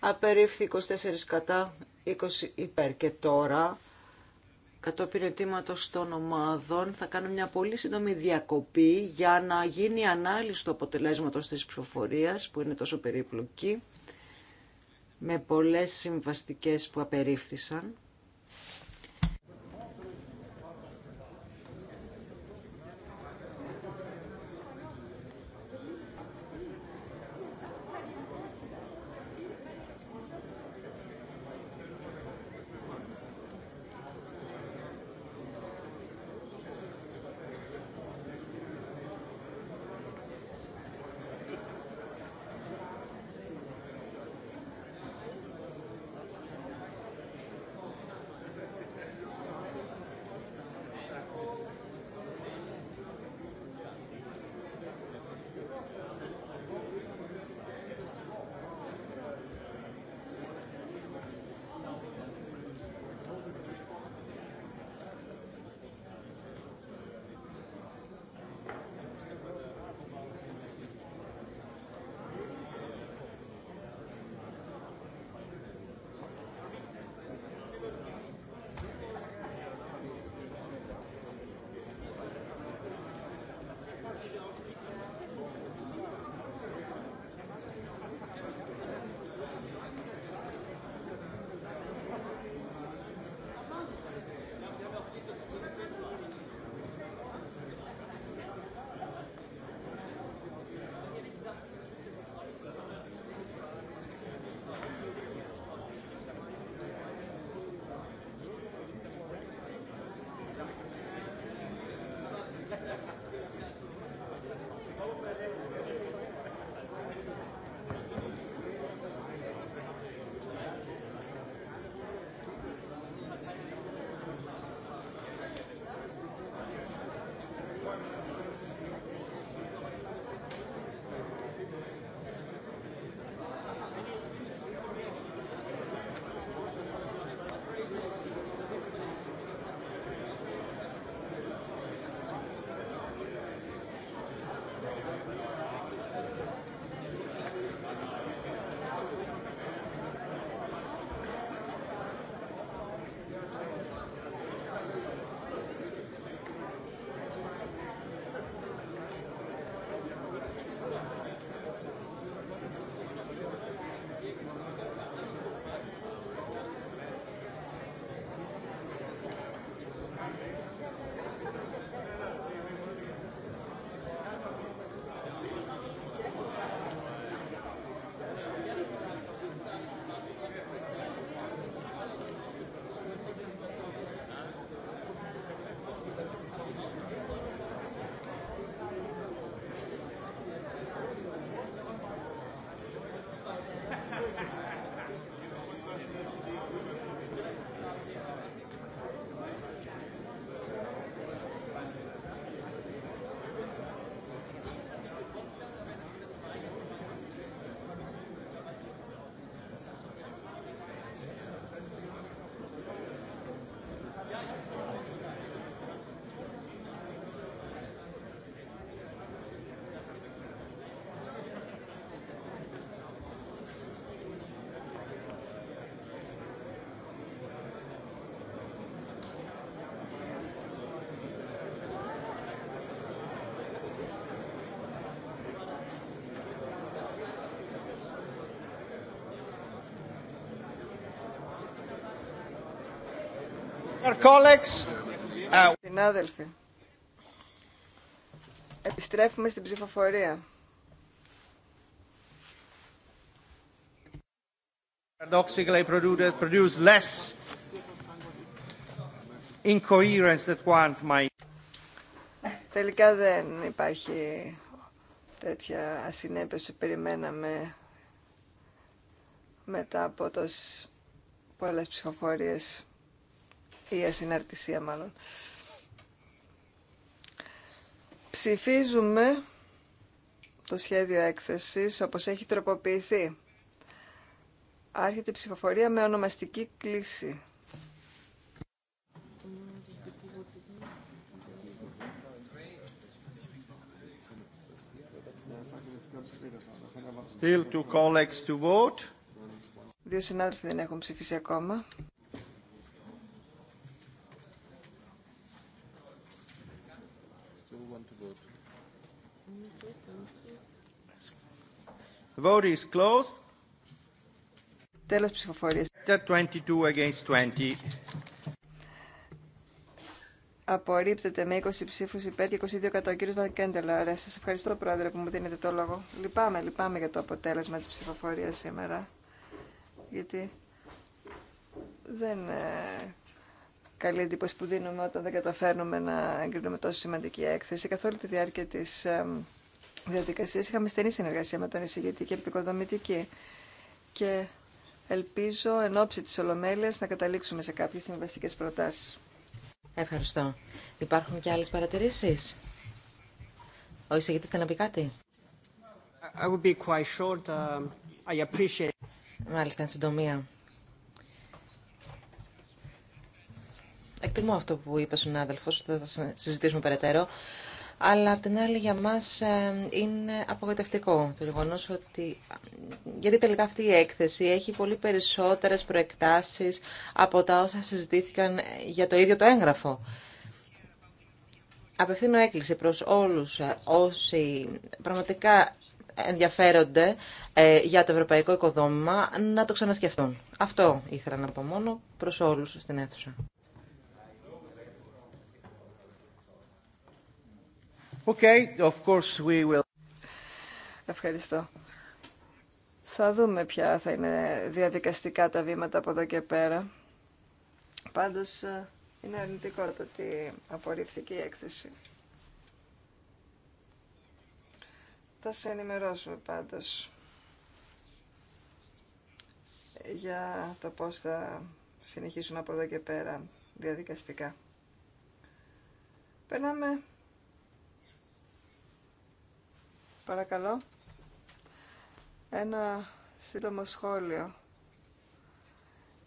Απερίφθη 24 κατά 20 υπέρ. Και τώρα, κατόπιν ετοίματος των ομάδων, θα κάνω μια πολύ σύντομη διακοπή για να γίνει ανάλυση του αποτελέσματος της ψηφοφορίας, που είναι τόσο περίπλοκη, με πολλές συμβαστικές που απερίφθησαν. Uh, Συνάδελφοι, επιστρέφουμε στην ψηφοφορία. Paradoxically, produce less incoherence that one might. Τελικά δεν υπάρχει τέτοια ασυνέπεια που περιμέναμε μετά από τόσες πολλές ψηφοφορίες η ασυναρτησία μάλλον. Ψηφίζουμε το σχέδιο έκθεσης όπως έχει τροποποιηθεί. Άρχεται η ψηφοφορία με ονομαστική κλίση. Still two colleagues to vote. Δύο συνάδελφοι δεν έχουν ψηφίσει ακόμα. Vote is closed. against 20. Απορρίπτεται με 20 ψήφους υπέρ και 22 κατά ο κύριος Βανκέντελα. Σας ευχαριστώ πρόεδρε που μου δίνετε το λόγο. Λυπάμαι, λυπάμαι για το αποτέλεσμα της ψηφοφορίας σήμερα. Γιατί δεν ε, καλή εντύπωση που δίνουμε όταν δεν καταφέρνουμε να εγκρίνουμε τόσο σημαντική έκθεση. Καθ' όλη τη διάρκεια της διαδικασίες είχαμε στενή συνεργασία με τον εισηγητή και επικοδομητική και ελπίζω εν ώψη της Ολομέλειας να καταλήξουμε σε κάποιες συμβαστικές προτάσεις. Ευχαριστώ. Υπάρχουν και άλλες παρατηρήσεις. Ο εισηγητής θέλει να πει κάτι. I be quite short. Um, I appreciate... Μάλιστα, εν συντομία. Εκτιμώ αυτό που είπε ο συνάδελφο, θα συζητήσουμε περαιτέρω αλλά απ' την άλλη για μας ε, είναι απογοητευτικό το γεγονό ότι... Γιατί τελικά αυτή η έκθεση έχει πολύ περισσότερες προεκτάσεις από τα όσα συζητήθηκαν για το ίδιο το έγγραφο. Απευθύνω έκκληση προς όλους όσοι πραγματικά ενδιαφέρονται ε, για το ευρωπαϊκό οικοδόμημα να το ξανασκεφτούν. Αυτό ήθελα να πω μόνο προς όλους στην αίθουσα. Ευχαριστώ. Θα δούμε ποια θα είναι διαδικαστικά τα βήματα από εδώ και πέρα. Πάντως ε, είναι αρνητικό το ότι απορρίφθηκε η έκθεση. Θα σε ενημερώσουμε πάντως για το πώς θα συνεχίσουμε από εδώ και πέρα διαδικαστικά. Περνάμε παρακαλώ ένα σύντομο σχόλιο.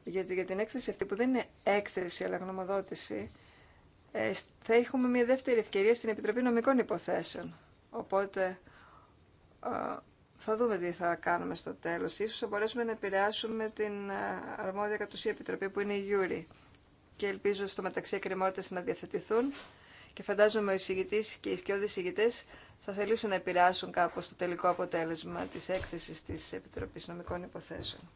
Γιατί για την έκθεση αυτή που δεν είναι έκθεση αλλά γνωμοδότηση, ε, θα έχουμε μια δεύτερη ευκαιρία στην Επιτροπή Νομικών Υποθέσεων. Οπότε ε, θα δούμε τι θα κάνουμε στο τέλος. Ίσως θα μπορέσουμε να επηρεάσουμε την ε, αρμόδια κατουσία Επιτροπή που είναι η Γιούρη. Και ελπίζω στο μεταξύ εκκρεμότητες να διαθετηθούν και φαντάζομαι ο εισηγητή και οι σκιώδει εισηγητέ θα θελήσουν να επηρεάσουν κάπως το τελικό αποτέλεσμα της έκθεσης τη επιτροπή Νομικών Υποθέσεων.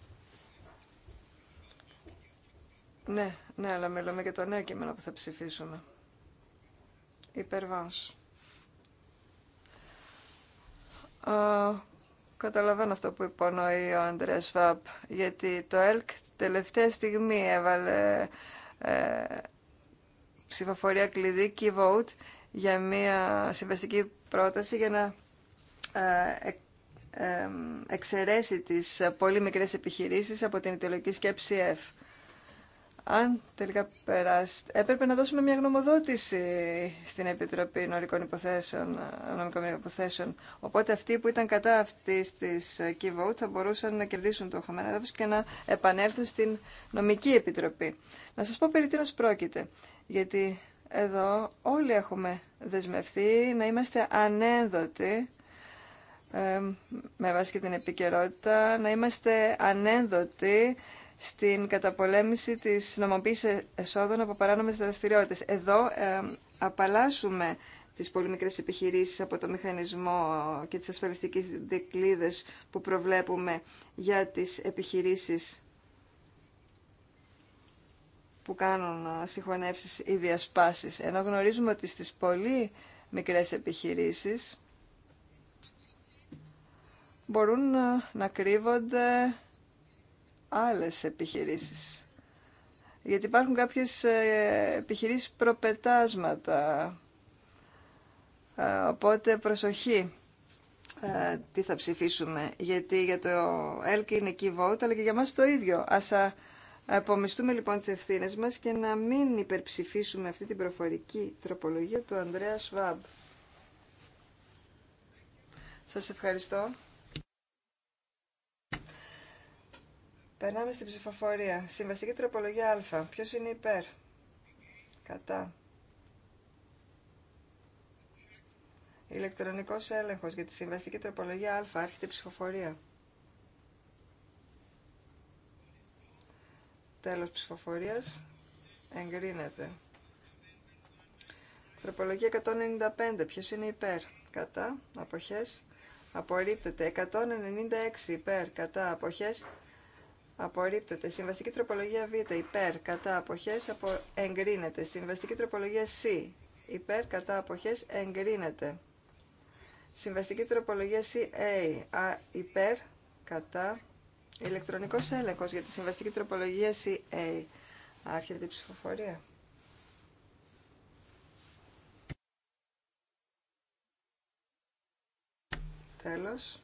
Ναι, ναι, αλλά μιλάμε για το νέο κείμενο που θα ψηφίσουμε. Υπερβάνς. Καταλαβαίνω αυτό που υπονοεί ο Αντρέας Φαπ, γιατί το ΕΛΚ τελευταία στιγμή έβαλε ε, ψηφοφορία κλειδί key vote για μια συμβαστική πρόταση για να ε, ε, ε, εξαιρέσει τις πολύ μικρές επιχειρήσεις από την ιδεολογική σκέψη F. Αν τελικά περάσει, έπρεπε να δώσουμε μια γνωμοδότηση στην Επιτροπή Νορικών Υποθέσεων, Νομικών Υποθέσεων. Οπότε αυτοί που ήταν κατά αυτή τη key vote θα μπορούσαν να κερδίσουν το χαμένο έδαφο και να επανέλθουν στην Νομική Επιτροπή. Να σα πω περί τίνο πρόκειται γιατί εδώ όλοι έχουμε δεσμευθεί να είμαστε ανένδοτοι με βάση και την επικαιρότητα, να είμαστε ανένδοτοι στην καταπολέμηση της νομοποίησης εσόδων από παράνομες δραστηριότητες. Εδώ ε, απαλλάσσουμε τις πολύ μικρές επιχειρήσεις από το μηχανισμό και τις ασφαλιστικές δικλείδες που προβλέπουμε για τις επιχειρήσεις που κάνουν συγχωνεύσεις ή διασπάσεις. Ενώ γνωρίζουμε ότι στις πολύ μικρές επιχειρήσεις μπορούν να κρύβονται άλλες επιχειρήσεις. Γιατί υπάρχουν κάποιες ε, επιχειρήσεις προπετάσματα. Ε, οπότε προσοχή ε, τι θα ψηφίσουμε. Γιατί για το ΕΛΚ είναι key vote, αλλά και για μας το ίδιο. Ας απομιστούμε λοιπόν τις ευθύνες μας και να μην υπερψηφίσουμε αυτή την προφορική τροπολογία του Ανδρέα Σβάμπ. Σας ευχαριστώ. Περνάμε στην ψηφοφορία. Συμβαστική τροπολογία Α. Ποιος είναι υπέρ. Κατά. Ηλεκτρονικός έλεγχος για τη συμβαστική τροπολογία Α. Άρχεται η ψηφοφορία. Τέλος ψηφοφορίας. Εγκρίνεται. Τροπολογία 195. Ποιος είναι υπέρ. Κατά. Αποχές. Απορρίπτεται. 196. Υπέρ. Κατά. Αποχές. Απορρίπτεται. Συμβαστική τροπολογία Β. Υπέρ. Κατά. Αποχές. Απο... Εγκρίνεται. Συμβαστική τροπολογία Σ. Υπέρ. Κατά. Αποχές. Εγκρίνεται. Συμβαστική τροπολογία Σ, Α, υπέρ. Κατά. Ηλεκτρονικός έλεγχος για τη συμβαστική τροπολογία CA. Άρχεται η ψηφοφορία. Τέλος.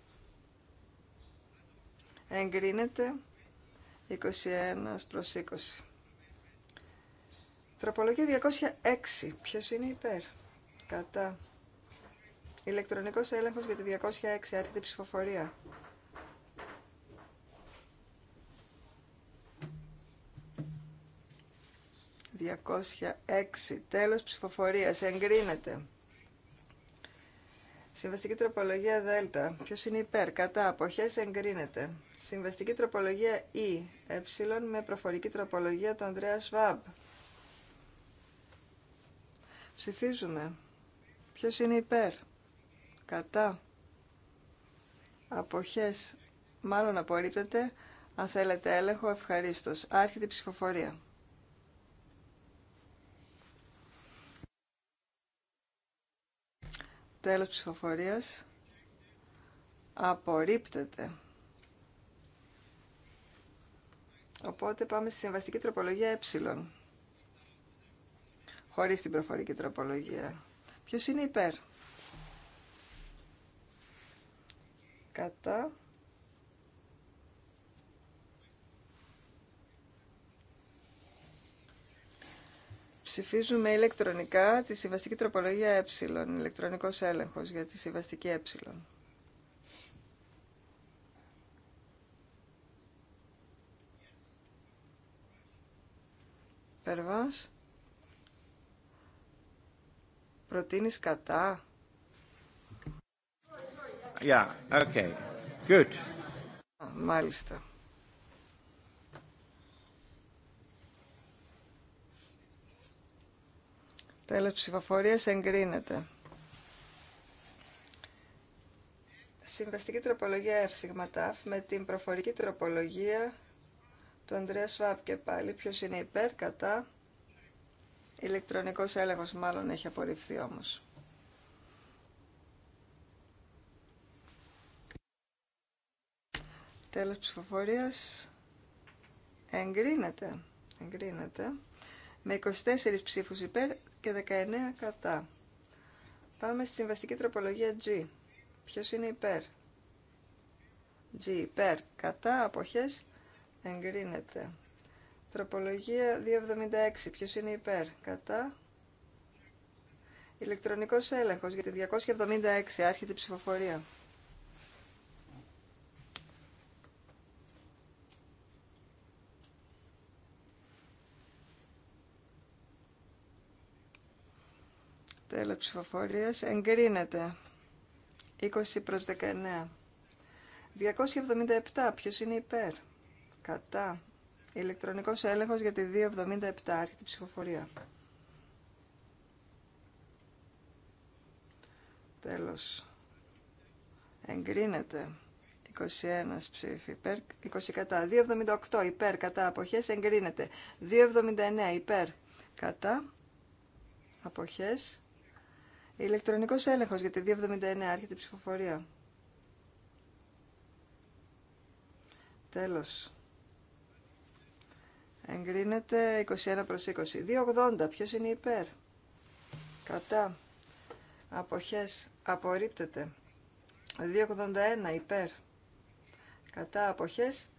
Εγκρίνεται 21 προς 20. Τροπολογία 206. Ποιος είναι υπέρ. Κατά. Ηλεκτρονικός έλεγχος για τη 206. Άρχεται η ψηφοφορία. 206. Τέλος ψηφοφορίας. Εγκρίνεται. Συμβαστική τροπολογία Δέλτα. Ποιο είναι υπέρ. Κατά. Αποχές. Εγκρίνεται. Συμβαστική τροπολογία Ι. ε με προφορική τροπολογία του Ανδρέα Σβάμπ. Ψηφίζουμε. ποιο είναι υπέρ. Κατά. Αποχές. Μάλλον απορρίπτεται. Αν θέλετε έλεγχο, ευχαρίστως. Άρχεται η ψηφοφορία. Τέλος ψηφοφορίας. Απορρίπτεται. Οπότε πάμε στη συμβαστική τροπολογία ε. Χωρίς την προφορική τροπολογία. Ποιος είναι υπέρ. Κατά. Ψηφίζουμε ηλεκτρονικά τη συμβαστική τροπολογία ε, ηλεκτρονικός έλεγχος για τη συμβαστική ε. Περβάς, προτείνεις κατά. Yeah, okay. Good. Μάλιστα. Τέλος ψηφοφορίας εγκρίνεται. Συμβαστική τροπολογία F με την προφορική τροπολογία του Ανδρέα Σβάπ και πάλι. Ποιος είναι υπέρ, κατά. Ηλεκτρονικός έλεγχος μάλλον έχει απορριφθεί όμως. Τέλος ψηφοφορίας εγκρίνεται. Εγκρίνεται. Με 24 ψήφους υπέρ, και 19 κατά. Πάμε στη συμβαστική τροπολογία G. Ποιος είναι υπέρ. G υπέρ. Κατά αποχές εγκρίνεται. Τροπολογία 276. Ποιος είναι υπέρ. Κατά. Ηλεκτρονικός έλεγχος για τη 276. Άρχεται η ψηφοφορία. Τέλος ψηφοφορίας. Εγκρίνεται. 20 προς 19. 277. Ποιος είναι υπέρ. Κατά. Ηλεκτρονικός έλεγχος για τη 277. Άρχεται ψηφοφορία. Τέλος. Εγκρίνεται. 21 ψήφι υπέρ, 20 κατά, 2,78 υπέρ, κατά, αποχές, εγκρίνεται, 2,79 υπέρ, κατά, αποχές, Ηλεκτρονικός έλεγχος για τη 279 άρχεται η ψηφοφορία. Τέλος. Εγκρίνεται 21 προς 20. 280. Ποιος είναι υπέρ. Κατά. Αποχές. Απορρίπτεται. 281. Υπέρ. Κατά. Αποχές.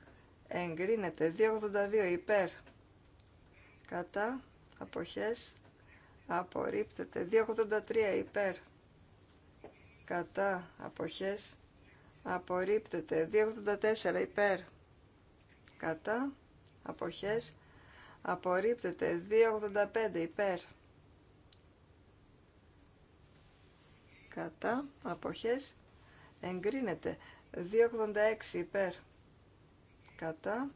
Εγκρίνεται. 282. Υπέρ. Κατά. Αποχές απορρίπτεται 283 υπέρ κατά αποχές απορρίπτεται 284 υπέρ κατά αποχές απορρίπτεται 285 υπέρ κατά αποχές εγκρίνεται 286 υπέρ κατά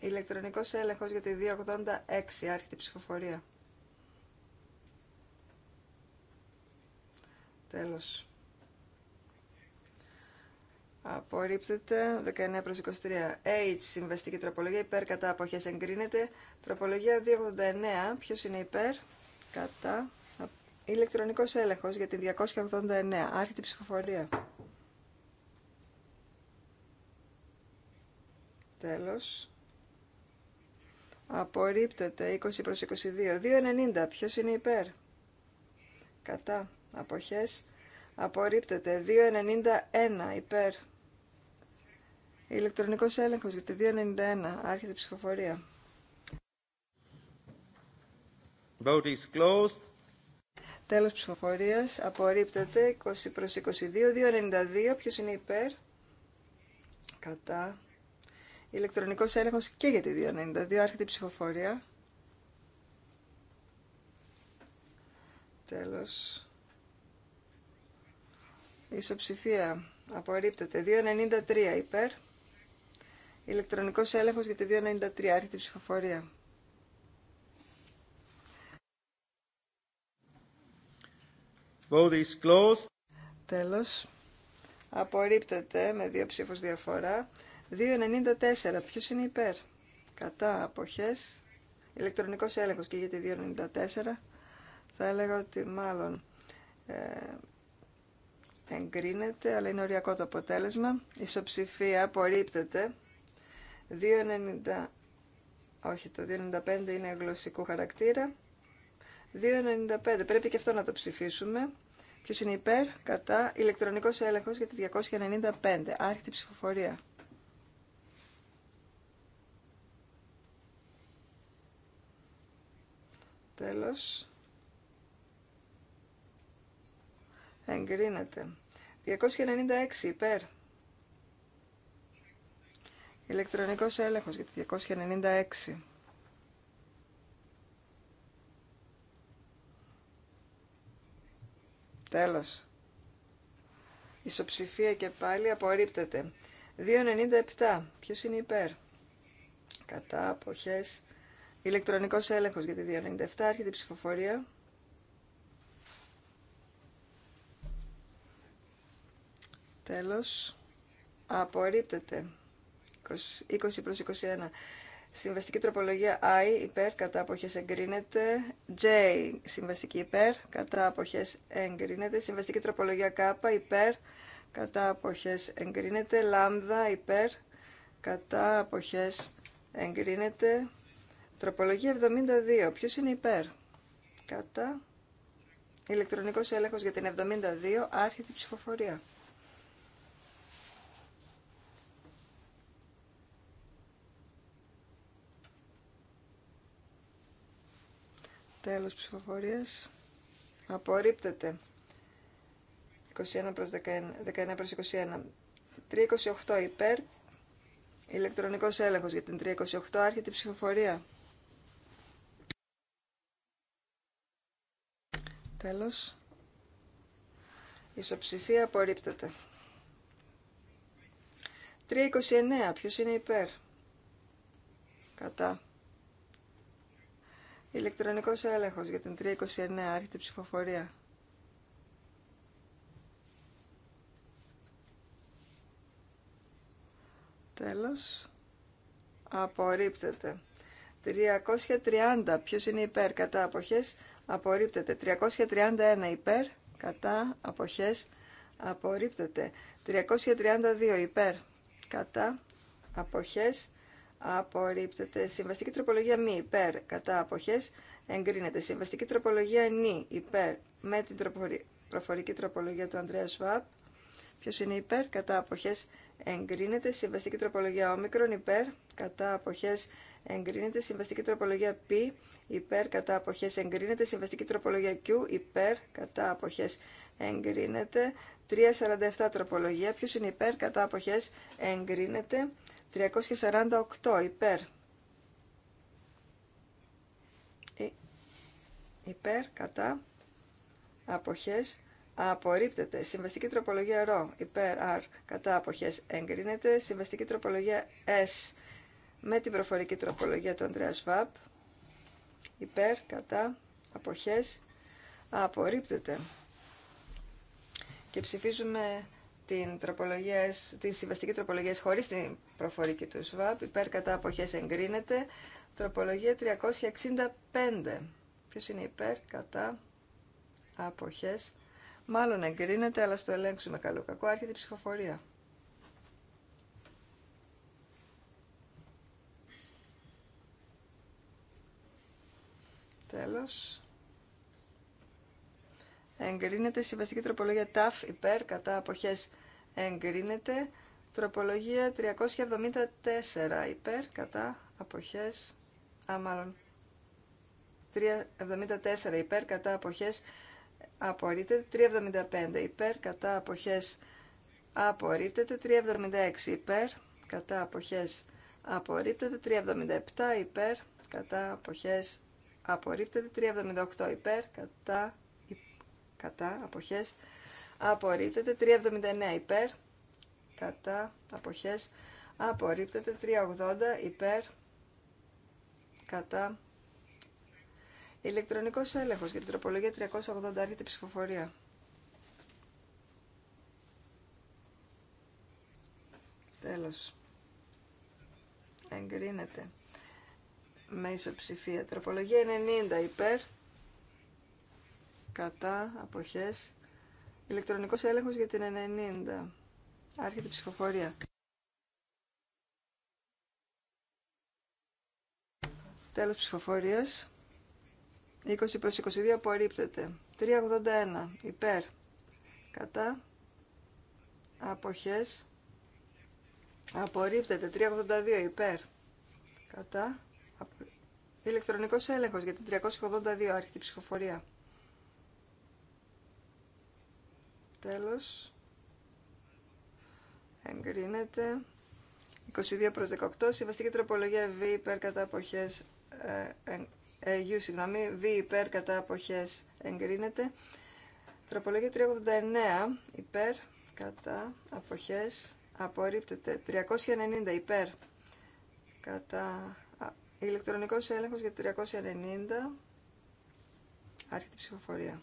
ηλεκτρονικός έλεγχος για τη 286 άρχιτη ψηφοφορία Τέλος. Απορρίπτεται. 19 προς 23. H. Συμβαστική τροπολογία. Υπέρ κατά αποχές εγκρίνεται. Τροπολογία 289. Ποιος είναι υπέρ. Κατά. Ηλεκτρονικός έλεγχος για την 289. Άρχεται η ψηφοφορία. Τέλος. Απορρίπτεται. 20 προς 22. 290. Ποιος είναι υπέρ. Κατά αποχές απορρίπτεται 2.91 υπέρ ηλεκτρονικός έλεγχος για τη 2.91 άρχεται η ψηφοφορία Vote is closed. Τέλος ψηφοφορίας απορρίπτεται 20 προς 22 2.92 ποιος είναι υπέρ κατά ηλεκτρονικός έλεγχος και για τη 2.92 άρχεται η ψηφοφορία τέλος Ισοψηφία. Απορρίπτεται. 2.93 υπέρ. Ηλεκτρονικός έλεγχος για τη 2.93. Άρχεται η ψηφοφορία. Τέλο Τέλος. Απορρίπτεται με δύο ψήφους διαφορά. 2.94. Ποιος είναι υπέρ. Κατά αποχές. Ηλεκτρονικός έλεγχος και για τη 2.94. Θα έλεγα ότι μάλλον ε, εγκρίνεται, αλλά είναι οριακό το αποτέλεσμα. Ισοψηφία απορρίπτεται. 2,90, όχι το 2,95 είναι γλωσσικού χαρακτήρα. 2,95, πρέπει και αυτό να το ψηφίσουμε. Ποιο είναι υπέρ, κατά, ηλεκτρονικός έλεγχος για τη 295, άρχιτη ψηφοφορία. Τέλος. Εγκρίνεται. 296 υπέρ. Ηλεκτρονικός έλεγχος για τη 296. Τέλος. Ισοψηφία και πάλι απορρίπτεται. 2,97. Ποιος είναι υπέρ. Κατά, αποχές. Ηλεκτρονικός έλεγχος για τη 2,97. Άρχεται η ψηφοφορία. Τέλος, απορρίπτεται. 20 προς 21. Συμβαστική τροπολογία I υπέρ κατά αποχές εγκρίνεται. J συμβαστική υπέρ κατά αποχές εγκρίνεται. Συμβαστική τροπολογία K υπέρ κατά αποχές εγκρίνεται. Λάμδα υπέρ κατά αποχές εγκρίνεται. Τροπολογία 72. Ποιος είναι υπέρ. Κατά. Ηλεκτρονικός έλεγχος για την 72. Άρχεται η ψηφοφορία. Τέλος ψηφοφορίας. Απορρίπτεται. 21 προς 19, 19 προς 21. 328 υπέρ. Ηλεκτρονικός έλεγχος για την 328. Άρχεται η ψηφοφορία. Τέλος. ισοψηφία απορρίπτεται. 329. Ποιος είναι υπέρ. Κατά. Ηλεκτρονικός έλεγχος για την 329, άρχεται ψηφοφορία. Τέλος. Απορρίπτεται. 330. Ποιος είναι υπέρ, κατά, αποχές. Απορρίπτεται. 331 υπέρ, κατά, αποχές. Απορρίπτεται. 332 υπέρ, κατά, αποχές απορρίπτεται. Συμβαστική τροπολογία μη υπέρ κατά αποχέ εγκρίνεται. Συμβαστική τροπολογία νη υπέρ με την προφορική τροπολογία του Ανδρέα Σφάπ. Ποιο είναι υπέρ κατά αποχέ εγκρίνεται. Συμβαστική τροπολογία όμικρον υπέρ κατά αποχέ εγκρίνεται. Συμβαστική τροπολογία π υπέρ κατά αποχέ εγκρίνεται. Συμβαστική τροπολογία Q υπέρ κατά Κατά εγκρίνεται. 347 τροπολογία. Ποιο είναι υπέρ κατά αποχέ εγκρίνεται. 348 υπέρ. Ε, υπέρ, κατά, αποχές, απορρίπτεται. Συμβαστική τροπολογία ρο, υπέρ, αρ, κατά, αποχές, εγκρίνεται. Συμβαστική τροπολογία S, με την προφορική τροπολογία του Ανδρέα Σβάπ. Υπέρ, κατά, αποχές, απορρίπτεται. Και ψηφίζουμε την, συμβαστική τροπολογία χωρίς την προφορική του ΣΒΑΠ, υπέρ κατά αποχές εγκρίνεται, τροπολογία 365. Ποιο είναι υπέρ κατά αποχές, μάλλον εγκρίνεται, αλλά στο ελέγξουμε καλό κακό, άρχεται η ψηφοφορία. Τέλος εγκρίνεται. Συμβαστική τροπολογία ΤΑΦ υπέρ κατά αποχές εγκρίνεται. Τροπολογία 374 υπέρ κατά αποχές, α μάλλον 374 υπέρ κατά αποχές απορρίτεται, 375 υπέρ κατά αποχές απορρίτεται, 376 υπέρ κατά αποχές απορρίπτεται, 377 υπέρ κατά αποχές απορρίπτεται, 378 υπέρ κατά κατά αποχές απορρίπτεται 379 υπέρ κατά αποχές απορρίπτεται 380 υπέρ κατά ηλεκτρονικός έλεγχος για την τροπολογία 380 άρχεται ψηφοφορία τέλος εγκρίνεται με ισοψηφία τροπολογία 90 υπέρ κατά, αποχές. Ηλεκτρονικός έλεγχος για την 90. Άρχεται η ψηφοφορία. Τέλος ψηφοφορίας. 20 προς 22 απορρίπτεται. 381 υπέρ. Κατά. Αποχές. Απορρίπτεται. 382 υπέρ. Κατά. Ηλεκτρονικός έλεγχος για την 382 της ψηφοφορία. Τέλος. Εγκρίνεται. 22 προς 18. Συμβαστική τροπολογία V υπέρ κατά αποχές ε, ε, συγγνώμη, V υπέρ κατά αποχές εγκρίνεται. Τροπολογία 389 υπέρ κατά αποχές απορρίπτεται. 390 υπέρ κατά ηλεκτρονικός έλεγχος για 390 άρχεται ψηφοφορία.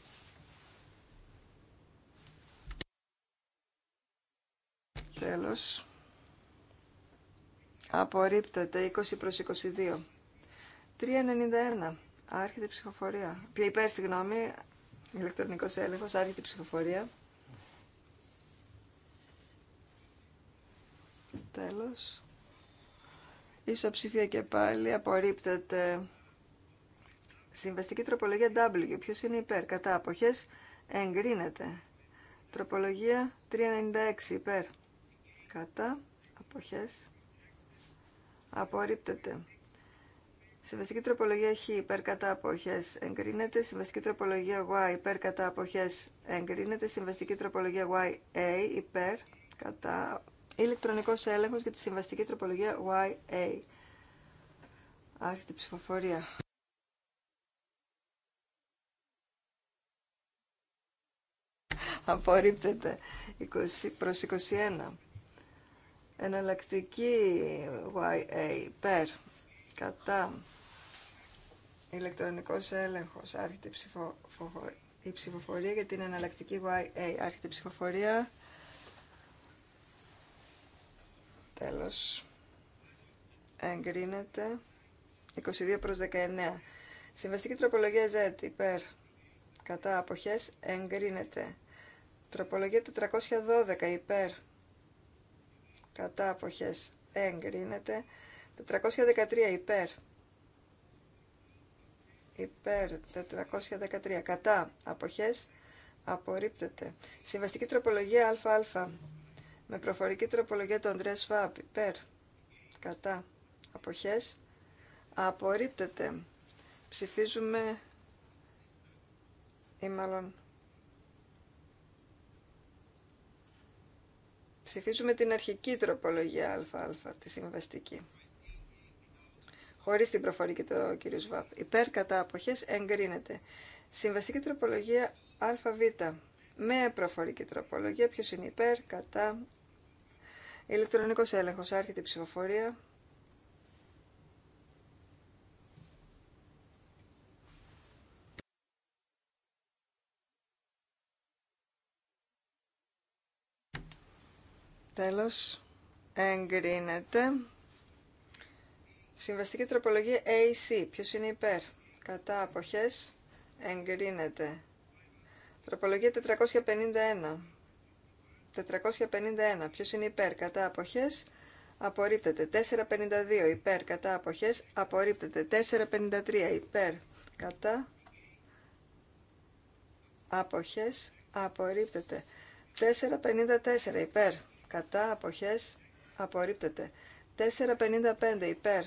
Τέλος. Απορρίπτεται 20 προς 22. 391. Άρχεται η ψηφοφορία. Ποιο υπέρ, συγγνώμη, ηλεκτρονικός έλεγχος, άρχεται η ψηφοφορία. Τέλος. Ισοψηφία και πάλι απορρίπτεται. Συμβαστική τροπολογία W. Ποιος είναι υπέρ. Κατά αποχές εγκρίνεται. Τροπολογία 396 υπέρ. Κατά. Αποχές. Απορρίπτεται. Συμβαστική τροπολογία Χ υπέρ κατά αποχές εγκρίνεται. Συμβαστική τροπολογία Y υπέρ κατά αποχές εγκρίνεται. Συμβαστική τροπολογία YA υπέρ κατά ηλεκτρονικός έλεγχος για τη συμβαστική τροπολογία YA. Άρχεται ψηφοφορία. Απορρίπτεται 20 προς 21. Εναλλακτική YA υπέρ κατά ηλεκτρονικός έλεγχος άρχεται η ψηφοφορία για την εναλλακτική YA άρχεται η ψηφοφορία τέλος εγκρίνεται 22 προς 19 συμβαστική τροπολογία Z υπέρ κατά αποχές εγκρίνεται τροπολογία 412 υπέρ κατά αποχές εγκρίνεται 413 υπέρ υπέρ 413 κατά αποχές απορρίπτεται συμβαστική τροπολογία αα με προφορική τροπολογία του Ανδρέα Σφάπ υπέρ κατά αποχές απορρίπτεται ψηφίζουμε ή μάλλον Ψηφίζουμε την αρχική τροπολογία ΑΑ, τη συμβαστική. Χωρίς την προφορική το κύριο Σβάπ. Υπέρ κατά αποχές εγκρίνεται. Συμβαστική τροπολογία ΑΒ. Με προφορική τροπολογία. Ποιος είναι υπέρ κατά. Ηλεκτρονικός έλεγχος. Άρχεται η ψηφοφορία. Τέλος, εγκρίνεται. Συμβαστική τροπολογία AC. Ποιος είναι υπέρ. Κατά αποχές εγκρίνεται. Τροπολογία 451. 451. Ποιος είναι υπέρ. Κατά αποχές απορρίπτεται. 452. Υπέρ. Κατά αποχές απορρίπτεται. 453. Υπέρ. Κατά αποχές απορρίπτεται. 454. Υπέρ κατά αποχές απορρίπτεται. 455 υπέρ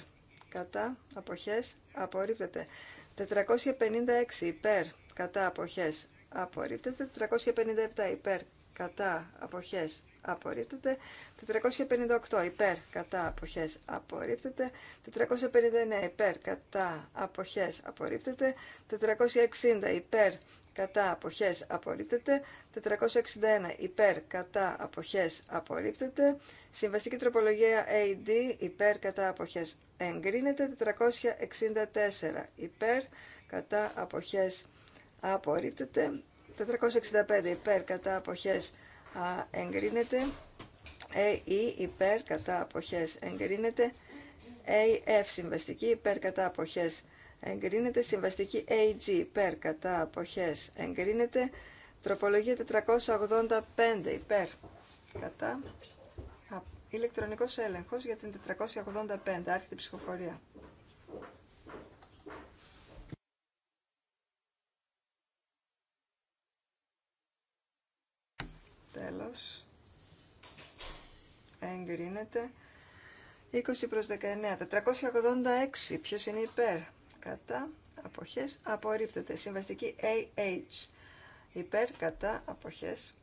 κατά αποχές απορρίπτεται. 456 υπέρ κατά αποχές απορρίπτεται. 457 υπέρ κατά αποχές απορρίπτεται. 458 υπέρ κατά αποχές απορρίπτεται. 459 υπέρ κατά αποχές απορρίπτεται. 460 υπέρ κατά αποχές απορρίπτεται, 461 υπέρ κατά αποχές απορρίπτεται, συμβαστική τροπολογία AD υπέρ κατά αποχές εγκρίνεται, 464 υπέρ κατά αποχές απορρίπτεται, 465 ε, υπέρ κατά αποχές εγκρίνεται, AE υπέρ κατά αποχές εγκρίνεται, AF συμβαστική υπέρ κατά αποχές εγκρίνεται, εγκρίνεται. Συμβαστική AG υπέρ κατά αποχές εγκρίνεται. Τροπολογία 485 υπέρ κατά. Α, ηλεκτρονικός έλεγχος για την 485. Άρχεται ψηφοφορία. Τέλος. Εγκρίνεται. 20 προς 19. 486. Ποιος είναι υπέρ κατά αποχές απορρίπτεται. Συμβαστική AH υπέρ κατά αποχές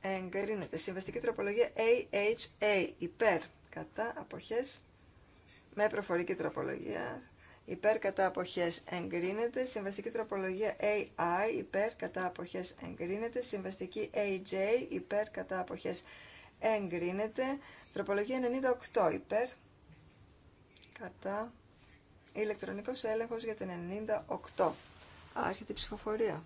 εγκρίνεται. Συμβαστική τροπολογία AHA υπέρ κατά αποχές με προφορική τροπολογία υπέρ κατά αποχές εγκρίνεται, συμβαστική τροπολογία AI υπέρ κατά αποχές εγκρίνεται, συμβαστική AJ υπέρ κατά αποχές εγκρίνεται, τροπολογία 98 υπέρ κατά Ηλεκτρονικός έλεγχος για την 98. Άρχεται η ψηφοφορία.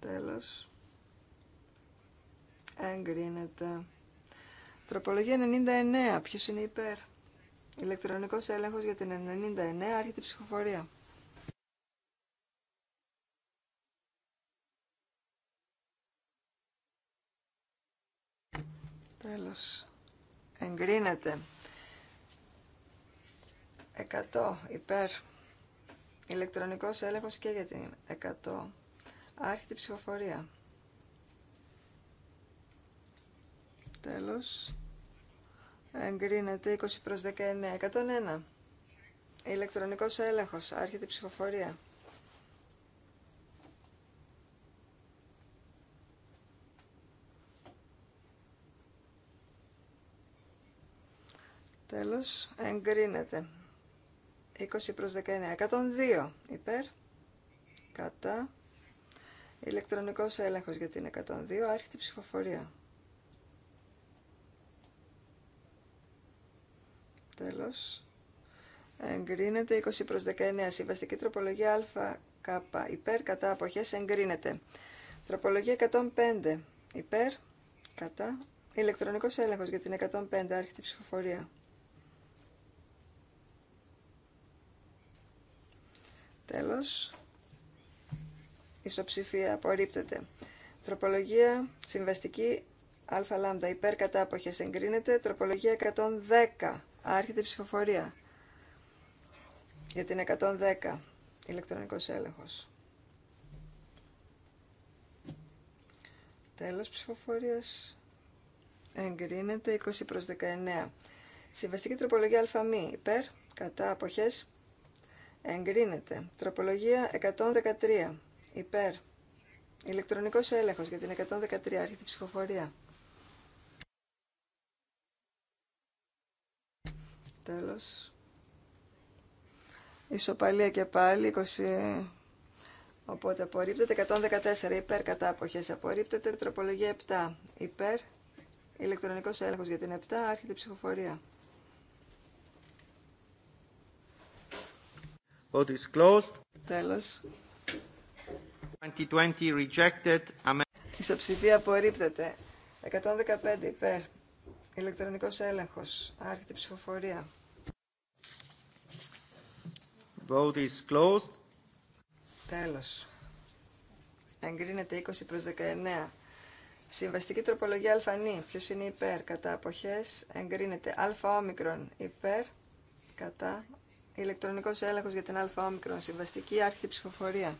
Τέλος. Εγκρίνεται. Τροπολογία 99. Ποιος είναι υπέρ. Ηλεκτρονικός έλεγχος για την 99. Άρχεται η ψηφοφορία. Τέλος εγκρίνεται 100 υπέρ ηλεκτρονικός έλεγχος και για την 100 άρχιτη ψηφοφορία τέλος εγκρίνεται 20 προς 19 101 ηλεκτρονικός έλεγχος άρχιτη ψηφοφορία Τέλος, εγκρίνεται. 20 προς 19. 102 υπέρ. Κατά. Ηλεκτρονικός έλεγχος για την 102. Άρχεται ψηφοφορία. Τέλος. Εγκρίνεται 20 προς 19. Συμβαστική τροπολογία ΑΚ. Υπέρ. Κατά. Αποχές. Εγκρίνεται. Τροπολογία 105. Υπέρ. Κατά. Ηλεκτρονικός έλεγχος για την 105. Άρχεται ψηφοφορία. Τέλος, ισοψηφία απορρίπτεται. Τροπολογία συμβαστική αλφα λάμδα υπέρ κατά αποχές εγκρίνεται. Τροπολογία 110. Άρχεται η ψηφοφορία. Για την 110. Ηλεκτρονικός έλεγχος. Τέλος ψηφοφορίας. Εγκρίνεται 20 προς 19. Συμβαστική τροπολογία αλφαμή υπέρ κατά αποχές Εγκρίνεται. Τροπολογία 113. Υπέρ. Ηλεκτρονικός έλεγχος για την 113 η ψηφοφορία. Τέλος. Ισοπαλία και πάλι 20... Οπότε απορρίπτεται 114 υπέρ κατά απορρίπτεται, τροπολογία 7 υπέρ, ηλεκτρονικός έλεγχος για την 7, άρχεται ψηφοφορία. Vote Τέλος. 2020 Η ισοψηφία απορρίπτεται. 115 υπέρ. Ηλεκτρονικός έλεγχος. Άρχεται ψηφοφορία. Vote is Τέλος. Εγκρίνεται 20 προς 19. Συμβαστική τροπολογία αλφανή. Ναι. Ποιος είναι υπέρ. Κατά αποχές. Εγκρίνεται αλφα όμικρον. Υπέρ. Κατά Ηλεκτρονικός έλεγχος για την Ομικρον συμβαστική άρχιτη ψηφοφορία.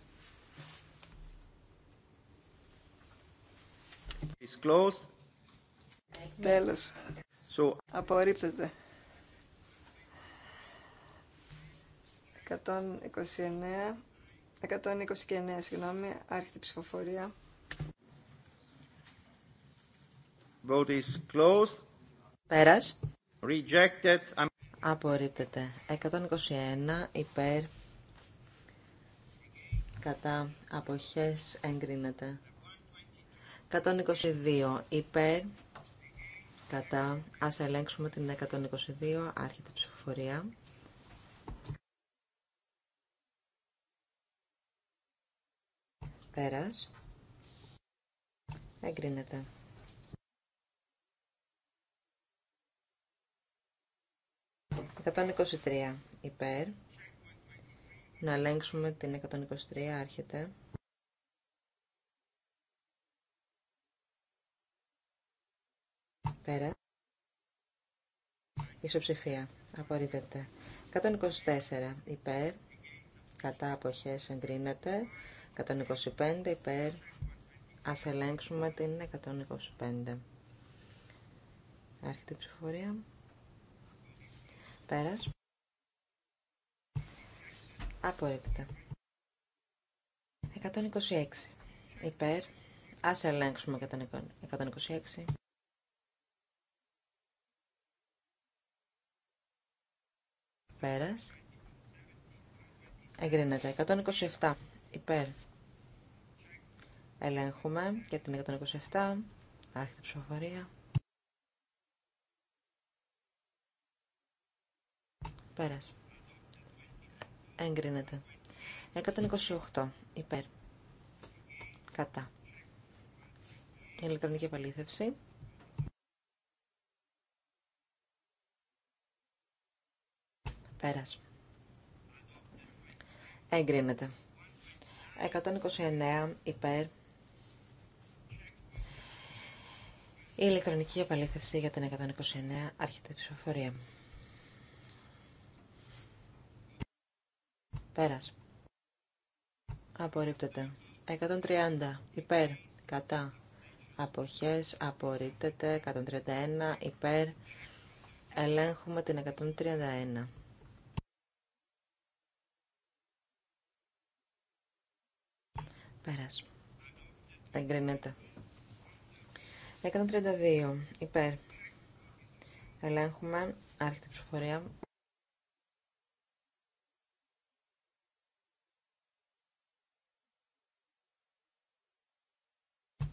Is closed. Τέλος. So... Απορρίπτεται. 129, 129 συγγνώμη, άρχιτη ψηφοφορία. Vote is closed. Πέρας. Rejected απορρίπτεται. 121 υπέρ κατά αποχές εγκρίνεται. 122 υπέρ κατά ας ελέγξουμε την 122 άρχεται ψηφοφορία. Πέρας. Εγκρίνεται. 123 υπέρ. Να ελέγξουμε την 123 άρχεται. Πέρα. Ισοψηφία. Απορρίπτεται. 124 υπέρ. Κατά αποχές εγκρίνεται. 125 υπέρ. Ας ελέγξουμε την 125. Άρχεται η ψηφορία. Πέρας. Απορρίπτεται. 126. Υπέρ. Ας ελέγξουμε για τον 126. Πέρας. Εγκρίνεται. 127. Υπέρ. Ελέγχουμε για την 127. Άρχεται ψηφοφορία. Πέρας. Εγκρίνεται. 128. Υπέρ. Κατά. Ηλεκτρονική επαλήθευση. Πέρας. Εγκρίνεται. 129. Υπέρ. Η ηλεκτρονική επαλήθευση για την 129 άρχεται ψηφοφορία. Πέρας. Απορρίπτεται. 130 υπέρ κατά αποχές. Απορρίπτεται. 131 υπέρ. Ελέγχουμε την 131. Πέρας. Εγκρίνεται. 132 υπέρ. Ελέγχουμε. Άρχεται η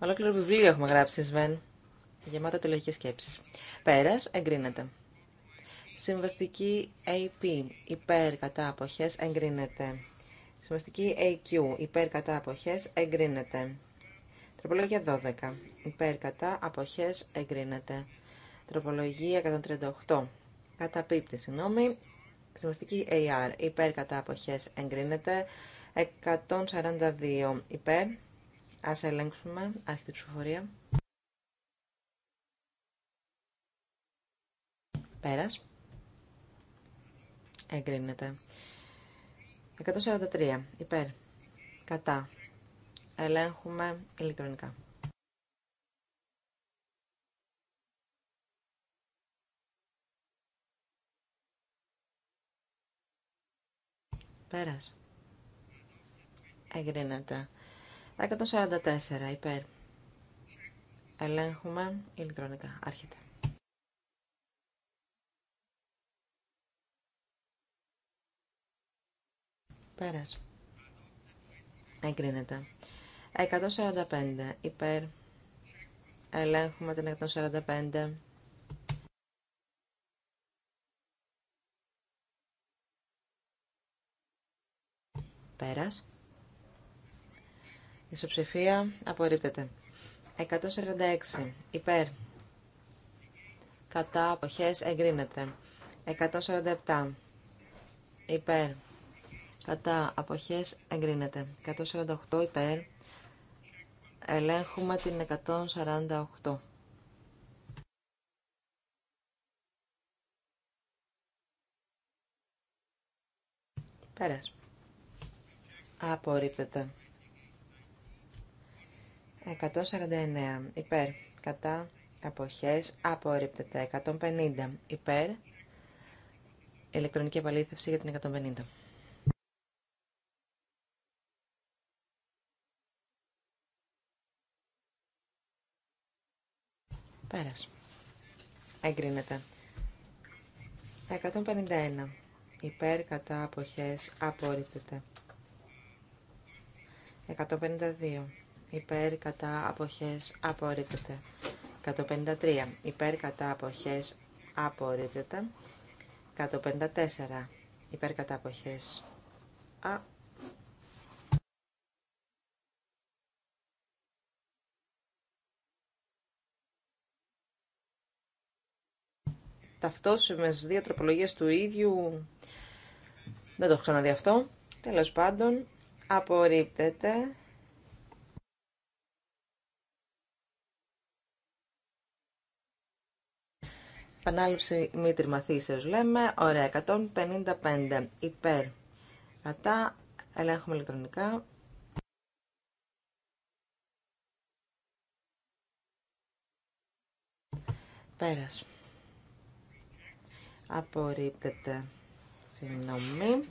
Ολόκληρο βιβλίο έχουμε γράψει, Σβέν. Γεμάτα τελογικές σκέψεις. Πέρας, εγκρίνεται. Συμβαστική AP, υπέρ κατά αποχές, εγκρίνεται. Συμβαστική AQ, υπέρ κατά αποχές, εγκρίνεται. Τροπολογία 12, υπέρ κατά αποχές, εγκρίνεται. Τροπολογία 138, πίπτη, συγγνώμη. Συμβαστική AR, υπέρ κατά αποχές, εγκρίνεται. 142, υπέρ Ας ελέγξουμε. Άρχεται ψηφοφορία. Πέρας. Εγκρίνεται. 143. Υπέρ. Κατά. Ελέγχουμε ηλεκτρονικά. Πέρας. Εγκρίνεται. 144 υπέρ. Ελέγχουμε ηλεκτρονικά. Άρχεται. Πέρας. Εγκρίνεται. 145 υπέρ. Ελέγχουμε την 145. Πέρας. Ισοψηφία απορρίπτεται. 146 υπέρ. Κατά αποχές εγκρίνεται. 147 υπέρ. Κατά αποχές εγκρίνεται. 148 υπέρ. Ελέγχουμε την 148. Πέρας. Απορρίπτεται. 149 υπέρ κατά αποχές απορρίπτεται 150 υπέρ ηλεκτρονική επαλήθευση για την 150 Πέρας. Εγκρίνεται. 151. Υπέρ κατά αποχές απορρίπτεται. 152 υπέρ κατά αποχές απορρίπτεται. 153 υπέρ κατά αποχές απορρίπτεται. 154 υπέρ κατά αποχές α... Ταυτόσιμες δύο τροπολογίες του ίδιου, δεν το έχω ξαναδεί αυτό, τέλος πάντων, απορρίπτεται επανάληψη μη τριμαθήσεως λέμε. Ωραία, 155 υπέρ. Κατά, ελέγχουμε ηλεκτρονικά. Πέρας. Απορρίπτεται. Συγγνώμη.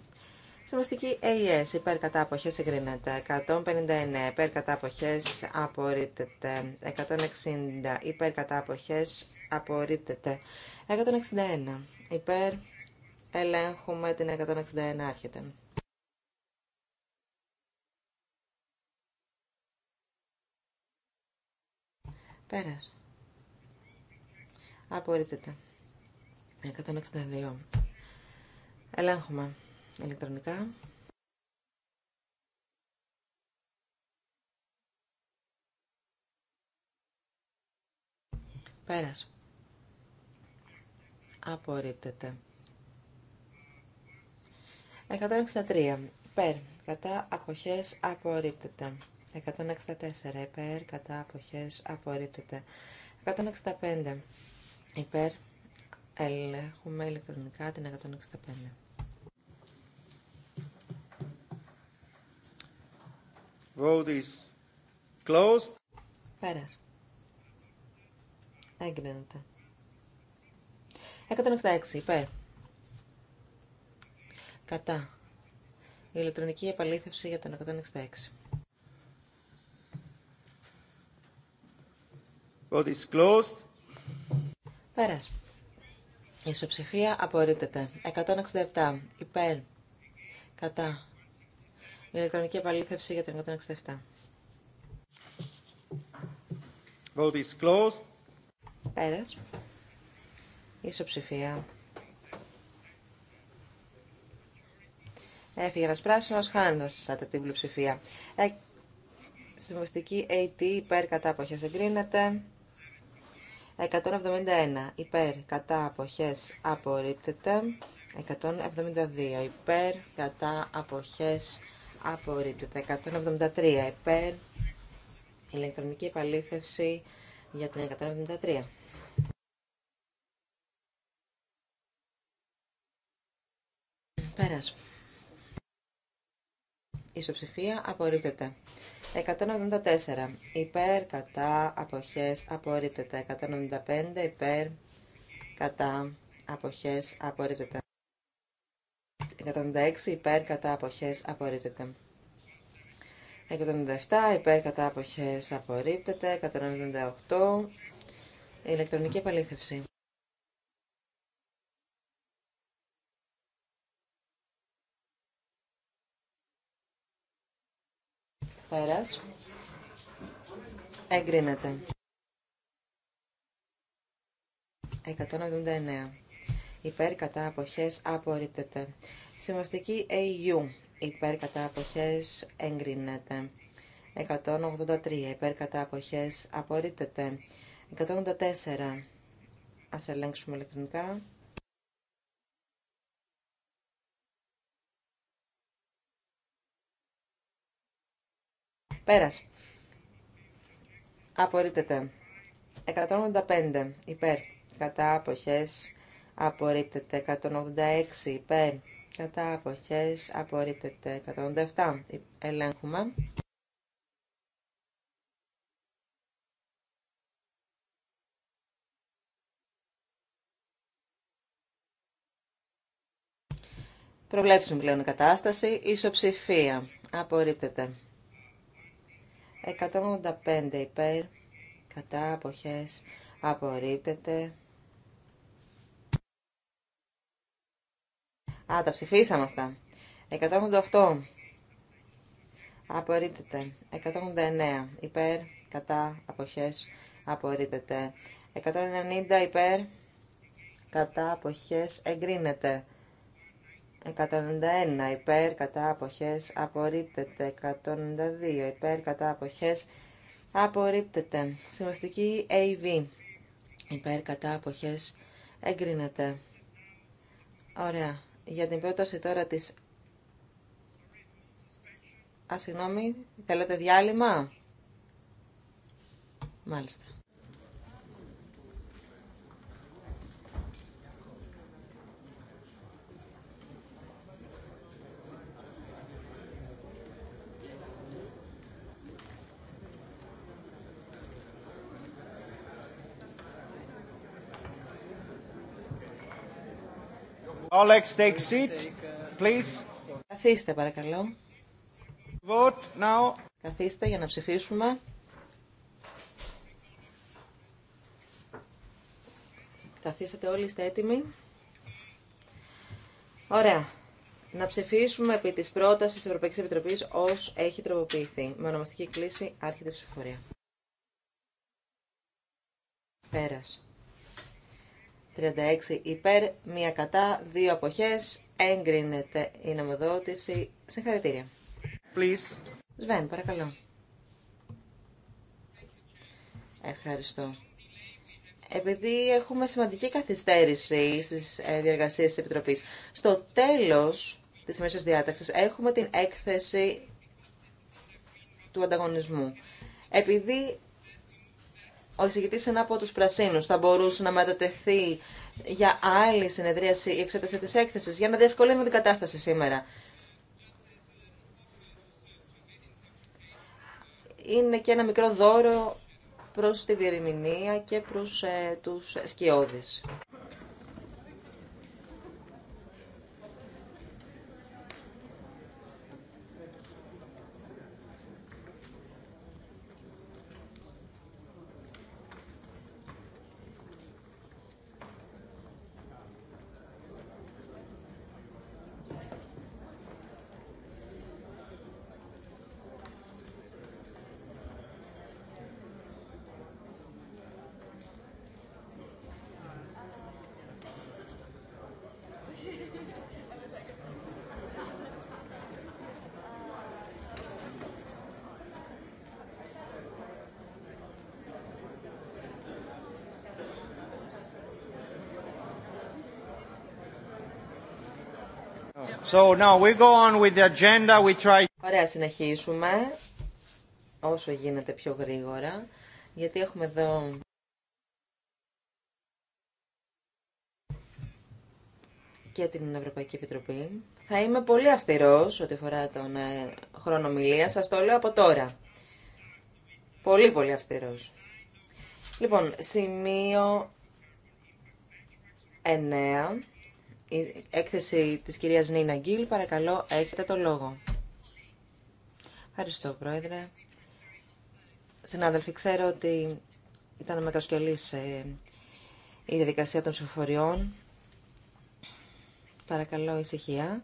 Συμβαστική AS, υπέρ κατά αποχές εγκρίνεται, 159 υπέρ κατά αποχές απορρίπτεται, 160 υπέρ κατά αποχές απορρίπτεται. 161 υπέρ, ελέγχουμε την 161 άρχεται. Πέρας. Απορρίπτεται. 162. Ελέγχουμε ηλεκτρονικά. Πέρας. Απορρίπτεται. 163. Περ. Κατά αποχές απορρίπτεται. 164. Υπέρ. Κατά αποχές απορρίπτεται. 165. Υπέρ. Ελέγχουμε ηλεκτρονικά την 165. Vote is closed. Πέρας. Έγκρινεται. 166 υπέρ. Κατά. Η ηλεκτρονική επαλήθευση για τον 166. Vote is closed. Πέρας. Η ισοψηφία απορρίπτεται. 167 υπέρ. Κατά. Η ηλεκτρονική επαλήθευση για τον 167. Vote is closed. Πέρας. Ισοψηφία. Έφυγε ένα πράσινο, χάνοντα την πλειοψηφία. Ε, συμβαστική AT υπέρ κατά αποχέ εγκρίνεται. 171 υπέρ κατά αποχέ απορρίπτεται. 172 υπέρ κατά αποχέ απορρίπτεται. 173 υπέρ ηλεκτρονική επαλήθευση για την 173. Πέρας. Ισοψηφία απορρίπτεται. 194 Υπέρ, κατά, αποχές, απορρίπτεται. 195. Υπέρ, κατά, αποχές, απορρίπτεται. 196 Υπέρ, κατά, αποχές, απορρίπτεται. 197 Υπέρ, κατά, αποχές, απορρίπτεται. 198. Ηλεκτρονική επαλήθευση. Πέρας. Εγκρίνεται. 179. Υπέρ κατά αποχές απορρίπτεται. Συμβαστική AU. Υπέρ κατά αποχές εγκρίνεται. 183. Υπέρ κατά αποχές απορρίπτεται. 184. Ας ελέγξουμε ηλεκτρονικά. Πέρας. Απορρίπτεται. 185 υπέρ. Κατά αποχές απορρίπτεται. 186 υπέρ. Κατά αποχές απορρίπτεται. 187 ελέγχουμε. Προβλέψουμε πλέον κατάσταση. Ισοψηφία. Απορρίπτεται. 185 υπέρ, κατά αποχές απορρίπτεται. Α, τα ψηφίσαμε αυτά. 188 απορρίπτεται. 189 υπέρ, κατά αποχές απορρίπτεται. 190 υπέρ, κατά αποχές εγκρίνεται. 191 υπέρ κατά αποχές απορρίπτεται. 192 υπέρ κατά αποχές απορρίπτεται. Συμβαστική AV υπέρ κατά αποχές εγκρίνεται. Ωραία. Για την πρόταση τώρα της... Α, συγγνώμη, θέλετε διάλειμμα. Μάλιστα. Alex, take seat, please. Καθίστε παρακαλώ. Vote now. Καθίστε για να ψηφίσουμε. Καθίσατε όλοι, είστε έτοιμοι. Ωραία. Να ψηφίσουμε επί της πρότασης της Ευρωπαϊκής Επιτροπής ως έχει τροποποιηθεί. Με ονομαστική κλίση άρχεται η ψηφοφορία. Πέρας. 36 υπέρ, 1 κατά, 2 αποχές. Έγκρινεται η νομοδότηση. Συγχαρητήρια. Please. Σβέν, παρακαλώ. Ευχαριστώ. Επειδή έχουμε σημαντική καθυστέρηση στις ε, διεργασίες της Επιτροπής, στο τέλος της μέσης διάταξης έχουμε την έκθεση του ανταγωνισμού. Επειδή ο εισηγητής είναι από τους πρασίνους. Θα μπορούσε να μετατεθεί για άλλη συνεδρίαση η εξέταση της έκθεσης για να διευκολύνουν την κατάσταση σήμερα. Είναι και ένα μικρό δώρο προς τη διερμηνία και προς ε, τους σκιώδεις. So now we go on with the agenda. We try... Ωραία, συνεχίσουμε όσο γίνεται πιο γρήγορα, γιατί έχουμε εδώ... και την Ευρωπαϊκή Επιτροπή. Θα είμαι πολύ αυστηρός ό,τι αφορά τον ε, χρόνο μιλία. Σας το λέω από τώρα. Πολύ πολύ αυστηρός. Λοιπόν, σημείο 9 η έκθεση της κυρίας Νίνα Γκίλ. Παρακαλώ, έχετε το λόγο. Ευχαριστώ, Πρόεδρε. Συνάδελφοι, ξέρω ότι ήταν μακροσκελής ε, η διαδικασία των ψηφοφοριών. Παρακαλώ, ησυχία.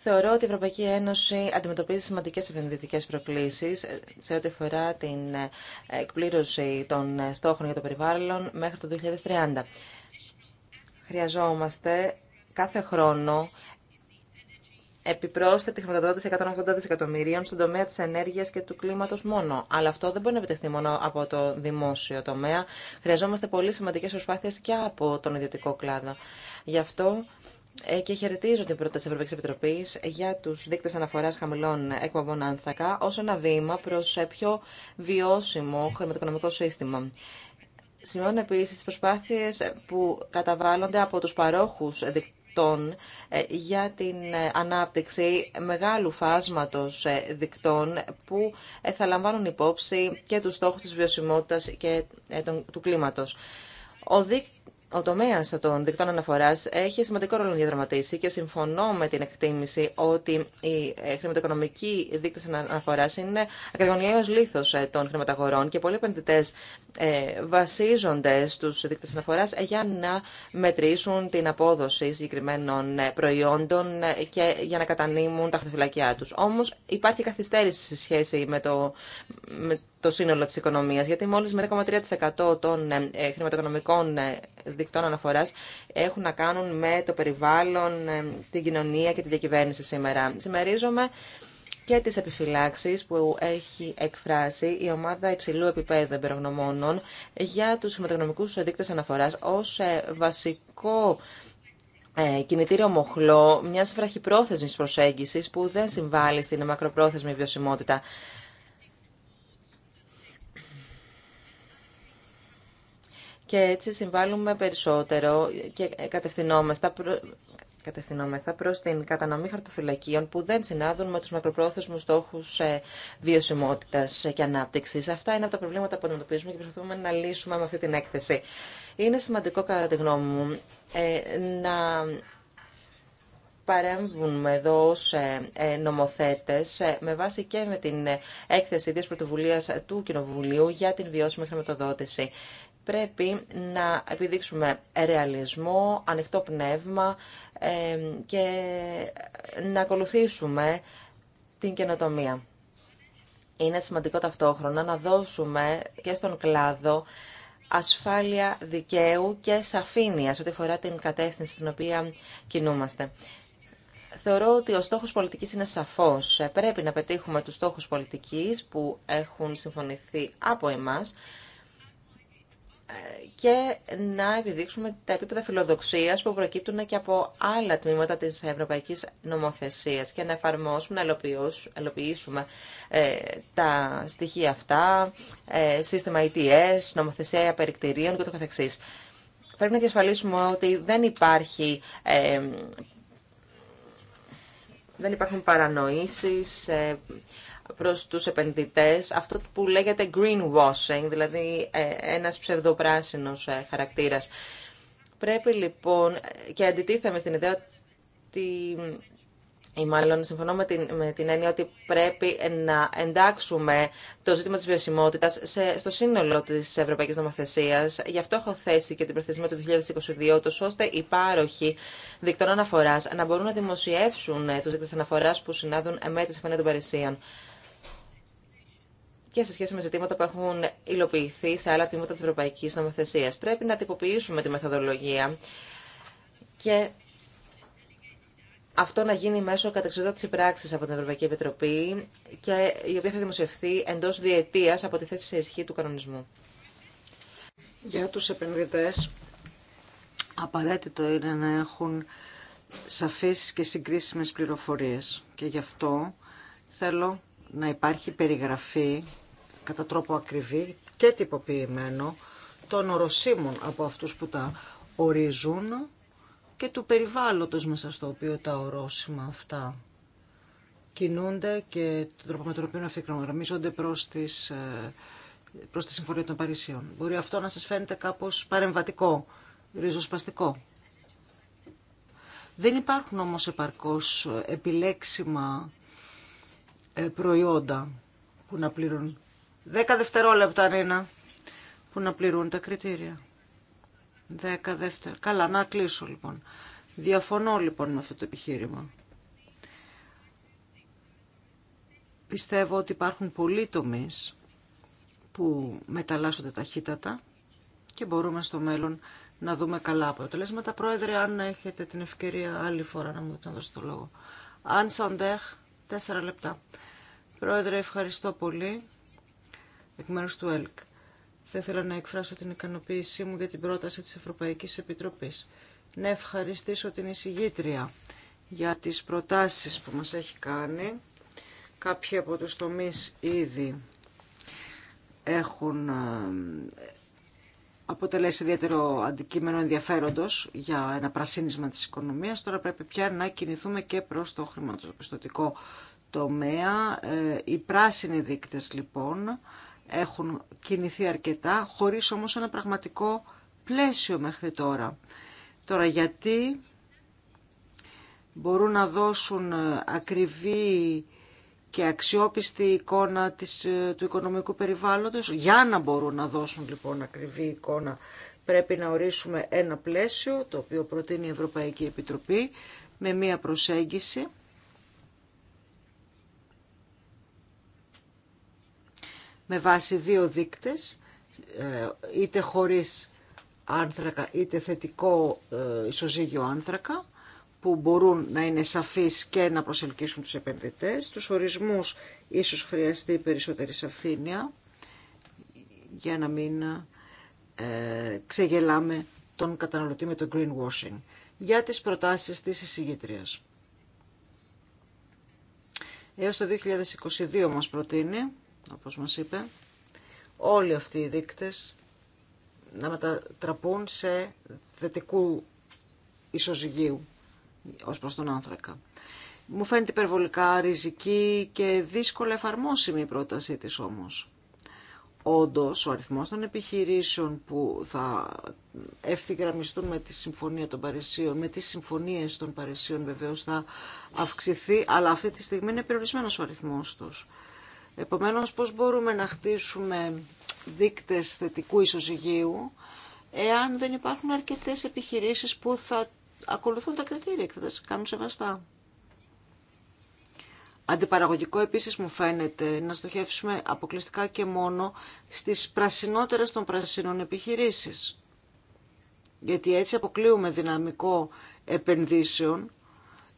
Θεωρώ ότι η Ευρωπαϊκή Ένωση αντιμετωπίζει σημαντικές επενδυτικές προκλήσεις, ε, σε ό,τι αφορά την ε, εκπλήρωση των στόχων για το περιβάλλον μέχρι το 2030 χρειαζόμαστε κάθε χρόνο επιπρόσθετη χρηματοδότηση 180 δισεκατομμυρίων στον τομέα της ενέργειας και του κλίματος μόνο. Αλλά αυτό δεν μπορεί να επιτευχθεί μόνο από το δημόσιο τομέα. Χρειαζόμαστε πολύ σημαντικές προσπάθειες και από τον ιδιωτικό κλάδο. Γι' αυτό ε, και χαιρετίζω την πρόταση τη Ευρωπαϊκή Επιτροπή για τους δείκτες αναφοράς χαμηλών εκπομπών άνθρακα ω ένα βήμα προς ε, πιο βιώσιμο χρηματοοικονομικό σύστημα. Σημειώνω επίση τι προσπάθειε ε, που καταβάλλονται από του παρόχου δικτών ε, για την ε, ανάπτυξη μεγάλου φάσματος δικτών που θα λαμβάνουν υπόψη και τους στόχους της βιωσιμότητας και του κλίματος. Ο ο τομέα των δικτών αναφορά έχει σημαντικό ρόλο να διαδραματίσει και συμφωνώ με την εκτίμηση ότι οι ε, χρηματοοικονομικοί δείκτε αναφορά είναι ακραγωνιαίο λήθο ε, των χρηματαγορών και πολλοί επενδυτέ ε, βασίζονται στου δείκτε αναφορά για να μετρήσουν την απόδοση συγκεκριμένων προϊόντων και για να κατανείμουν τα χρηματοφυλακιά του. Όμω υπάρχει καθυστέρηση σε σχέση με, το, το σύνολο της οικονομίας, γιατί μόλις με 10,3% των ε, ε, χρηματοοικονομικών ε, δικτών αναφοράς έχουν να κάνουν με το περιβάλλον, την κοινωνία και τη διακυβέρνηση σήμερα. Συμμερίζομαι και τις επιφυλάξεις που έχει εκφράσει η ομάδα υψηλού επίπεδου εμπειρογνωμόνων για τους χρηματοοικονομικούς δείκτες αναφοράς ως βασικό κινητήριο μοχλό μιας βραχυπρόθεσμης προσέγγισης που δεν συμβάλλει στην μακροπρόθεσμη βιωσιμότητα και έτσι συμβάλλουμε περισσότερο και κατευθυνόμαστε κατευθυνόμεθα προ την κατανομή χαρτοφυλακίων που δεν συνάδουν με του μακροπρόθεσμου στόχου ε, βιωσιμότητα και ανάπτυξη. Αυτά είναι από τα προβλήματα που αντιμετωπίζουμε και προσπαθούμε να λύσουμε με αυτή την έκθεση. Είναι σημαντικό, κατά τη γνώμη μου, ε, να παρέμβουμε εδώ ως ε, νομοθέτες με βάση και με την έκθεση της πρωτοβουλίας του Κοινοβουλίου για την βιώσιμη χρηματοδότηση πρέπει να επιδείξουμε ρεαλισμό, ανοιχτό πνεύμα και να ακολουθήσουμε την καινοτομία. Είναι σημαντικό ταυτόχρονα να δώσουμε και στον κλάδο ασφάλεια δικαίου και σαφήνεια ό,τι αφορά την κατεύθυνση στην οποία κινούμαστε. Θεωρώ ότι ο στόχος πολιτικής είναι σαφός. Ε, πρέπει να πετύχουμε τους στόχους πολιτικής που έχουν συμφωνηθεί από εμάς και να επιδείξουμε τα επίπεδα φιλοδοξίας που προκύπτουν και από άλλα τμήματα της ευρωπαϊκής νομοθεσίας και να εφαρμόσουμε, να ελοποιήσουμε ε, τα στοιχεία αυτά, ε, σύστημα ITS, νομοθεσία περικτηρίων και το καθεξής. Πρέπει να διασφαλίσουμε ότι δεν υπάρχει... Ε, δεν υπάρχουν παρανοήσεις, προς τους επενδυτές αυτό που λέγεται greenwashing, δηλαδή ε, ένας ψευδοπράσινος ε, χαρακτήρας. Πρέπει λοιπόν, και αντιτίθεμαι στην ιδέα ότι, ή μάλλον συμφωνώ με την, με την έννοια ότι πρέπει να εντάξουμε το ζήτημα της βιωσιμότητας σε, στο σύνολο της Ευρωπαϊκής Νομοθεσίας. Γι' αυτό έχω θέσει και την προθεσμία του 2022, τόσο ώστε οι πάροχοι δικτών αναφοράς να μπορούν να δημοσιεύσουν ε, τους δείκτες αναφοράς που συνάδουν με τη Συμφωνία των Παρισίων και σε σχέση με ζητήματα που έχουν υλοποιηθεί σε άλλα τμήματα της Ευρωπαϊκής Νομοθεσίας. Πρέπει να τυποποιήσουμε τη μεθοδολογία και αυτό να γίνει μέσω κατεξοδότηση πράξης από την Ευρωπαϊκή Επιτροπή και η οποία θα δημοσιευθεί εντός διετίας από τη θέση σε ισχύ του κανονισμού. Για τους επενδυτές απαραίτητο είναι να έχουν σαφείς και συγκρίσιμες πληροφορίες και γι' αυτό θέλω να υπάρχει περιγραφή κατά τρόπο ακριβή και τυποποιημένο των οροσίμων από αυτούς που τα ορίζουν και του περιβάλλοντος μέσα στο οποίο τα ορόσημα αυτά κινούνται και τον τρόπο με τον οποίο προς τις ε, προς τη Συμφωνία των Παρισίων. Μπορεί αυτό να σας φαίνεται κάπως παρεμβατικό, ριζοσπαστικό. Δεν υπάρχουν όμως επαρκώς επιλέξιμα ε, προϊόντα που να πληρούν. Δέκα δευτερόλεπτα, Ρίνα, που να πληρούν τα κριτήρια. Δέκα δεύτερα. Καλά, να κλείσω λοιπόν. Διαφωνώ λοιπόν με αυτό το επιχείρημα. Πιστεύω ότι υπάρχουν πολλοί τομεί που μεταλλάσσονται ταχύτατα και μπορούμε στο μέλλον να δούμε καλά αποτελέσματα. Πρόεδρε, αν έχετε την ευκαιρία άλλη φορά να μου δώσετε το λόγο. Αν σαντέχ, τέσσερα λεπτά. Πρόεδρε, ευχαριστώ πολύ. Εκ μέρους του ΕΛΚ. Θα ήθελα να εκφράσω την ικανοποίησή μου για την πρόταση της Ευρωπαϊκής Επιτροπής. Να ευχαριστήσω την εισηγήτρια για τις προτάσεις που μας έχει κάνει. Κάποιοι από τους τομείς ήδη έχουν ε, αποτελέσει ιδιαίτερο αντικείμενο ενδιαφέροντος για ένα πρασίνισμα της οικονομίας. Τώρα πρέπει πια να κινηθούμε και προς το χρηματοπιστωτικό τομέα. Ε, οι πράσινοι δείκτες λοιπόν έχουν κινηθεί αρκετά, χωρίς όμως ένα πραγματικό πλαίσιο μέχρι τώρα. Τώρα γιατί μπορούν να δώσουν ε, ακριβή και αξιόπιστη εικόνα της, ε, του οικονομικού περιβάλλοντος. Για να μπορούν να δώσουν λοιπόν ακριβή εικόνα πρέπει να ορίσουμε ένα πλαίσιο το οποίο προτείνει η Ευρωπαϊκή Επιτροπή με μία προσέγγιση με βάση δύο δείκτες, ε, είτε χωρίς άνθρακα είτε θετικό ε, ισοζύγιο άνθρακα, που μπορούν να είναι σαφείς και να προσελκύσουν τους επενδυτές. Τους ορισμούς ίσως χρειαστεί περισσότερη σαφήνεια για να μην ε, ξεγελάμε τον καταναλωτή με το greenwashing. Για τις προτάσεις της εισηγήτριας. Έως το 2022 μας προτείνει όπως μας είπε, όλοι αυτοί οι δείκτες να μετατραπούν σε θετικού ισοζυγίου ως προς τον άνθρακα. Μου φαίνεται υπερβολικά ριζική και δύσκολα εφαρμόσιμη η πρότασή της όμως. Όντως, ο αριθμό των επιχειρήσεων που θα ευθυγραμμιστούν με τη Συμφωνία των Παρισίων, με τις Συμφωνίες των Παρισίων βεβαίως θα αυξηθεί, αλλά αυτή τη στιγμή είναι περιορισμένο ο αριθμό του. Επομένως, πώς μπορούμε να χτίσουμε δείκτες θετικού ισοζυγίου, εάν δεν υπάρχουν αρκετές επιχειρήσεις που θα ακολουθούν τα κριτήρια και θα τα κάνουν σεβαστά. Αντιπαραγωγικό επίσης μου φαίνεται να στοχεύσουμε αποκλειστικά και μόνο στις πρασινότερες των πρασινών επιχειρήσεις. Γιατί έτσι αποκλείουμε δυναμικό επενδύσεων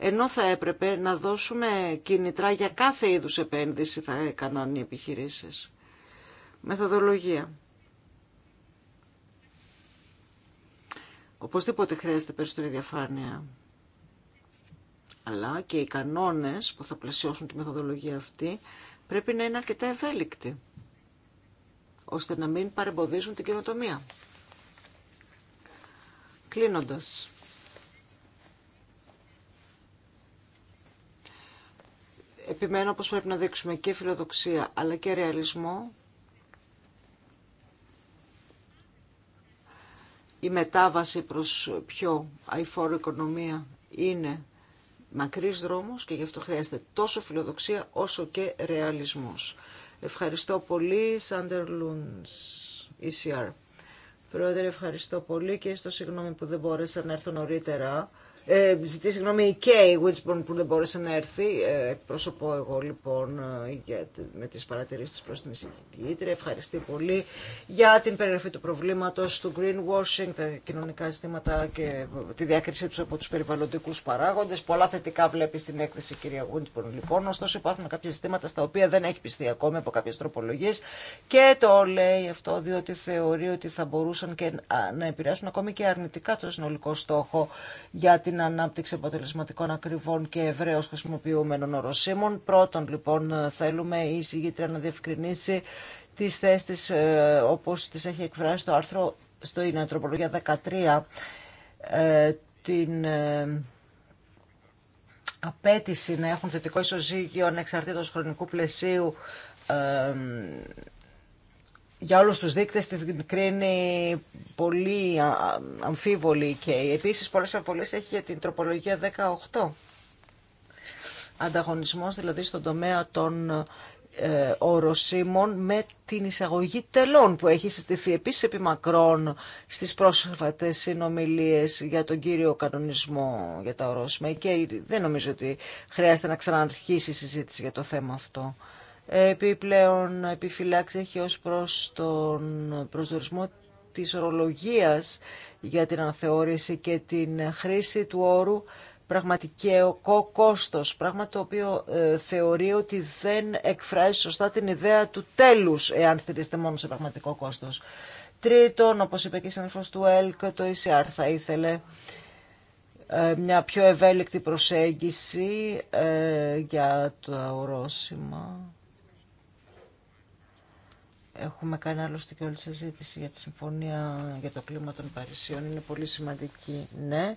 ενώ θα έπρεπε να δώσουμε κίνητρα για κάθε είδους επένδυση θα έκαναν οι επιχειρήσεις. Μεθοδολογία. Οπωσδήποτε χρειάζεται περισσότερη διαφάνεια. Αλλά και οι κανόνες που θα πλασιώσουν τη μεθοδολογία αυτή πρέπει να είναι αρκετά ευέλικτοι, ώστε να μην παρεμποδίζουν την κοινοτομία. Κλείνοντας, επιμένω πως πρέπει να δείξουμε και φιλοδοξία αλλά και ρεαλισμό. Η μετάβαση προς πιο αηφόρο οικονομία είναι μακρύς δρόμος και γι' αυτό χρειάζεται τόσο φιλοδοξία όσο και ρεαλισμός. Ευχαριστώ πολύ, Σάντερ Λούνς, ECR. Πρόεδρε, ευχαριστώ πολύ και στο συγγνώμη που δεν μπόρεσα να έρθω νωρίτερα ε, ζητεί συγγνώμη και η Winsborn που δεν μπόρεσε να έρθει. Ε, εκπροσωπώ εγώ λοιπόν ε, με τις παρατηρήσεις της προς την εισηγητήτρια. Ευχαριστώ πολύ για την περιγραφή του προβλήματος του greenwashing, τα κοινωνικά ζητήματα και ε, τη διάκριση τους από τους περιβαλλοντικούς παράγοντες. Πολλά θετικά βλέπει στην έκθεση κυρία Winsborn λοιπόν. Ωστόσο υπάρχουν κάποια ζητήματα στα οποία δεν έχει πιστεί ακόμη από κάποιες τροπολογίες και το λέει αυτό διότι θεωρεί ότι θα μπορούσαν και να επηρεάσουν ακόμη και αρνητικά το συνολικό στόχο για την ανάπτυξη αποτελεσματικών ακριβών και ευρέως χρησιμοποιούμενων οροσίμων. Πρώτον, λοιπόν, θέλουμε η συγγύτρια να διευκρινίσει τις θέσεις της, ε, όπως τις έχει εκφράσει το άρθρο στο ινατροπολογια 13, ε, την ε, απέτηση να έχουν θετικό ισοζύγιο ανεξαρτήτως χρονικού πλαισίου για όλους τους δείκτες την κρίνει πολύ αμφίβολη και επίσης πολλές αμφιβολίες έχει για την τροπολογία 18. Ανταγωνισμός δηλαδή στον τομέα των ε, οροσίμων με την εισαγωγή τελών που έχει συστηθεί επίσης επί μακρόν στις πρόσφατες συνομιλίες για τον κύριο κανονισμό για τα ορόσημα και δεν νομίζω ότι χρειάζεται να ξαναρχίσει η συζήτηση για το θέμα αυτό. Επιπλέον επιφυλάξει έχει ως προς τον προσδορισμό της ορολογίας για την αναθεώρηση και την χρήση του όρου πραγματικό κόστος, πράγμα το οποίο ε, θεωρεί ότι δεν εκφράζει σωστά την ιδέα του τέλους, εάν στηρίζεται μόνο σε πραγματικό κόστος. Τρίτον, όπως είπε και η του ΕΛΚ, το ECR θα ήθελε ε, μια πιο ευέλικτη προσέγγιση ε, για το ορόσημα Έχουμε κάνει άλλωστε και όλη τη συζήτηση για τη Συμφωνία για το Κλίμα των Παρισίων. Είναι πολύ σημαντική, ναι.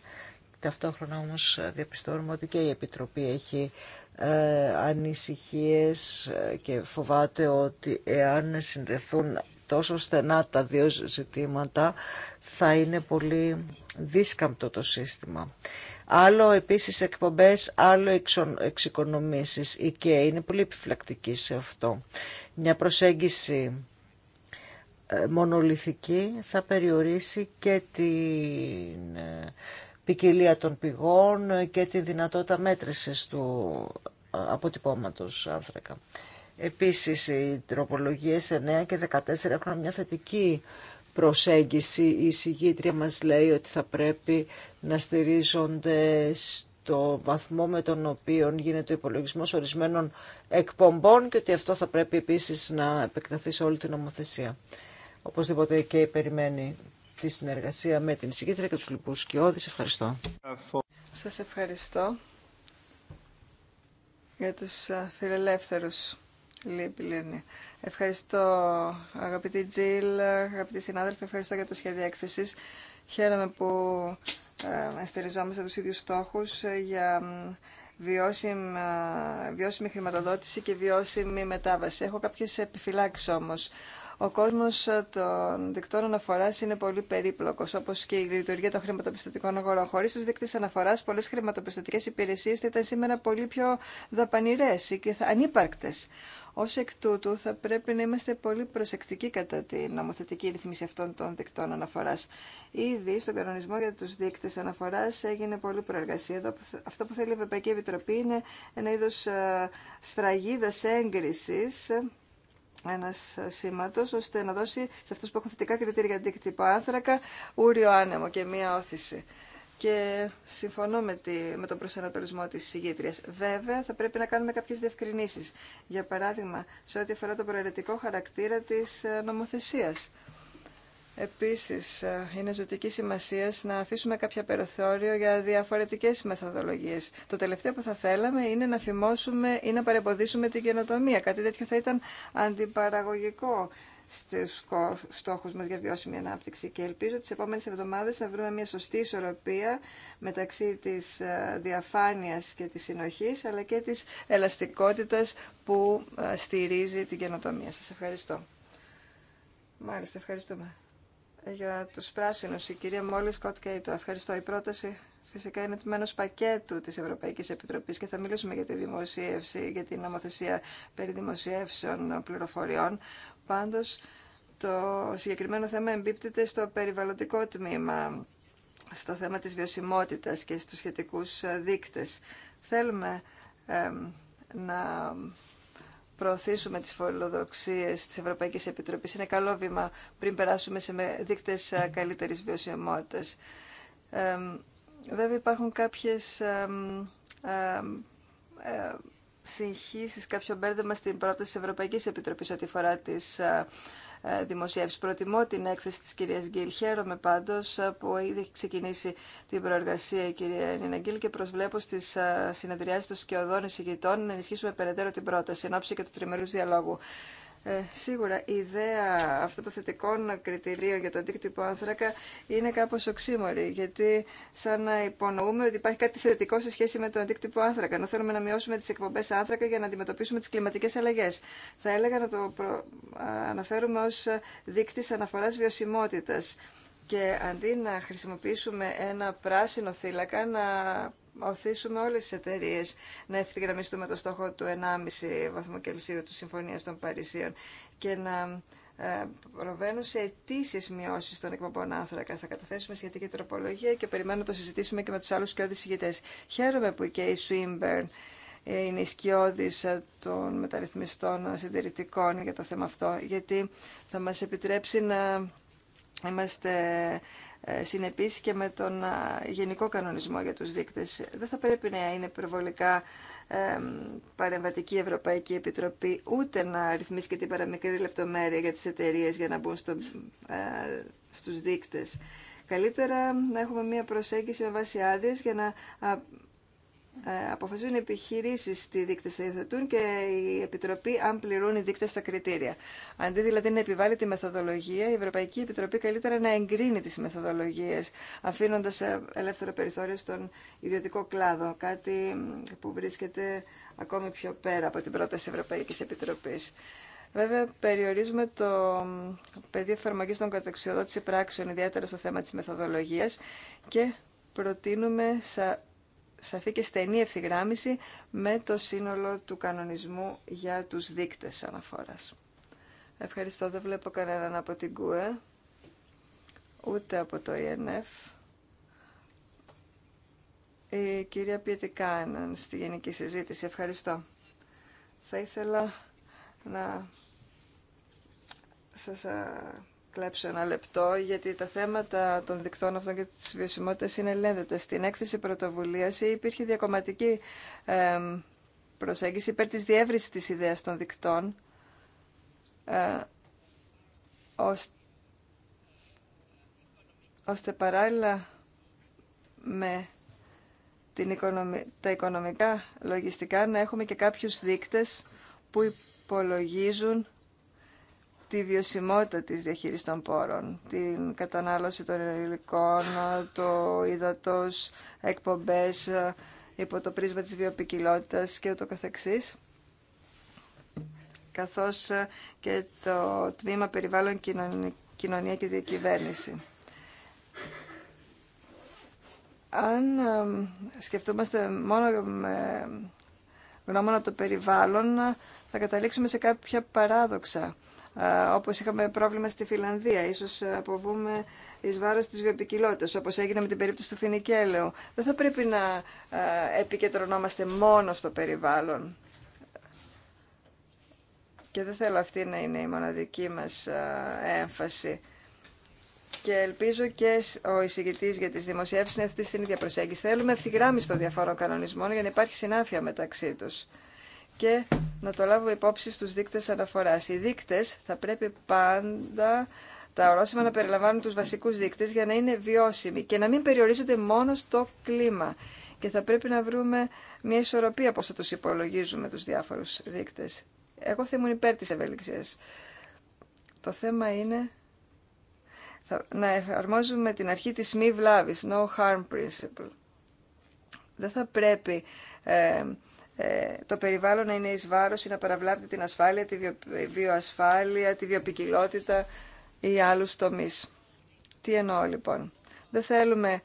Ταυτόχρονα όμως διαπιστώνουμε ότι και η Επιτροπή έχει ε, ανησυχίες και φοβάται ότι εάν συνδεθούν τόσο στενά τα δύο ζητήματα θα είναι πολύ δίσκαμπτο το σύστημα. Άλλο επίσης εκπομπές, άλλο εξοικονομήσεις. Η ΚΕ είναι πολύ επιφυλακτική σε αυτό. Μια προσέγγιση ε, μονολυθική θα περιορίσει και την ε, ποικιλία των πηγών και τη δυνατότητα μέτρησης του ε, αποτυπώματος άνθρακα. Επίσης, οι τροπολογίες 9 και 14 έχουν μια θετική προσέγγιση. Η εισηγήτρια μας λέει ότι θα πρέπει να στηρίζονται στο βαθμό με τον οποίο γίνεται ο υπολογισμός ορισμένων εκπομπών και ότι αυτό θα πρέπει επίσης να επεκταθεί σε όλη την νομοθεσία. Οπωσδήποτε και περιμένει τη συνεργασία με την εισηγήτρια και τους λοιπούς σκιώδης. Ευχαριστώ. Σας ευχαριστώ για τους φιλελεύθερους λένε. Ευχαριστώ αγαπητή Τζιλ, αγαπητοί συνάδελφοι, ευχαριστώ για το σχέδιο έκθεσης. Χαίρομαι που ε, στηριζόμαστε τους ίδιους στόχους για βιώσιμη, ε, βιώσιμη χρηματοδότηση και βιώσιμη μετάβαση. Έχω κάποιες επιφυλάξεις όμως ο κόσμο ε, των δικτών αναφορά είναι πολύ περίπλοκος, όπω και η λειτουργία των χρηματοπιστωτικών αγορών. χωρί του δείκτε αναφοράς, πολλές χρηματοπιστωτικές υπηρεσίες θα ήταν σήμερα πολύ πιο δαπανηρέ και θα Ω Ως εκ τούτου θα πρέπει να είμαστε πολύ προσεκτικοί κατά τη νομοθετική ρυθμίση αυτών των δικτών αναφορά. Ήδη στον κανονισμό για του δείκτε αναφορά έγινε πολύ προεργασία. αυτό που θέλει η Ευρωπαϊκή Επιτροπή είναι ένα είδο ε, σφραγίδα έγκριση ένα σήματο, ώστε να δώσει σε αυτού που έχουν θετικά κριτήρια αντίκτυπο άνθρακα ούριο άνεμο και μία όθηση. Και συμφωνώ με, τη, με τον προσανατολισμό τη συγγήτρια. Βέβαια, θα πρέπει να κάνουμε κάποιε διευκρινήσει. Για παράδειγμα, σε ό,τι αφορά τον προαιρετικό χαρακτήρα τη ε, νομοθεσία. Επίσης, ε, είναι ζωτική σημασία να αφήσουμε κάποια περιθώριο για διαφορετικές μεθοδολογίες. Το τελευταίο που θα θέλαμε είναι να φημώσουμε ή να παρεμποδίσουμε την καινοτομία. Κάτι τέτοιο θα ήταν αντιπαραγωγικό στους στόχους μας για βιώσιμη ανάπτυξη και ελπίζω τις επόμενες εβδομάδες θα βρούμε μια σωστή ισορροπία μεταξύ της ε, διαφάνειας και της συνοχής αλλά και της ελαστικότητας που ε, στηρίζει την καινοτομία. Σας ευχαριστώ. Μάλιστα, ευχαριστούμε για τους πράσινους, η κυρία Μόλι Σκοτ Κέιτο. Ευχαριστώ. Η πρόταση φυσικά είναι τμήμα πακέτου της Ευρωπαϊκής Επιτροπής και θα μιλήσουμε για τη δημοσίευση, για την νομοθεσία περί δημοσιεύσεων πληροφοριών. Πάντως, το συγκεκριμένο θέμα εμπίπτεται στο περιβαλλοντικό τμήμα, στο θέμα της βιωσιμότητας και στους σχετικούς δείκτες. Θέλουμε να προωθήσουμε τις φορολοδοξίες της Ευρωπαϊκής Επιτροπής. Είναι καλό βήμα πριν περάσουμε σε δείκτες ε, καλύτερης βιωσιμότητας. Ε, βέβαια υπάρχουν κάποιες ε, συγχύσεις, κάποιο μπέρδεμα στην πρόταση της Ευρωπαϊκής Επιτροπής ό,τι αφορά τις ε, ε, δημοσιεύσει. Προτιμώ την έκθεση τη κυρία Γκίλ. Χαίρομαι πάντως που ήδη έχει ξεκινήσει την προεργασία η κυρία Νίνα Γκίλ και προσβλέπω στις ε, συνεδριάσεις των σκιωδών εισηγητών να ενισχύσουμε περαιτέρω την πρόταση εν ώψη και του τριμερούς διαλόγου. Ε, σίγουρα η ιδέα αυτών των θετικών κριτηρίων για το αντίκτυπο άνθρακα είναι κάπως οξύμορη, γιατί σαν να υπονοούμε ότι υπάρχει κάτι θετικό σε σχέση με το αντίκτυπο άνθρακα, να θέλουμε να μειώσουμε τις εκπομπές άνθρακα για να αντιμετωπίσουμε τις κλιματικές αλλαγές. Θα έλεγα να το προ... αναφέρουμε ως δείκτης αναφοράς βιωσιμότητας και αντί να χρησιμοποιήσουμε ένα πράσινο θύλακα, να οθήσουμε όλε τι εταιρείε να ευθυγραμμιστούν το στόχο του 1,5 βαθμού Κελσίου του Συμφωνία των Παρισίων και να ε, προβαίνουν σε αιτήσει μειώσει των εκπομπών άνθρακα. Θα καταθέσουμε σχετική τροπολογία και περιμένω να το συζητήσουμε και με του άλλου σκιώδει ηγητέ. Χαίρομαι που η η Swinburne ε, είναι η σκιώδη ε, των μεταρρυθμιστών συντηρητικών για το θέμα αυτό, γιατί θα μα επιτρέψει να είμαστε ε, συνεπείς και με τον γενικό κανονισμό για τους δείκτες. Δεν θα πρέπει να είναι υπερβολικά παρεμβατική Ευρωπαϊκή Επιτροπή ούτε να ρυθμίσει και την παραμικρή λεπτομέρεια για τις εταιρείε για να μπουν στο, ε, στους δείκτες. Καλύτερα να έχουμε μία προσέγγιση με βάση άδειε για να ε, αποφασίζουν οι επιχειρήσεις τι δείκτε θα υιοθετούν και η Επιτροπή αν πληρούν οι δείκτε τα κριτήρια. Αντί δηλαδή να επιβάλλει τη μεθοδολογία, η Ευρωπαϊκή Επιτροπή καλύτερα να εγκρίνει τι μεθοδολογίε, αφήνοντα ε, ελεύθερο περιθώριο στον ιδιωτικό κλάδο, κάτι που βρίσκεται ακόμη πιο πέρα από την πρόταση Ευρωπαϊκή Επιτροπή. Βέβαια, περιορίζουμε το πεδίο εφαρμογή των κατεξιοδότηση πράξεων, ιδιαίτερα στο θέμα τη μεθοδολογία και προτείνουμε σαφή και στενή ευθυγράμμιση με το σύνολο του κανονισμού για τους δείκτες αναφοράς. Ευχαριστώ, δεν βλέπω κανέναν από την ΚΟΕ, ούτε από το ΙΕΝΕΦ. Η κυρία είναι στη γενική συζήτηση. Ευχαριστώ. Θα ήθελα να σας κλέψω ένα λεπτό, γιατί τα θέματα των δικτών αυτών και της βιωσιμότητας είναι λένεται Στην έκθεση πρωτοβουλίας υπήρχε διακομματική προσέγγιση υπέρ της διεύρυνσης της ιδέας των δικτών, ε, ώστε παράλληλα με τα οικονομικά λογιστικά να έχουμε και κάποιους δείκτες που υπολογίζουν τη βιωσιμότητα της διαχείρισης των πόρων, την κατανάλωση των υλικών, το ύδατος, εκπομπές ε, υπό το πρίσμα της βιοπικιλότητας και ούτω καθεξής καθώς ε, και το Τμήμα Περιβάλλον Κοινωνία και Διακυβέρνηση. Αν ε, σκεφτούμαστε μόνο με γνώμονα το περιβάλλον, θα καταλήξουμε σε κάποια παράδοξα όπως είχαμε πρόβλημα στη Φιλανδία. Ίσως ε, αποβούμε εις βάρος της βιοπικιλότητας, όπως έγινε με την περίπτωση του Φινικέλεου. Δεν θα πρέπει να ε, επικεντρωνόμαστε μόνο στο περιβάλλον. Και δεν θέλω αυτή να είναι η μοναδική μας ε, έμφαση. Και ελπίζω και ο εισηγητή για τι δημοσιεύσει να αυτή την ίδια προσέγγιση. Θέλουμε ευθυγράμμιση των διαφόρων κανονισμών για να υπάρχει συνάφεια μεταξύ του και να το λάβουμε υπόψη στους δείκτες αναφοράς. Οι δείκτες θα πρέπει πάντα τα ορόσημα να περιλαμβάνουν τους βασικούς δείκτες για να είναι βιώσιμοι και να μην περιορίζονται μόνο στο κλίμα. Και θα πρέπει να βρούμε μια ισορροπία πώς θα τους υπολογίζουμε τους διάφορους δείκτες. Εγώ θα ήμουν υπέρ της ευελιξίας. Το θέμα είναι να εφαρμόζουμε την αρχή της μη βλάβης, no harm principle. Δεν θα πρέπει ε, ε, το περιβάλλον να είναι εις βάρος ή να παραβλάπτει την ασφάλεια, τη βιοασφάλεια, τη βιοπικιλότητα ή άλλους τομείς. Τι εννοώ λοιπόν. Δεν θέλουμε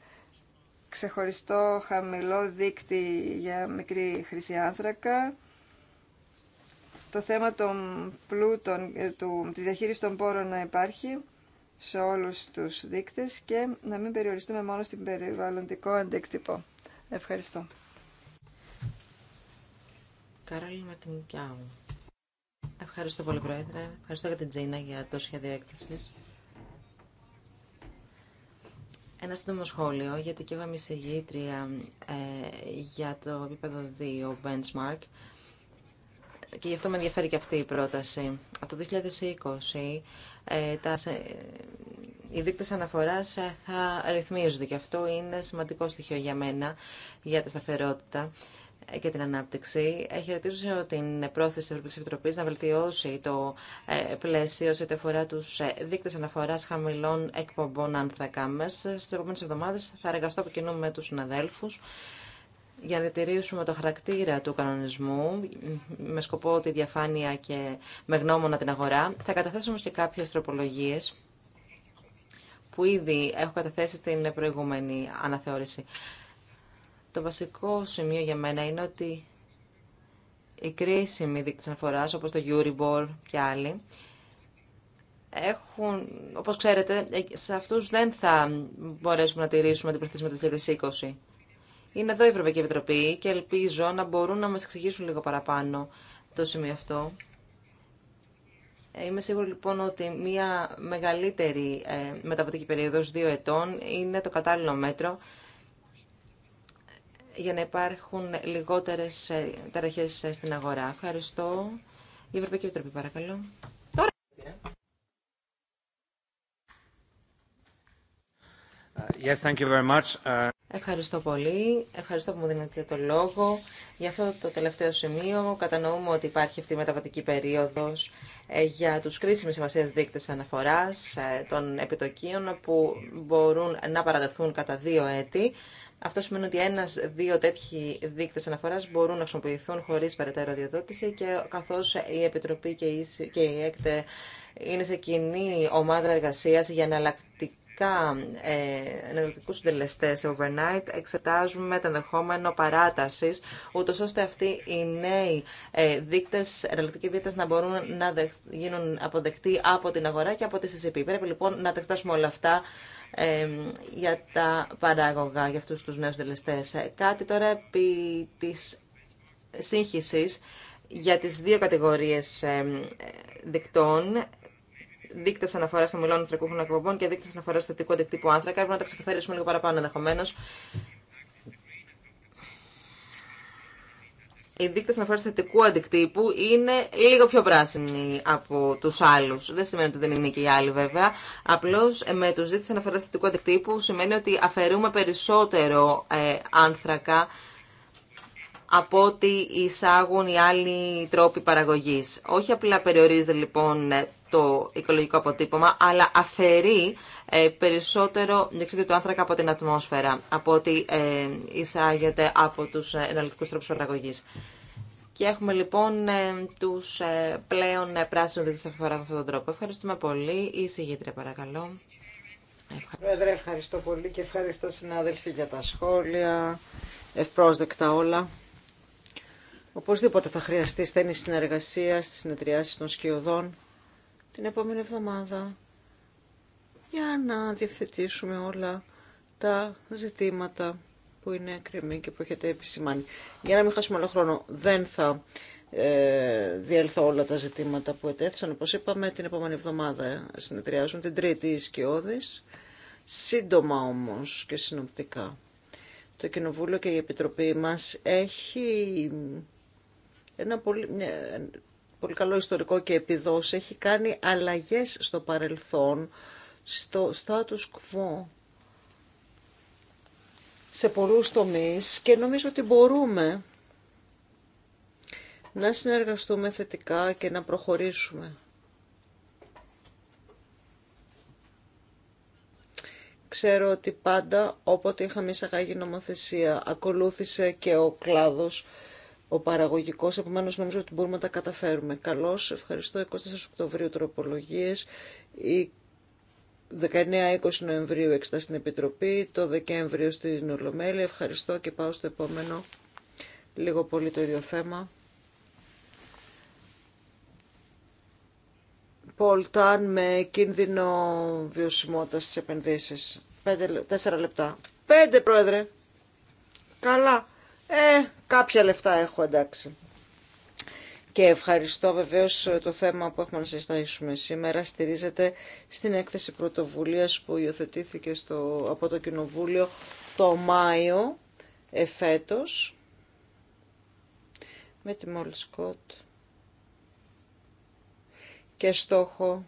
ξεχωριστό χαμηλό δίκτυ για μικρή χρυσή άνθρακα. Το θέμα των πλούτων, ε, του, της διαχείρισης των πόρων να υπάρχει σε όλους τους δίκτες και να μην περιοριστούμε μόνο στην περιβαλλοντικό αντίκτυπο. Ευχαριστώ. Ευχαριστώ πολύ, Πρόεδρε. Ευχαριστώ για την Τζίνα για το σχέδιο έκθεση. Ένα σύντομο σχόλιο, γιατί και εγώ είμαι συγγήτρια ε, για το επίπεδο 2 benchmark και γι' αυτό με ενδιαφέρει και αυτή η πρόταση. Από το 2020 ε, οι δείκτες αναφοράς ε, θα ρυθμίζονται και αυτό είναι σημαντικό στοιχείο για μένα, για τη σταθερότητα και την ανάπτυξη χαιρετίζω την πρόθεση τη Ευρωπαϊκή Επιτροπή να βελτιώσει το ε, πλαίσιο σε ό,τι αφορά του ε, δείκτε αναφορά χαμηλών εκπομπών άνθρακα μέσα. Στις επόμενες εβδομάδες θα εργαστώ από κοινού με του συναδέλφου για να διατηρήσουμε το χαρακτήρα του κανονισμού με σκοπό τη διαφάνεια και με γνώμονα την αγορά. Θα καταθέσω όμω και κάποιε τροπολογίε που ήδη έχω καταθέσει στην προηγούμενη αναθεώρηση. Το βασικό σημείο για μένα είναι ότι οι κρίσιμοι δείκτες αναφοράς, όπως το Euribor και άλλοι, έχουν, όπως ξέρετε, σε αυτούς δεν θα μπορέσουμε να τηρήσουμε την με του 2020. Είναι εδώ η Ευρωπαϊκή Επιτροπή και ελπίζω να μπορούν να μας εξηγήσουν λίγο παραπάνω το σημείο αυτό. Είμαι σίγουρη λοιπόν ότι μια μεγαλύτερη ε, μεταβατική περίοδος δύο ετών είναι το κατάλληλο μέτρο για να υπάρχουν λιγότερες ε, ταραχές ε, στην αγορά. Ευχαριστώ. Η Ευρωπαϊκή Επιτροπή, παρακαλώ. Τώρα. Ε, yes, thank you very much. Ευχαριστώ πολύ. Ευχαριστώ που μου δίνετε το λόγο. Για αυτό το τελευταίο σημείο κατανοούμε ότι υπάρχει αυτή η μεταβατική περίοδος για τους κρίσιμε σημασία δείκτες αναφορά των επιτοκίων που μπορούν να παρατεθούν κατά δύο έτη. Αυτό σημαίνει ότι ένα-δύο τέτοιοι δείκτε αναφορά μπορούν να χρησιμοποιηθούν χωρί περαιτέρω διαδότηση και καθώ η Επιτροπή και η ΕΚΤΕ είναι σε κοινή ομάδα εργασία για εναλλακτικά ε, ενεργοτικού συντελεστέ overnight, εξετάζουμε το ενδεχόμενο παράταση, ούτω ώστε αυτοί οι νέοι ε, δείκτε, εναλλακτικοί δείκτε να μπορούν να γίνουν αποδεκτοί από την αγορά και από τη CCP. Πρέπει λοιπόν να τα εξετάσουμε όλα αυτά για τα παράγωγα, για αυτούς τους νέους δελεστές. Ε, κάτι τώρα επί της σύγχυσης για τις δύο κατηγορίες δικτών, δείκτε αναφορά χαμηλών ανθρακούχων εκπομπών και δείκτε αναφορά θετικού αντικτύπου άνθρακα. Πρέπει να τα ξεκαθαρίσουμε λίγο παραπάνω ενδεχομένω οι δείκτε αναφορά θετικού αντικτύπου είναι λίγο πιο πράσινοι από του άλλου. Δεν σημαίνει ότι δεν είναι και οι άλλοι βέβαια. Απλώ ε, με του δείκτε αναφορά θετικού αντικτύπου σημαίνει ότι αφαιρούμε περισσότερο ε, άνθρακα από ό,τι εισάγουν οι άλλοι τρόποι παραγωγής. Όχι απλά περιορίζεται λοιπόν ε, το οικολογικό αποτύπωμα, αλλά αφαιρεί ε, περισσότερο διεξίδιο του άνθρακα από την ατμόσφαιρα, από ό,τι ε, εισάγεται από τους ε, εναλλακτικούς τρόπους παραγωγής. Και έχουμε λοιπόν τους πλέον πράσινους δείκτες αφορά με αυτόν τον τρόπο. Ευχαριστούμε πολύ. Η εισηγήτρια παρακαλώ. Ευχαριστώ. Πρόεδρε, ευχαριστώ πολύ και ευχαριστώ συνάδελφοι για τα σχόλια. Ευπρόσδεκτα όλα. Οπωσδήποτε θα χρειαστεί στενή συνεργασία στις συνεδριάσεις των σκιωδών την επόμενη εβδομάδα για να διευθετήσουμε όλα τα ζητήματα που είναι κρεμή και που έχετε επισημάνει. Για να μην χάσουμε άλλο χρόνο, δεν θα ε, διέλθω όλα τα ζητήματα που ετέθησαν. Όπως είπαμε, την επόμενη εβδομάδα συνεδριάζουν, την τρίτη η Σύντομα όμως και συνοπτικά. Το Κοινοβούλιο και η Επιτροπή μας έχει ένα πολύ, πολύ καλό ιστορικό και επιδόσει, έχει κάνει αλλαγές στο παρελθόν, στο status quo, σε πολλούς τομείς και νομίζω ότι μπορούμε να συνεργαστούμε θετικά και να προχωρήσουμε. Ξέρω ότι πάντα όποτε είχαμε εισαγάγει νομοθεσία ακολούθησε και ο κλάδος ο παραγωγικός, επομένως νομίζω ότι μπορούμε να τα καταφέρουμε. Καλώς, ευχαριστώ, 24 Οκτωβρίου τροπολογίες, 19-20 Νοεμβρίου εξετά στην Επιτροπή, το Δεκέμβριο στην Ολομέλη. Ευχαριστώ και πάω στο επόμενο, λίγο πολύ το ίδιο θέμα. Πολτάν με κίνδυνο βιωσιμότητα στις επενδύσεις. Τέσσερα 4 λεπτά. 5 πρόεδρε. Καλά. Ε, κάποια λεφτά έχω εντάξει. Και ευχαριστώ βεβαίως ε, το θέμα που έχουμε να συζητήσουμε σήμερα στηρίζεται στην έκθεση πρωτοβουλίας που υιοθετήθηκε στο, από το Κοινοβούλιο το Μάιο εφέτος με τη Μόλι Σκοτ και στόχο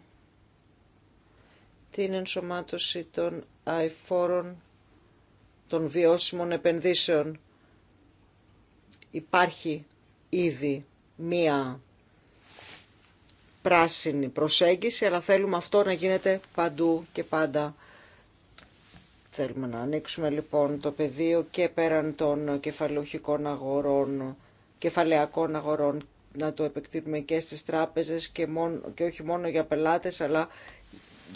την ενσωμάτωση των αηφόρων των βιώσιμων επενδύσεων υπάρχει ήδη μία πράσινη προσέγγιση, αλλά θέλουμε αυτό να γίνεται παντού και πάντα. Θέλουμε να ανοίξουμε λοιπόν το πεδίο και πέραν των κεφαλαιοχικών αγορών, κεφαλαιακών αγορών, να το επεκτείνουμε και στις τράπεζες και, και όχι μόνο για πελάτες, αλλά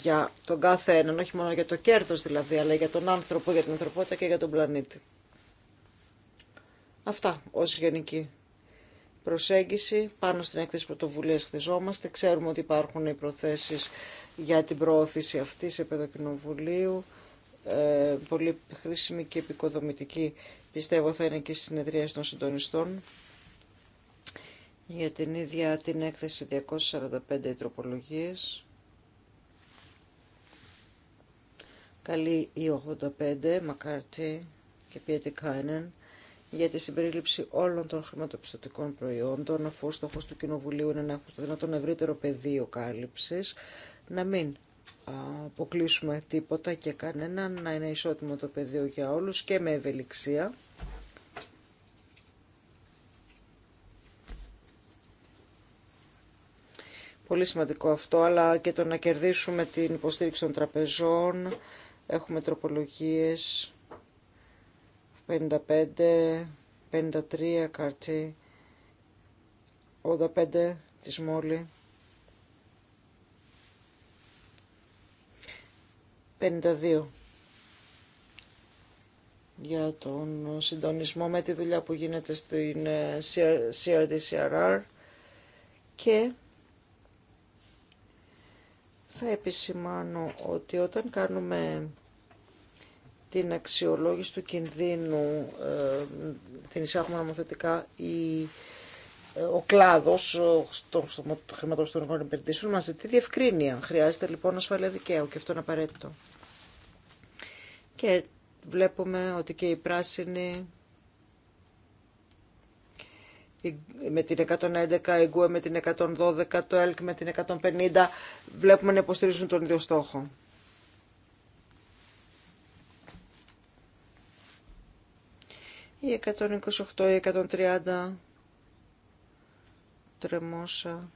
για τον κάθε έναν, όχι μόνο για το κέρδος δηλαδή, αλλά για τον άνθρωπο, για την ανθρωπότητα και για τον πλανήτη. Αυτά ως γενική προσέγγιση. Πάνω στην έκθεση πρωτοβουλίας χτιζόμαστε. Ξέρουμε ότι υπάρχουν οι προθέσεις για την προώθηση αυτή σε παιδοκοινοβουλίου. Ε, πολύ χρήσιμη και επικοδομητική πιστεύω θα είναι και στις συνεδρίες των συντονιστών. Για την ίδια την έκθεση 245 οι τροπολογίες. Καλή η 85, Μακάρτι και Πιέτη Κάινεν για τη συμπερίληψη όλων των χρηματοπιστωτικών προϊόντων, αφού ο στόχος του Κοινοβουλίου είναι να έχουμε το δυνατόν ευρύτερο πεδίο κάλυψης να μην αποκλείσουμε τίποτα και κανένα να είναι ισότιμο το πεδίο για όλους και με ευελιξία. Πολύ σημαντικό αυτό, αλλά και το να κερδίσουμε την υποστήριξη των τραπεζών. Έχουμε τροπολογίες 55, 53 καρτί, 85 της μόλι, 52 για τον συντονισμό με τη δουλειά που γίνεται στην ε, CRDCRR και θα επισημάνω ότι όταν κάνουμε την αξιολόγηση του κινδύνου, ε, την εισάγουμε νομοθετικά η, ε, ο κλάδος στο, στο, επενδύσεων μας ζητεί διευκρίνεια. Χρειάζεται λοιπόν ασφαλεία δικαίου και αυτό είναι απαραίτητο. Και βλέπουμε ότι και οι πράσινοι με την 111, η με την 112, το ΕΛΚ με την 150 βλέπουμε να υποστηρίζουν τον ίδιο στόχο. ή 128 ή 130 τρεμόσα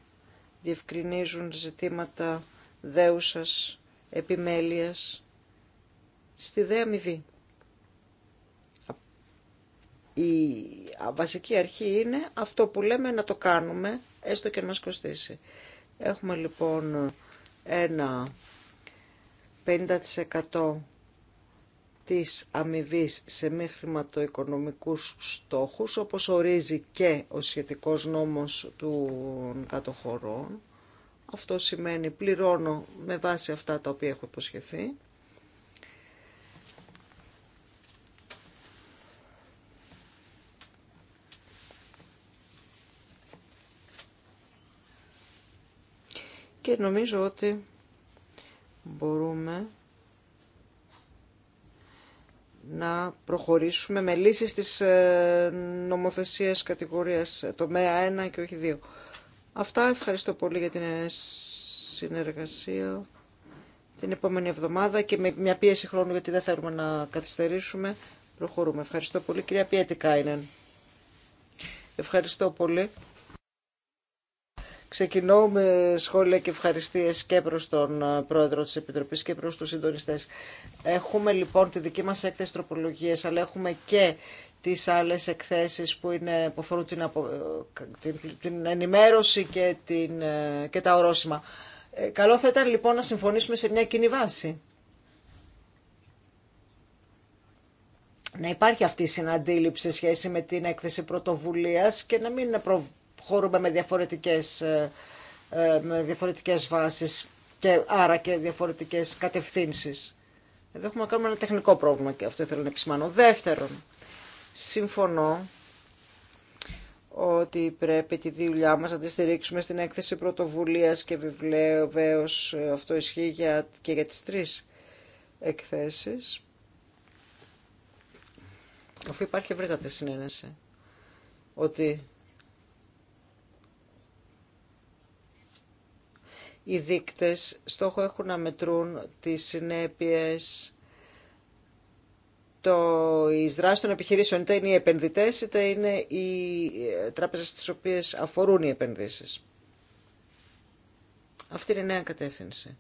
διευκρινίζουν ζητήματα δέουσας επιμέλειας στη δε αμοιβή. Η βασική αρχή είναι αυτό που λέμε να το κάνουμε, έστω και να μας κοστίσει. Έχουμε λοιπόν ένα 50% της αμοιβή σε μη χρηματοοικονομικούς στόχους, όπως ορίζει και ο σχετικός νόμος των κατοχωρών. Αυτό σημαίνει πληρώνω με βάση αυτά τα οποία έχω υποσχεθεί. Και νομίζω ότι μπορούμε να προχωρήσουμε με λύσεις της ε, νομοθεσίας κατηγορίας ε, τομέα 1 και όχι 2. Αυτά ευχαριστώ πολύ για την ε, συνεργασία την επόμενη εβδομάδα και με μια πίεση χρόνου γιατί δεν θέλουμε να καθυστερήσουμε. Προχωρούμε. Ευχαριστώ πολύ. Κυρία Κάινεν, Ευχαριστώ πολύ. Ξεκινώ με σχόλια και ευχαριστίες και προς τον ε, Πρόεδρο της Επιτροπής και προς τους συντονιστές. Έχουμε λοιπόν τη δική μας έκθεση τροπολογίες, αλλά έχουμε και τις άλλες εκθέσεις που, είναι, που αφορούν την, ε, την, ενημέρωση και, την, ε, και τα ορόσημα. καλό θα ήταν λοιπόν να συμφωνήσουμε σε μια κοινή βάση. Να υπάρχει αυτή η συναντήληψη σε σχέση με την έκθεση πρωτοβουλίας και να μην προ, χωρούμε με διαφορετικές, ε, ε, με διαφορετικές βάσεις και άρα και διαφορετικές κατευθύνσεις. Εδώ έχουμε να κάνουμε ένα τεχνικό πρόβλημα και αυτό ήθελα να επισημάνω. Δεύτερον, συμφωνώ ότι πρέπει τη δουλειά μας να τη στηρίξουμε στην έκθεση πρωτοβουλίας και βιβλίο, βέβαιως αυτό ισχύει για, και για τις τρεις εκθέσεις. Αφού υπάρχει ευρύτατη συνένεση ότι οι δείκτες στόχο έχουν να μετρούν τις συνέπειες το εις των επιχειρήσεων είτε είναι οι επενδυτές είτε είναι οι ε, τράπεζες τις οποίες αφορούν οι επενδύσεις. Αυτή είναι η νέα κατεύθυνση.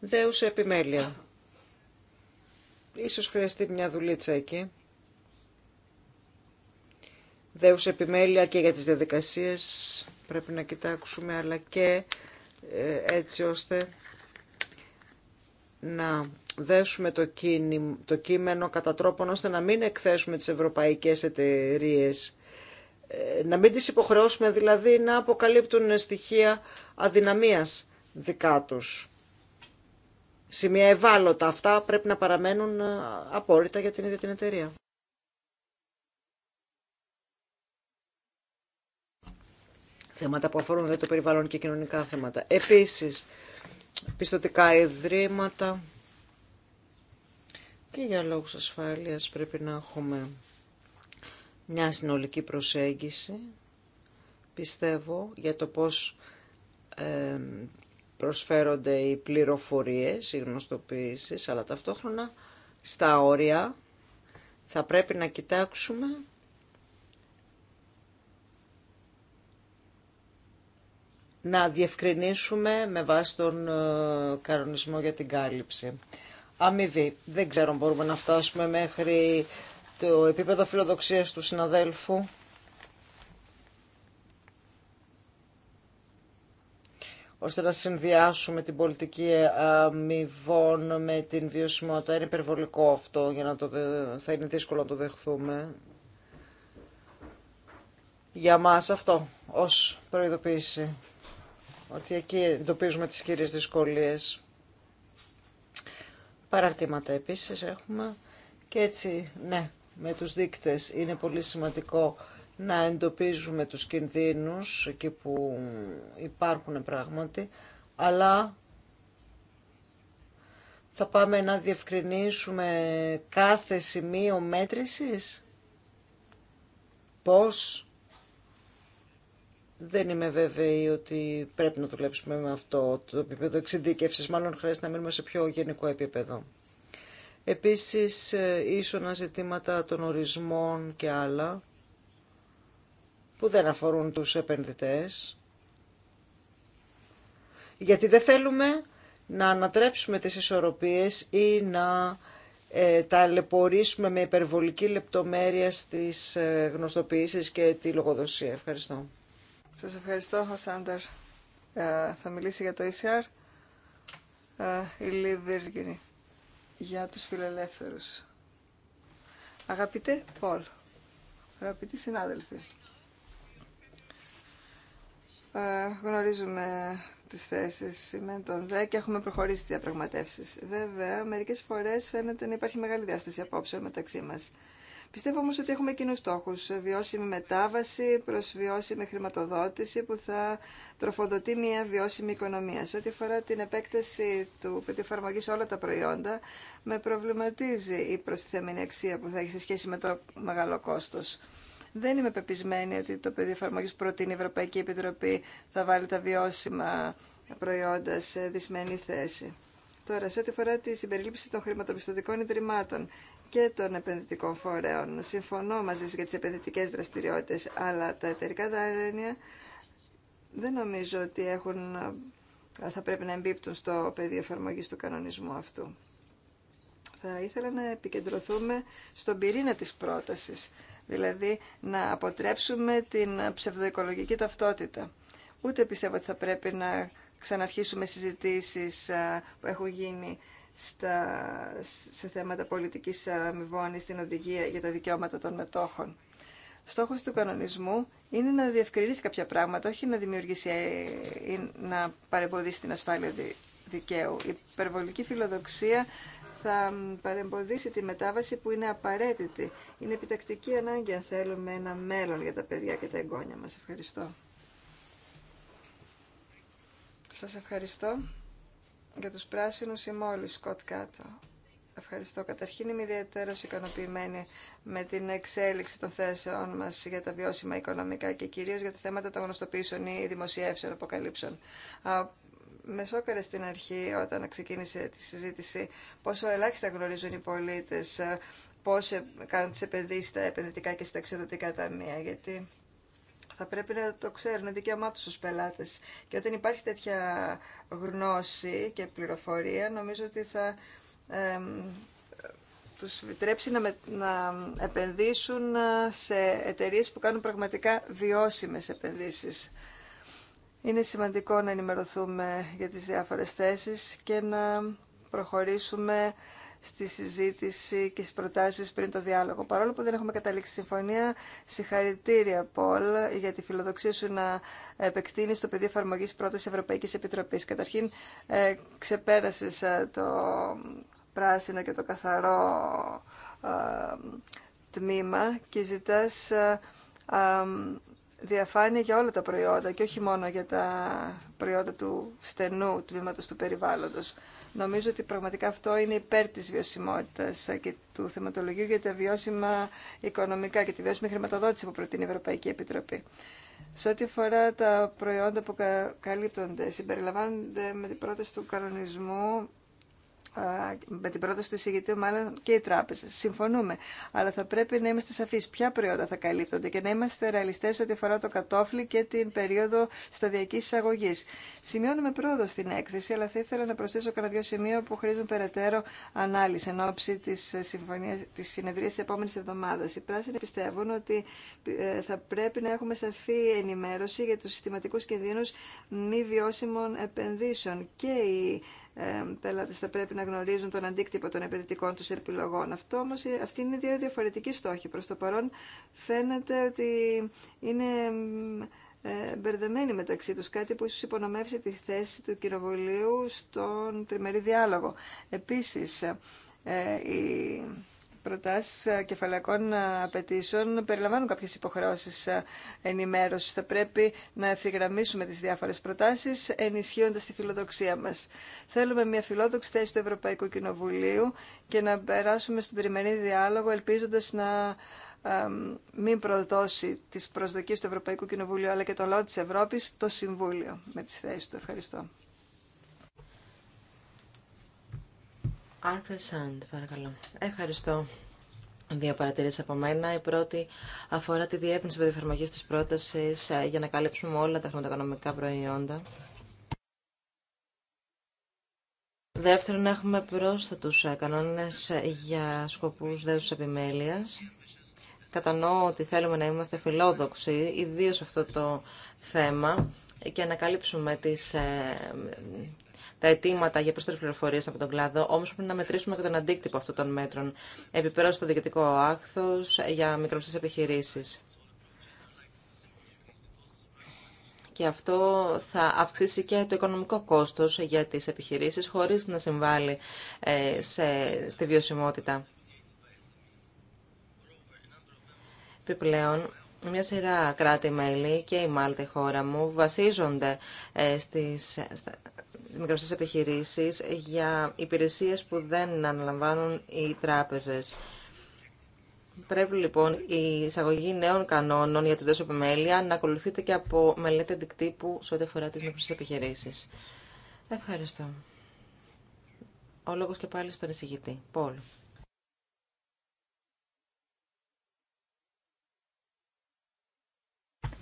Δέουσε επιμέλεια. Ίσως χρειαστεί μια δουλίτσα εκεί. Δέουσε επιμέλεια και για τις διαδικασίες πρέπει να κοιτάξουμε αλλά και ε, έτσι ώστε να δέσουμε το, κίνη, το κείμενο κατά τρόπον ώστε να μην εκθέσουμε τις ευρωπαϊκές εταιρείες, ε, να μην τις υποχρεώσουμε δηλαδή να αποκαλύπτουν στοιχεία αδυναμίας δικά τους. Σημεία ευάλωτα αυτά πρέπει να παραμένουν ε, απόρριτα για την ίδια την εταιρεία. θέματα που αφορούν δηλαδή, το περιβάλλον και κοινωνικά θέματα. Επίσης, πιστοτικά ιδρύματα και για λόγους ασφάλειας πρέπει να έχουμε μια συνολική προσέγγιση, πιστεύω, για το πώς προσφέρονται οι πληροφορίες, οι γνωστοποίησεις, αλλά ταυτόχρονα στα όρια θα πρέπει να κοιτάξουμε να διευκρινίσουμε με βάση τον ε, κανονισμό για την κάλυψη. Αμοιβή. Δεν ξέρω αν μπορούμε να φτάσουμε μέχρι το επίπεδο φιλοδοξίας του συναδέλφου. ώστε να συνδυάσουμε την πολιτική αμοιβών με την βιωσιμότητα. Είναι υπερβολικό αυτό, για να το δε... θα είναι δύσκολο να το δεχθούμε. Για μας αυτό, ως προειδοποίηση ότι εκεί εντοπίζουμε τις κύριες δυσκολίες. Παραρτήματα επίσης έχουμε και έτσι ναι με τους δείκτες είναι πολύ σημαντικό να εντοπίζουμε τους κινδύνους εκεί που υπάρχουν πράγματι αλλά θα πάμε να διευκρινίσουμε κάθε σημείο μέτρησης πώς δεν είμαι βέβαιη ότι πρέπει να δουλέψουμε με αυτό το επίπεδο εξειδίκευση. Μάλλον χρειάζεται να μείνουμε σε πιο γενικό επίπεδο. Επίσης, ε, ίσονα ζητήματα των ορισμών και άλλα που δεν αφορούν τους επενδυτές. Γιατί δεν θέλουμε να ανατρέψουμε τις ισορροπίες ή να ε, ταλαιπωρήσουμε με υπερβολική λεπτομέρεια στις ε, γνωστοποιήσεις και τη λογοδοσία. Ευχαριστώ. Σας ευχαριστώ, Χωσάντερ. Ε, θα μιλήσει για το ECR ε, η Λίβ Βίργινη για τους φιλελεύθερους. Αγαπητέ Πολ, αγαπητοί συνάδελφοι, ε, γνωρίζουμε τις θέσεις σημαίνει τον ΔΕ και έχουμε προχωρήσει διαπραγματεύσεις. Βέβαια, μερικές φορές φαίνεται να υπάρχει μεγάλη διάσταση απόψεων μεταξύ μας. Πιστεύω όμως ότι έχουμε κοινούς στόχους. Βιώσιμη μετάβαση προς βιώσιμη χρηματοδότηση που θα τροφοδοτεί μια βιώσιμη οικονομία. Σε ό,τι αφορά την επέκταση του πεδίου σε όλα τα προϊόντα, με προβληματίζει η προστιθέμενη αξία που θα έχει σε σχέση με το μεγάλο κόστος. Δεν είμαι πεπισμένη ότι το πεδίο εφαρμογή που προτείνει η Ευρωπαϊκή Επιτροπή θα βάλει τα βιώσιμα προϊόντα σε δυσμενή θέση. Τώρα, σε ό,τι αφορά τη συμπερίληψη των χρηματοπιστωτικών ιδρυμάτων, και των επενδυτικών φορέων. Συμφωνώ μαζί σας για τις επενδυτικές δραστηριότητες, αλλά τα εταιρικά δάνεια δεν νομίζω ότι έχουν, θα πρέπει να εμπίπτουν στο πεδίο εφαρμογή του κανονισμού αυτού. Θα ήθελα να επικεντρωθούμε στον πυρήνα της πρότασης, δηλαδή να αποτρέψουμε την ψευδοοικολογική ταυτότητα. Ούτε πιστεύω ότι θα πρέπει να ξαναρχίσουμε συζητήσεις που έχουν γίνει σε θέματα πολιτικής αμοιβών στην οδηγία για τα δικαιώματα των μετόχων. Στόχος του κανονισμού είναι να διευκρινίσει κάποια πράγματα, όχι να δημιουργήσει ε, ή να παρεμποδίσει την ασφάλεια δικαίου. υπερβολική φιλοδοξία θα παρεμποδίσει τη μετάβαση που είναι απαραίτητη. Είναι επιτακτική ανάγκη αν θέλουμε ένα μέλλον για τα παιδιά και τα εγγόνια μας. Ευχαριστώ. Σας ευχαριστώ. Για τους πράσινους η μόλις, Σκοτ Κάτω. Ευχαριστώ. Καταρχήν είμαι ιδιαίτερο ικανοποιημένη με την εξέλιξη των θέσεων μα για τα βιώσιμα οικονομικά και κυρίω για τα θέματα των γνωστοποιήσεων ή δημοσιεύσεων, αποκαλύψεων. Με σόκαρε στην αρχή όταν ξεκίνησε τη συζήτηση πόσο ελάχιστα γνωρίζουν οι πολίτε ε, πώ κάνουν τι επενδύσει στα επενδυτικά και στα εξοδοτικά ταμεία. Γιατί θα πρέπει να το ξέρουν, είναι δικαίωμά του στου πελάτε. Και όταν υπάρχει τέτοια γνώση και πληροφορία, νομίζω ότι θα ε, τους επιτρέψει να, να επενδύσουν ε, σε εταιρείε που κάνουν πραγματικά βιώσιμες επενδύσεις. Είναι σημαντικό να ενημερωθούμε για τις διάφορες θέσεις και να προχωρήσουμε στη συζήτηση και στις προτάσεις πριν το διάλογο. Παρόλο που δεν έχουμε καταλήξει συμφωνία, συγχαρητήρια, Πολ, για τη φιλοδοξία σου να επεκτείνει το πεδίο εφαρμογή πρώτη Ευρωπαϊκή Επιτροπή. Καταρχήν, ε, ξεπέρασες ε, το πράσινο και το καθαρό ε, τμήμα και ζητάς ε, ε, διαφάνεια για όλα τα προϊόντα και όχι μόνο για τα προϊόντα του στενού τμήματος του περιβάλλοντος. Νομίζω ότι πραγματικά αυτό είναι υπέρ τη βιωσιμότητα και του θεματολογίου για τα βιώσιμα οικονομικά και τη βιώσιμη χρηματοδότηση που προτείνει η Ευρωπαϊκή Επιτροπή. Σε ό,τι αφορά τα προϊόντα που καλύπτονται, συμπεριλαμβάνονται με την πρόταση του κανονισμού με την πρόταση του εισηγητή, μάλλον και οι τράπεζε. Συμφωνούμε. Αλλά θα πρέπει να είμαστε σαφεί ποια προϊόντα θα καλύπτονται και να είμαστε ρεαλιστέ ό,τι αφορά το κατόφλι και την περίοδο σταδιακή εισαγωγή. Σημειώνουμε πρόοδο στην έκθεση, αλλά θα ήθελα να προσθέσω κανένα δύο σημεία που χρήζουν περαιτέρω ανάλυση εν ώψη τη ε, συνεδρία τη επόμενη εβδομάδα. Οι πράσινοι πιστεύουν ότι ε, θα πρέπει να έχουμε σαφή ενημέρωση για του συστηματικού κινδύνου μη βιώσιμων επενδύσεων και η πελάτες θα πρέπει να γνωρίζουν τον αντίκτυπο των επενδυτικών του επιλογών. Αυτό όμως, ε, είναι δύο διαφορετικοί στόχοι. Προ το παρόν φαίνεται ότι είναι ε, μπερδεμένοι μεταξύ τους, κάτι που ίσω υπονομεύσει τη θέση του Κοινοβουλίου στον τριμερή διάλογο. Επίσης, ε, προτάσεις ε, κεφαλαϊκών ε, απαιτήσεων περιλαμβάνουν κάποιες υποχρεώσεις ε, ενημέρωσης. Θα πρέπει να ευθυγραμμίσουμε τις διάφορες προτάσεις ενισχύοντας τη φιλοδοξία μας. Θέλουμε μια φιλόδοξη θέση του Ευρωπαϊκού Κοινοβουλίου και να περάσουμε στον τριμερή διάλογο ελπίζοντας να μην προδώσει τις προσδοκίες του Ευρωπαϊκού Κοινοβουλίου αλλά και το λαό της Ευρώπης το Συμβούλιο με τις θέσεις του. Ευχαριστώ. Άρκερ παρακαλώ. Ευχαριστώ. Δύο παρατηρήσει από μένα. Η πρώτη αφορά τη διεύθυνση περιφαρμογή τη πρόταση ε, για να καλύψουμε όλα τα χρηματοοικονομικά προϊόντα. Δεύτερον, έχουμε πρόσθετου ε, κανόνε ε, για σκοπού δέσου επιμέλεια. Κατανοώ ότι θέλουμε να είμαστε φιλόδοξοι, ιδίω σε αυτό το θέμα και να καλύψουμε τις, τα αιτήματα για περισσότερε πληροφορίε από τον κλάδο, όμω πρέπει να μετρήσουμε και τον αντίκτυπο αυτών των μέτρων. Επιπέρα στο διοικητικό άκθο για μικρομεσαίε επιχειρήσει. Και αυτό θα αυξήσει και το οικονομικό κόστος για τις επιχειρήσεις χωρίς να συμβάλλει ε, σε, στη βιωσιμότητα. Επιπλέον, μια σειρά κράτη-μέλη και η Μάλτη χώρα μου βασίζονται ε, στις, μικρομεσαίες επιχειρήσεις για υπηρεσίες που δεν αναλαμβάνουν οι τράπεζες. Πρέπει λοιπόν η εισαγωγή νέων κανόνων για την τόσο επιμέλεια να ακολουθείται και από μελέτη αντικτύπου σε ό,τι αφορά τις μικρές επιχειρήσεις. Ευχαριστώ. Ο λόγος και πάλι στον εισηγητή. Πολ.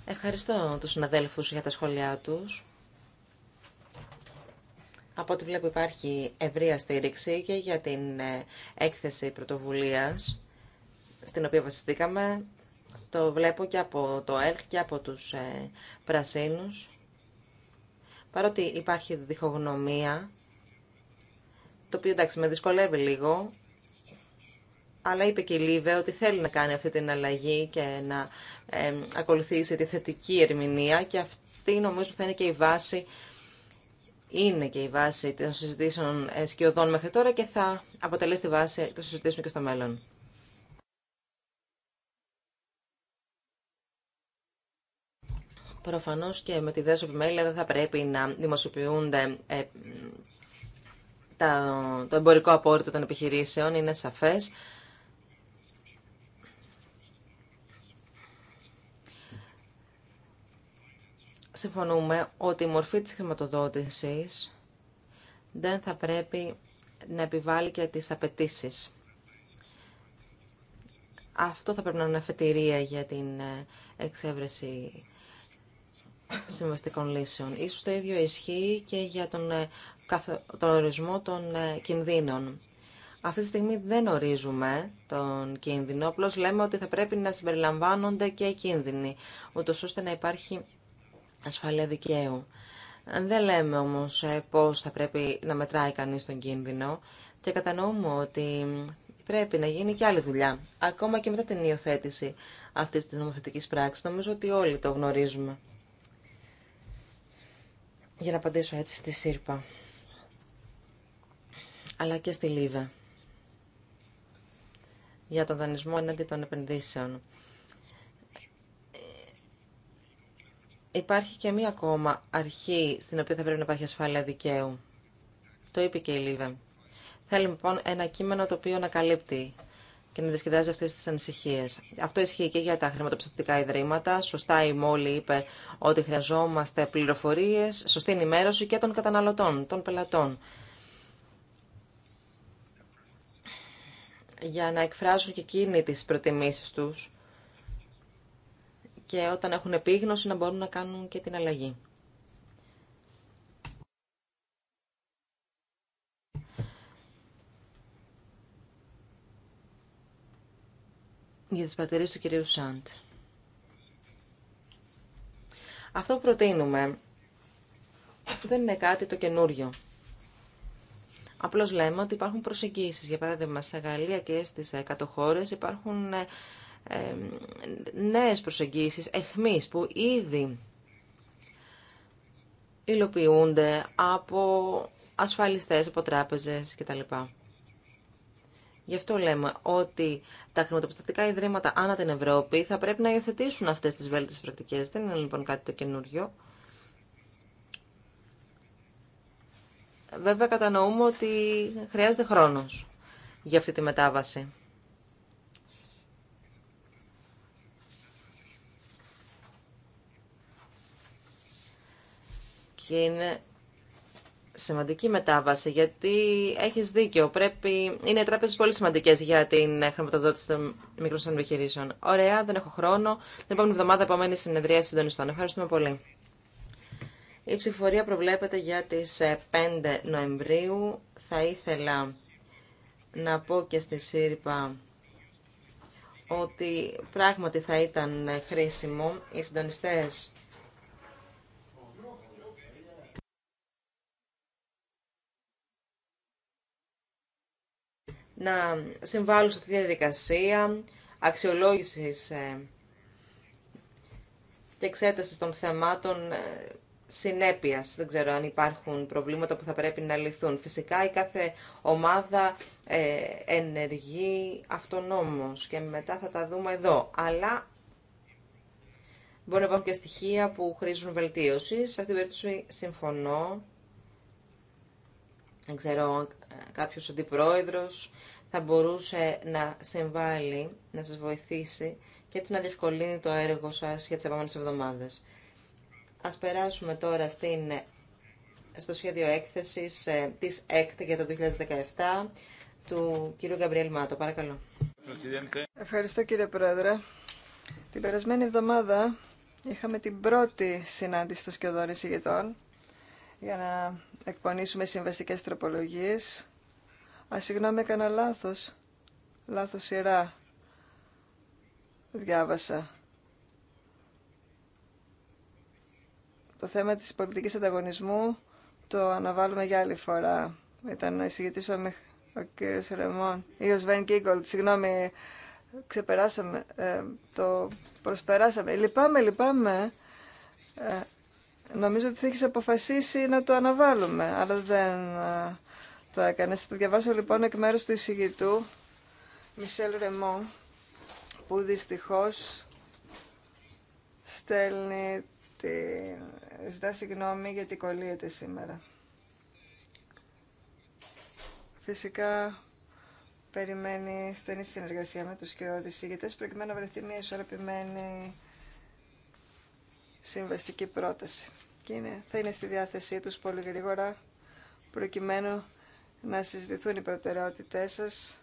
Ευχαριστώ τους συναδέλφους για τα σχόλιά τους. Από ό,τι βλέπω υπάρχει ευρεία στήριξη και για την ε, έκθεση πρωτοβουλίας στην οποία βασιστήκαμε. Το βλέπω και από το ΕΛΚ και από τους ε, πρασίνους. Παρότι υπάρχει διχογνωμία, το οποίο εντάξει με δυσκολεύει λίγο, αλλά είπε και η Λίβε ότι θέλει να κάνει αυτή την αλλαγή και να ε, ακολουθήσει τη θετική ερμηνεία και αυτή νομίζω θα είναι και η βάση είναι και η βάση των συζητήσεων σκιωδών μέχρι τώρα και θα αποτελέσει τη βάση των συζητήσεων και στο μέλλον. Προφανώς και με τη δέσο επιμέλεια δεν θα πρέπει να δημοσιοποιούνται ε, το εμπορικό απόρριτο των επιχειρήσεων, είναι σαφές. συμφωνούμε ότι η μορφή της χρηματοδότησης δεν θα πρέπει να επιβάλλει και τις απαιτήσει. Αυτό θα πρέπει να είναι αφετηρία για την ε, εξέβρεση συμβαστικών λύσεων. Ίσως το ίδιο ισχύει και για τον, ε, τον ορισμό των ε, κινδύνων. Αυτή τη στιγμή δεν ορίζουμε τον κίνδυνο, απλώς λέμε ότι θα πρέπει να συμπεριλαμβάνονται και οι κίνδυνοι, ούτως ώστε να υπάρχει ασφάλεια δικαίου. Δεν λέμε όμως ε, πώς θα πρέπει να μετράει κανείς τον κίνδυνο και κατανοούμε ότι πρέπει να γίνει και άλλη δουλειά, ακόμα και μετά την υιοθέτηση αυτής της νομοθετικής πράξης. Νομίζω ότι όλοι το γνωρίζουμε. Για να απαντήσω έτσι στη ΣΥΡΠΑ, αλλά και στη ΛΥΒΕ, για τον δανεισμό εναντί των επενδύσεων. υπάρχει και μία ακόμα αρχή στην οποία θα πρέπει να υπάρχει ασφάλεια δικαίου. Το είπε και η Λίβε. Θέλουμε λοιπόν ένα κείμενο το οποίο να καλύπτει και να διασκεδάζει αυτέ τι ανησυχίε. Αυτό ισχύει και για τα χρηματοπιστωτικά ιδρύματα. Σωστά η Μόλι είπε ότι χρειαζόμαστε πληροφορίε, σωστή ενημέρωση και των καταναλωτών, των πελατών. Για να εκφράζουν και εκείνοι τι προτιμήσει τους και όταν έχουν επίγνωση να μπορούν να κάνουν και την αλλαγή. Για τις παρατηρήσεις του κυρίου Σάντ. Αυτό που προτείνουμε δεν είναι κάτι το καινούριο. Απλώς λέμε ότι υπάρχουν προσεγγίσεις. Για παράδειγμα, στα Γαλλία και στις κατοχώρες υπάρχουν ε, νέες προσεγγίσεις εχμής που ήδη υλοποιούνται από ασφαλιστές, από τράπεζες κτλ. Γι' αυτό λέμε ότι τα χρηματοπιστωτικά ιδρύματα ανά την Ευρώπη θα πρέπει να υιοθετήσουν αυτές τις βέλτιστες πρακτικές. Δεν είναι λοιπόν κάτι το καινούριο. Βέβαια κατανοούμε ότι χρειάζεται χρόνος για αυτή τη μετάβαση. είναι σημαντική μετάβαση, γιατί έχεις δίκιο. Πρέπει... Είναι τράπεζε πολύ σημαντικέ για την χρηματοδότηση των μικρών επιχειρήσεων. Ωραία, δεν έχω χρόνο. Την επόμενη εβδομάδα, επόμενη συνεδρία συντονιστών. Ευχαριστούμε πολύ. Η ψηφορία προβλέπεται για τις 5 ε, Νοεμβρίου. Θα ήθελα να πω και στη ΣΥΡΠΑ ότι πράγματι θα ήταν χρήσιμο οι συντονιστές να συμβάλλουν σε αυτή τη διαδικασία αξιολόγησης ε, και εξέταση των θεμάτων ε, συνέπειας. Δεν ξέρω αν υπάρχουν προβλήματα που θα πρέπει να λυθούν. Φυσικά η κάθε ομάδα ε, ενεργεί αυτονόμως και μετά θα τα δούμε εδώ. Αλλά μπορεί να υπάρχουν και στοιχεία που χρήζουν βελτίωση. Σε αυτή την περίπτωση συμφωνώ. Δεν ξέρω κάποιος αντιπρόεδρος θα μπορούσε να συμβάλλει, να σας βοηθήσει και έτσι να διευκολύνει το έργο σας για τις επόμενες εβδομάδες. Ας περάσουμε τώρα στην, στο σχέδιο έκθεσης ε, της ΕΚΤ για το 2017 του κ. Γκαμπριέλ Μάτο. Παρακαλώ. Ευχαριστώ κύριε Πρόεδρε. Την περασμένη εβδομάδα είχαμε την πρώτη συνάντηση των σχεδόν ηγετών για να εκπονήσουμε συμβαστικές τροπολογίες. Α, συγγνώμη, έκανα λάθος. Λάθος σειρά. Διάβασα. Το θέμα της πολιτικής ανταγωνισμού το αναβάλουμε για άλλη φορά. Ήταν να εισηγητήσω με ο κύριος Ρεμόν ή ο Σβέν Κίγκολτ. Συγγνώμη, ξεπεράσαμε, ε, το προσπεράσαμε. Λυπάμαι, λυπάμαι. Ε, Νομίζω ότι θα έχεις αποφασίσει να το αναβάλουμε, αλλά δεν ε, το έκανες. Θα διαβάσω λοιπόν εκ μέρους του εισηγητού, Μισελ Ρεμό, που δυστυχώς στέλνει τη... ζητά συγγνώμη γιατί κολλείεται σήμερα. Φυσικά περιμένει στενή συνεργασία με τους και συγγετές προκειμένου να βρεθεί μια ισορροπημένη συμβαστική πρόταση και είναι, θα είναι στη διάθεσή τους πολύ γρήγορα προκειμένου να συζητηθούν οι προτεραιότητές σας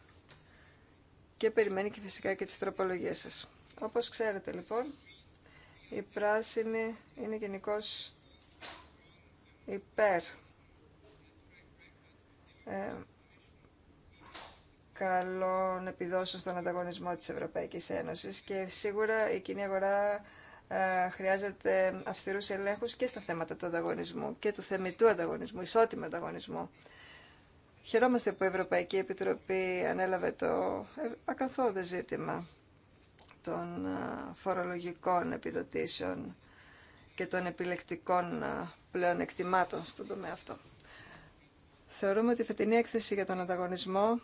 και περιμένει και φυσικά και τις τροπολογίες σας. Όπως ξέρετε λοιπόν, η πράσινη είναι γενικώ υπέρ ε, καλών επιδόσεων στον ανταγωνισμό της Ευρωπαϊκής Ένωσης και σίγουρα η κοινή αγορά ε, χρειάζεται αυστηρούς ελέγχους και στα θέματα του ανταγωνισμού και του θεμητού ανταγωνισμού, ισότιμου ανταγωνισμού. Χαιρόμαστε που η Ευρωπαϊκή Επιτροπή ανέλαβε το ε, ακαθόδε ζήτημα των ε, φορολογικών επιδοτήσεων και των επιλεκτικών πλέον εκτιμάτων στον τομέα αυτό. Θεωρούμε ότι η φετινή έκθεση για τον ανταγωνισμό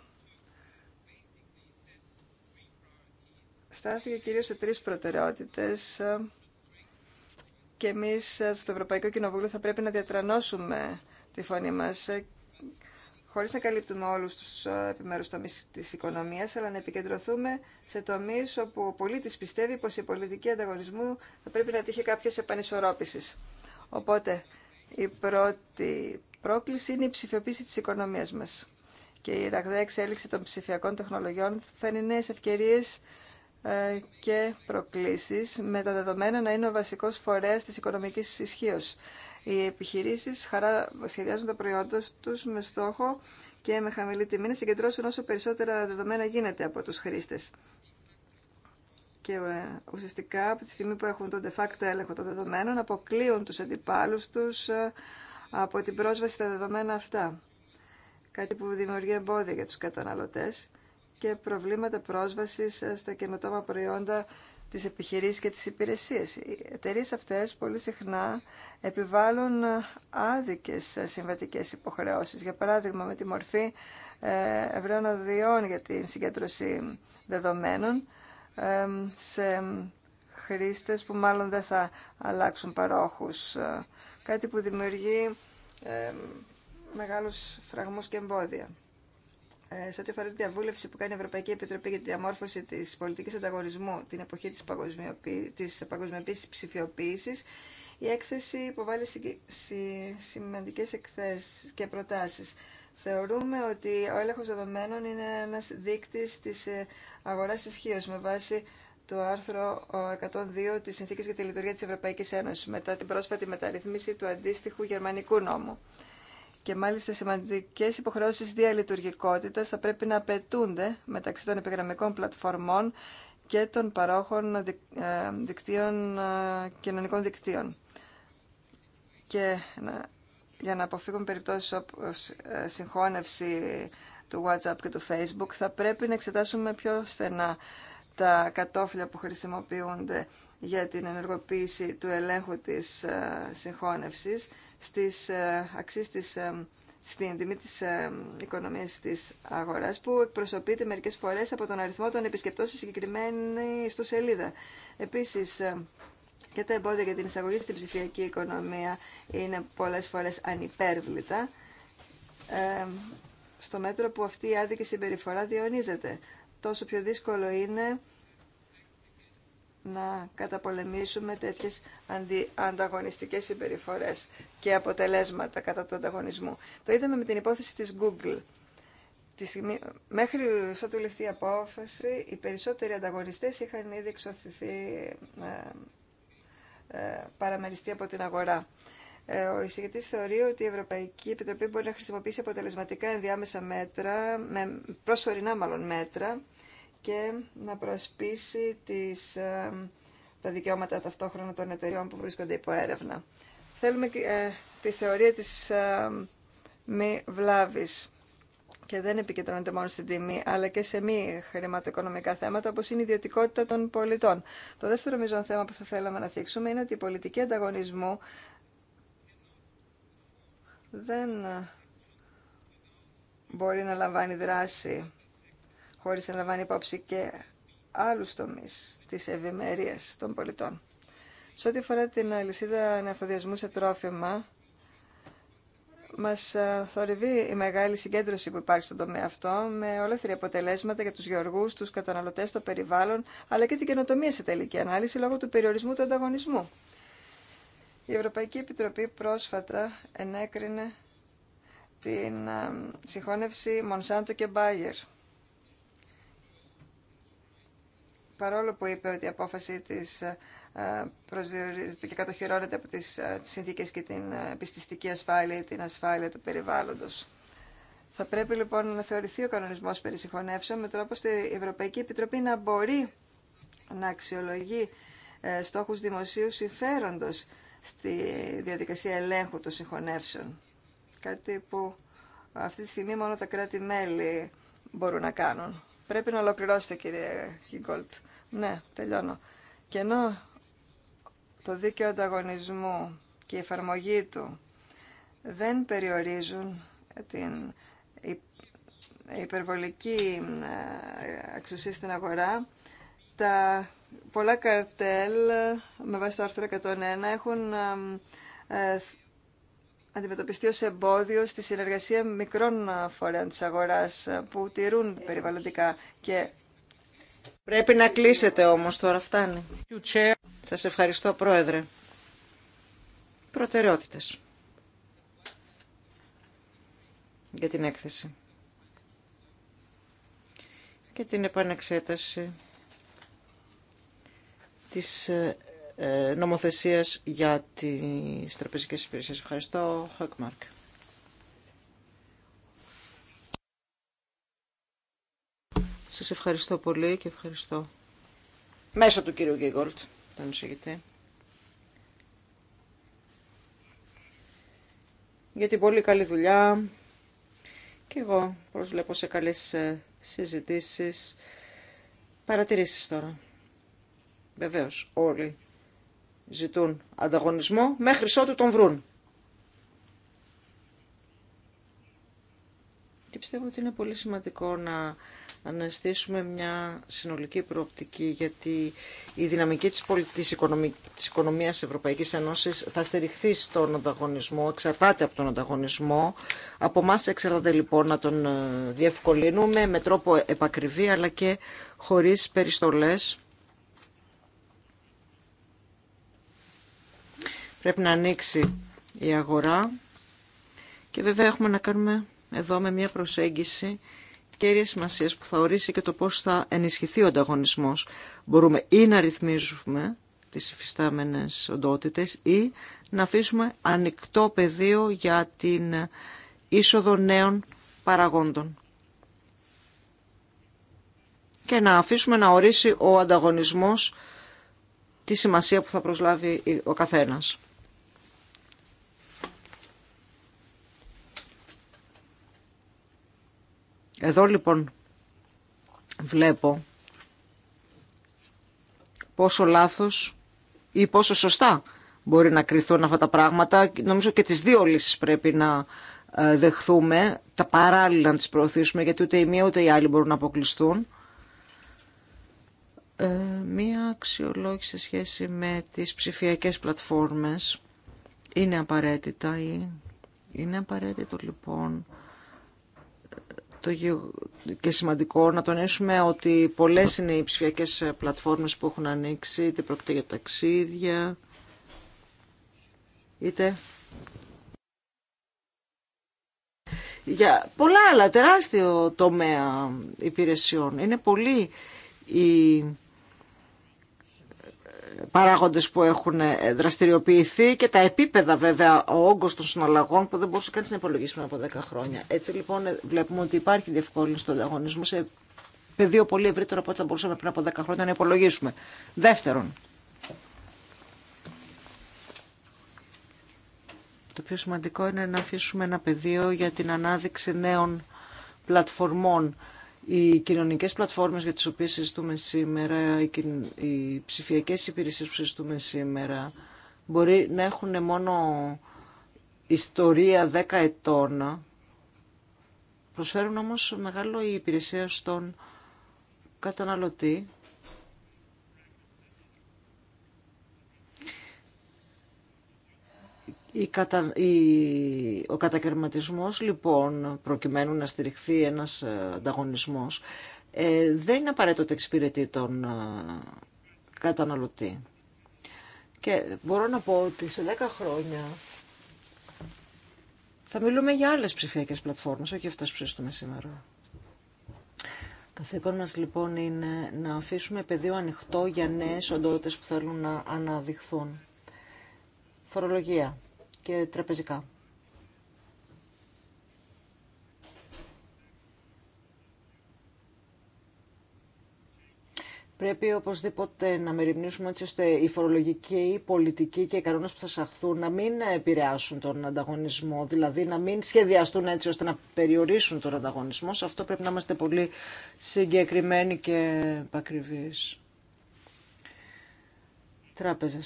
στάθηκε κυρίως σε τρεις προτεραιότητες ε, και εμείς ε, στο Ευρωπαϊκό Κοινοβούλιο θα πρέπει να διατρανώσουμε τη φωνή μας ε, χωρίς να καλύπτουμε όλους τους επιμέρους τομείς της οικονομίας, αλλά να επικεντρωθούμε σε τομείς όπου ο πολίτης πιστεύει πως η πολιτική ανταγωνισμού θα πρέπει να τύχει κάποιες επανισορρόπησης. Οπότε, η πρώτη πρόκληση είναι η ψηφιοποίηση της οικονομίας μας. Και η ραγδαία εξέλιξη των ψηφιακών τεχνολογιών φέρνει νέες ευκαιρίες ε, και προκλήσεις με τα δεδομένα να είναι ο βασικός φορέας της οικονομικής ισχύω. Οι επιχειρήσεις χαρά, σχεδιάζουν τα προϊόντα τους με στόχο και με χαμηλή τιμή να συγκεντρώσουν όσο περισσότερα δεδομένα γίνεται από τους χρήστες. Και ε, ουσιαστικά από τη στιγμή που έχουν τον de facto έλεγχο των δεδομένων αποκλείουν τους αντιπάλους τους ε, από την πρόσβαση στα δεδομένα αυτά. Κάτι που δημιουργεί εμπόδια για τους καταναλωτές και προβλήματα πρόσβασης ε, στα καινοτόμα προϊόντα της επιχειρήσης και της υπηρεσίας. Οι εταιρείε αυτές πολύ συχνά επιβάλλουν ε, άδικες ε, συμβατικές υποχρεώσεις. Για παράδειγμα, με τη μορφή ευρέων αδειών για την συγκέντρωση δεδομένων σε χρήστες που μάλλον δεν θα αλλάξουν παρόχους. Κάτι που δημιουργεί μεγάλους φραγμούς και εμπόδια. Ε, σε ό,τι αφορά τη διαβούλευση που κάνει η Ευρωπαϊκή Επιτροπή για τη διαμόρφωση τη πολιτική ανταγωνισμού την εποχή τη παγκοσμιοποίηση ψηφιοποίηση, η έκθεση υποβάλλει σημαντικέ εκθέσει και προτάσει. Θεωρούμε ότι ο έλεγχο δεδομένων είναι ένα δείκτη τη ε, αγορά ισχύω με βάση το άρθρο 102 τη Συνθήκης για τη Λειτουργία τη Ευρωπαϊκή Ένωση, μετά την πρόσφατη μεταρρυθμίση του αντίστοιχου γερμανικού νόμου και μάλιστα σημαντικές υποχρεώσεις διαλειτουργικότητας θα πρέπει να απαιτούνται μεταξύ των επιγραμμικών πλατφορμών και των παρόχων ε, δικτύων, ε, κοινωνικών δικτύων. Και για να αποφύγουμε περιπτώσεις όπως ε, συγχώνευση του WhatsApp και του Facebook, θα πρέπει να εξετάσουμε πιο στενά τα κατόφλια που χρησιμοποιούνται για την ενεργοποίηση του ελέγχου της συγχώνευσης στις ε, αξίες της, ε, στην τιμή της ε, οικονομίας της αγοράς που εκπροσωπείται μερικές φορές από τον αριθμό των επισκεπτών σε συγκεκριμένη στο σελίδα. Επίσης, και τα εμπόδια για την εισαγωγή στην ψηφιακή οικονομία είναι πολλές φορές ανυπέρβλητα, στο μέτρο που αυτή η άδικη συμπεριφορά διονύζεται. Τόσο πιο δύσκολο είναι να καταπολεμήσουμε τέτοιες αντι, ανταγωνιστικές συμπεριφορές και αποτελέσματα κατά του ανταγωνισμού. Το είδαμε με την υπόθεση της Google. Τη μέχρι ότου ληφθεί η απόφαση, οι περισσότεροι ανταγωνιστές είχαν ήδη εξωθηθεί, ε, ε, παραμεριστεί από την αγορά. Ε, ο εισηγητής θεωρεί ότι η Ευρωπαϊκή Επιτροπή μπορεί να χρησιμοποιήσει αποτελεσματικά ενδιάμεσα μέτρα, με προσωρινά μάλλον μέτρα, και να προσπίσει τις, ε, τα δικαιώματα ταυτόχρονα των εταιριών που βρίσκονται υπό έρευνα. Θέλουμε ε, τη θεωρία της ε, μη βλάβης και δεν επικεντρώνεται μόνο στην τιμή, αλλά και σε μη χρηματοοικονομικά θέματα, όπως είναι η ιδιωτικότητα των πολιτών. Το δεύτερο μείζον θέμα που θα θέλαμε να θίξουμε είναι ότι η πολιτική ανταγωνισμού δεν ε, μπορεί να λαμβάνει δράση χωρίς να λαμβάνει υπόψη και άλλους τομείς της ευημερία των πολιτών. Σε ό,τι αφορά την αλυσίδα ανεφοδιασμού σε τρόφιμα, μας ε, θορυβεί η μεγάλη συγκέντρωση που υπάρχει στον τομέα αυτό, με ολέθρια αποτελέσματα για τους γεωργούς, τους καταναλωτές, το περιβάλλον, αλλά και την καινοτομία σε τελική ανάλυση λόγω του περιορισμού του ανταγωνισμού. Η Ευρωπαϊκή Επιτροπή πρόσφατα ενέκρινε την ε, συγχώνευση Μονσάντο και Μπάγερ παρόλο που είπε ότι η απόφαση της ε, προσδιορίζεται και κατοχυρώνεται από τις, συνθήκε συνθήκες και την ε, πιστιστική ασφάλεια ή την ασφάλεια του περιβάλλοντος. Θα πρέπει λοιπόν να θεωρηθεί ο κανονισμός περί συγχωνεύσεων με τρόπο ώστε η Ευρωπαϊκή Επιτροπή να μπορεί να αξιολογεί ε, στόχους δημοσίου συμφέροντος στη διαδικασία ελέγχου των συγχωνεύσεων. Κάτι που αυτή τη στιγμή μόνο τα κράτη-μέλη μπορούν να κάνουν. Πρέπει να ολοκληρώσετε, κύριε Χίγκολτ. Ναι, τελειώνω. Και ενώ το δίκαιο ανταγωνισμού και η εφαρμογή του δεν περιορίζουν την υπερβολική ε, εξουσία στην αγορά, τα πολλά καρτέλ ε, με βάση το άρθρο 101 έχουν ε, αντιμετωπιστεί ως εμπόδιο στη συνεργασία μικρών φορέων της αγοράς ε, που τηρούν περιβαλλοντικά και Πρέπει να κλείσετε όμως τώρα, φτάνει. Σας ευχαριστώ Πρόεδρε. Προτεραιότητες για την έκθεση και την επανεξέταση της ε, ε, νομοθεσίας για τις τραπεζικές υπηρεσίες. Ευχαριστώ, Χόκμαρκ. Σας ευχαριστώ πολύ και ευχαριστώ μέσω του κύριου Γκίγκολτ, τον εισηγητή. Για την πολύ καλή δουλειά και εγώ προσβλέπω σε καλές ε, συζητήσεις, παρατηρήσεις τώρα. Βεβαίως όλοι ζητούν ανταγωνισμό μέχρι ότου τον βρουν. Και πιστεύω ότι είναι πολύ σημαντικό να αναστήσουμε μια συνολική προοπτική γιατί η δυναμική της, πολι... της, οικονομίας, της Ευρωπαϊκής Ένωσης θα στηριχθεί στον ανταγωνισμό, εξαρτάται από τον ανταγωνισμό. Από εμά εξαρτάται λοιπόν να τον ε, διευκολύνουμε με τρόπο επακριβή αλλά και χωρίς περιστολές Πρέπει να ανοίξει η αγορά και βέβαια έχουμε να κάνουμε εδώ με μια προσέγγιση κέρια σημασία που θα ορίσει και το πώς θα ενισχυθεί ο ανταγωνισμός. Μπορούμε ή να ρυθμίζουμε τις υφιστάμενες οντότητες ή να αφήσουμε ανοιχτό πεδίο για την είσοδο νέων παραγόντων. Και να αφήσουμε να ορίσει ο ανταγωνισμός τη σημασία που θα προσλάβει ο καθένας. Εδώ λοιπόν βλέπω πόσο λάθος ή πόσο σωστά μπορεί να κρυθούν αυτά τα πράγματα. Νομίζω και τις δύο λύσεις πρέπει να ε, δεχθούμε, τα παράλληλα να τις προωθήσουμε, γιατί ούτε η μία ούτε η άλλη μπορούν να αποκλειστούν. Ε, μία αξιολόγηση σε σχέση με τις ψηφιακές πλατφόρμες είναι απαραίτητα ή... Είναι απαραίτητο λοιπόν το και σημαντικό να τονίσουμε ότι πολλές είναι οι ψηφιακές πλατφόρμες που έχουν ανοίξει, είτε πρόκειται για ταξίδια, είτε για πολλά άλλα τεράστιο τομέα υπηρεσιών. Είναι πολύ η παράγοντες που έχουν ε, δραστηριοποιηθεί και τα επίπεδα βέβαια, ο όγκος των συναλλαγών που δεν μπορούσε κανείς να υπολογίσει πριν από 10 χρόνια. Έτσι λοιπόν ε, βλέπουμε ότι υπάρχει διευκόλυνση στον ανταγωνισμού σε πεδίο πολύ ευρύτερο από ό,τι θα μπορούσαμε πριν από 10 χρόνια να υπολογίσουμε. Δεύτερον, το πιο σημαντικό είναι να αφήσουμε ένα πεδίο για την ανάδειξη νέων πλατφορμών οι κοινωνικές πλατφόρμες για τις οποίες συζητούμε σήμερα, οι ψηφιακές υπηρεσίες που συζητούμε σήμερα, μπορεί να έχουν μόνο ιστορία 10 ετών, προσφέρουν όμως μεγάλο η υπηρεσία στον καταναλωτή Ο κατακαιρματισμός λοιπόν προκειμένου να στηριχθεί ένας ε, ανταγωνισμός ε, δεν είναι απαραίτητο ότι εξυπηρετεί τον ε, καταναλωτή. Και μπορώ να πω ότι σε 10 χρόνια θα μιλούμε για άλλες ψηφιακές πλατφόρμες, όχι αυτές που συζητούμε σήμερα. Καθήκον μας λοιπόν είναι να αφήσουμε πεδίο ανοιχτό για νέες οντότητες που θέλουν να αναδειχθούν. Φορολογία και τραπεζικά. Πρέπει οπωσδήποτε να μεριμνήσουμε έτσι ώστε οι φορολογικοί, οι πολιτικοί και οι κανόνε που θα σαχθούν να μην επηρεάσουν τον ανταγωνισμό, δηλαδή να μην σχεδιαστούν έτσι ώστε να περιορίσουν τον ανταγωνισμό. Σε αυτό πρέπει να είμαστε πολύ συγκεκριμένοι και επακριβεί. Τράπεζε.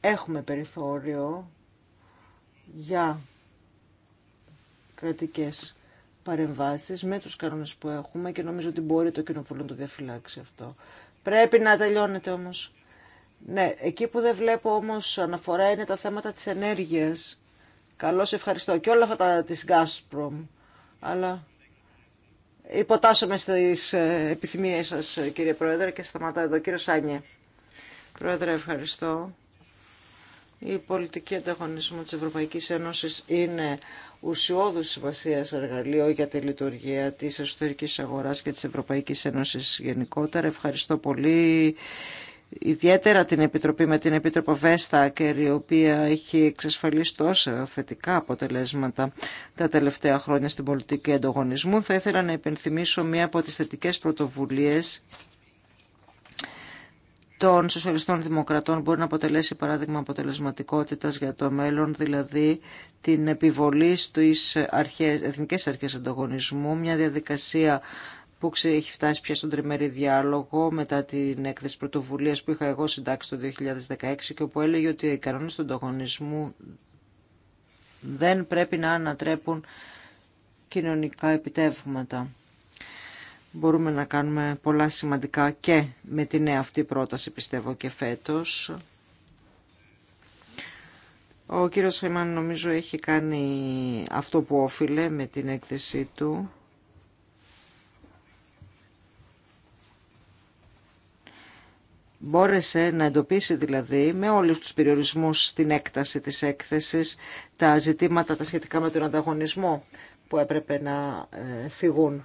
Έχουμε περιθώριο για κρατικές παρεμβάσεις με τους κανόνες που έχουμε και νομίζω ότι μπορεί το κοινοβούλιο να το διαφυλάξει αυτό. Πρέπει να τελειώνεται όμως. Ναι, εκεί που δεν βλέπω όμως αναφορά είναι τα θέματα της ενέργειας. Καλώς ευχαριστώ και όλα αυτά τα της Gazprom. Αλλά υποτάσσομαι στις ε, επιθυμίες σας ε, κύριε Πρόεδρε και σταματάω εδώ. Κύριο Σάνιε. Πρόεδρε ευχαριστώ. Η πολιτική ανταγωνισμού της Ευρωπαϊκής Ένωσης είναι ουσιώδους σημασία εργαλείο για τη λειτουργία της εσωτερικής αγοράς και της Ευρωπαϊκής Ένωσης γενικότερα. Ευχαριστώ πολύ ιδιαίτερα την Επιτροπή με την Επίτροπο Βέστακερ η οποία έχει εξασφαλίσει τόσα θετικά αποτελέσματα τα τελευταία χρόνια στην πολιτική ανταγωνισμού. Θα ήθελα να υπενθυμίσω μία από τις θετικές πρωτοβουλίες των σοσιαλιστών δημοκρατών μπορεί να αποτελέσει παράδειγμα αποτελεσματικότητας για το μέλλον, δηλαδή την επιβολή στις αρχές, εθνικές αρχές ανταγωνισμού, μια διαδικασία που έχει φτάσει πια στον τριμερή διάλογο μετά την έκθεση πρωτοβουλία που είχα εγώ συντάξει το 2016 και όπου έλεγε ότι οι κανόνες του ανταγωνισμού δεν πρέπει να ανατρέπουν κοινωνικά επιτεύγματα μπορούμε να κάνουμε πολλά σημαντικά και με την αυτή πρόταση πιστεύω και φέτος. Ο κύριος Χαϊμάν νομίζω έχει κάνει αυτό που όφιλε με την έκθεσή του. Μπόρεσε να εντοπίσει δηλαδή με όλους τους περιορισμούς στην έκταση της έκθεσης τα ζητήματα τα σχετικά με τον ανταγωνισμό που έπρεπε να ε, φυγούν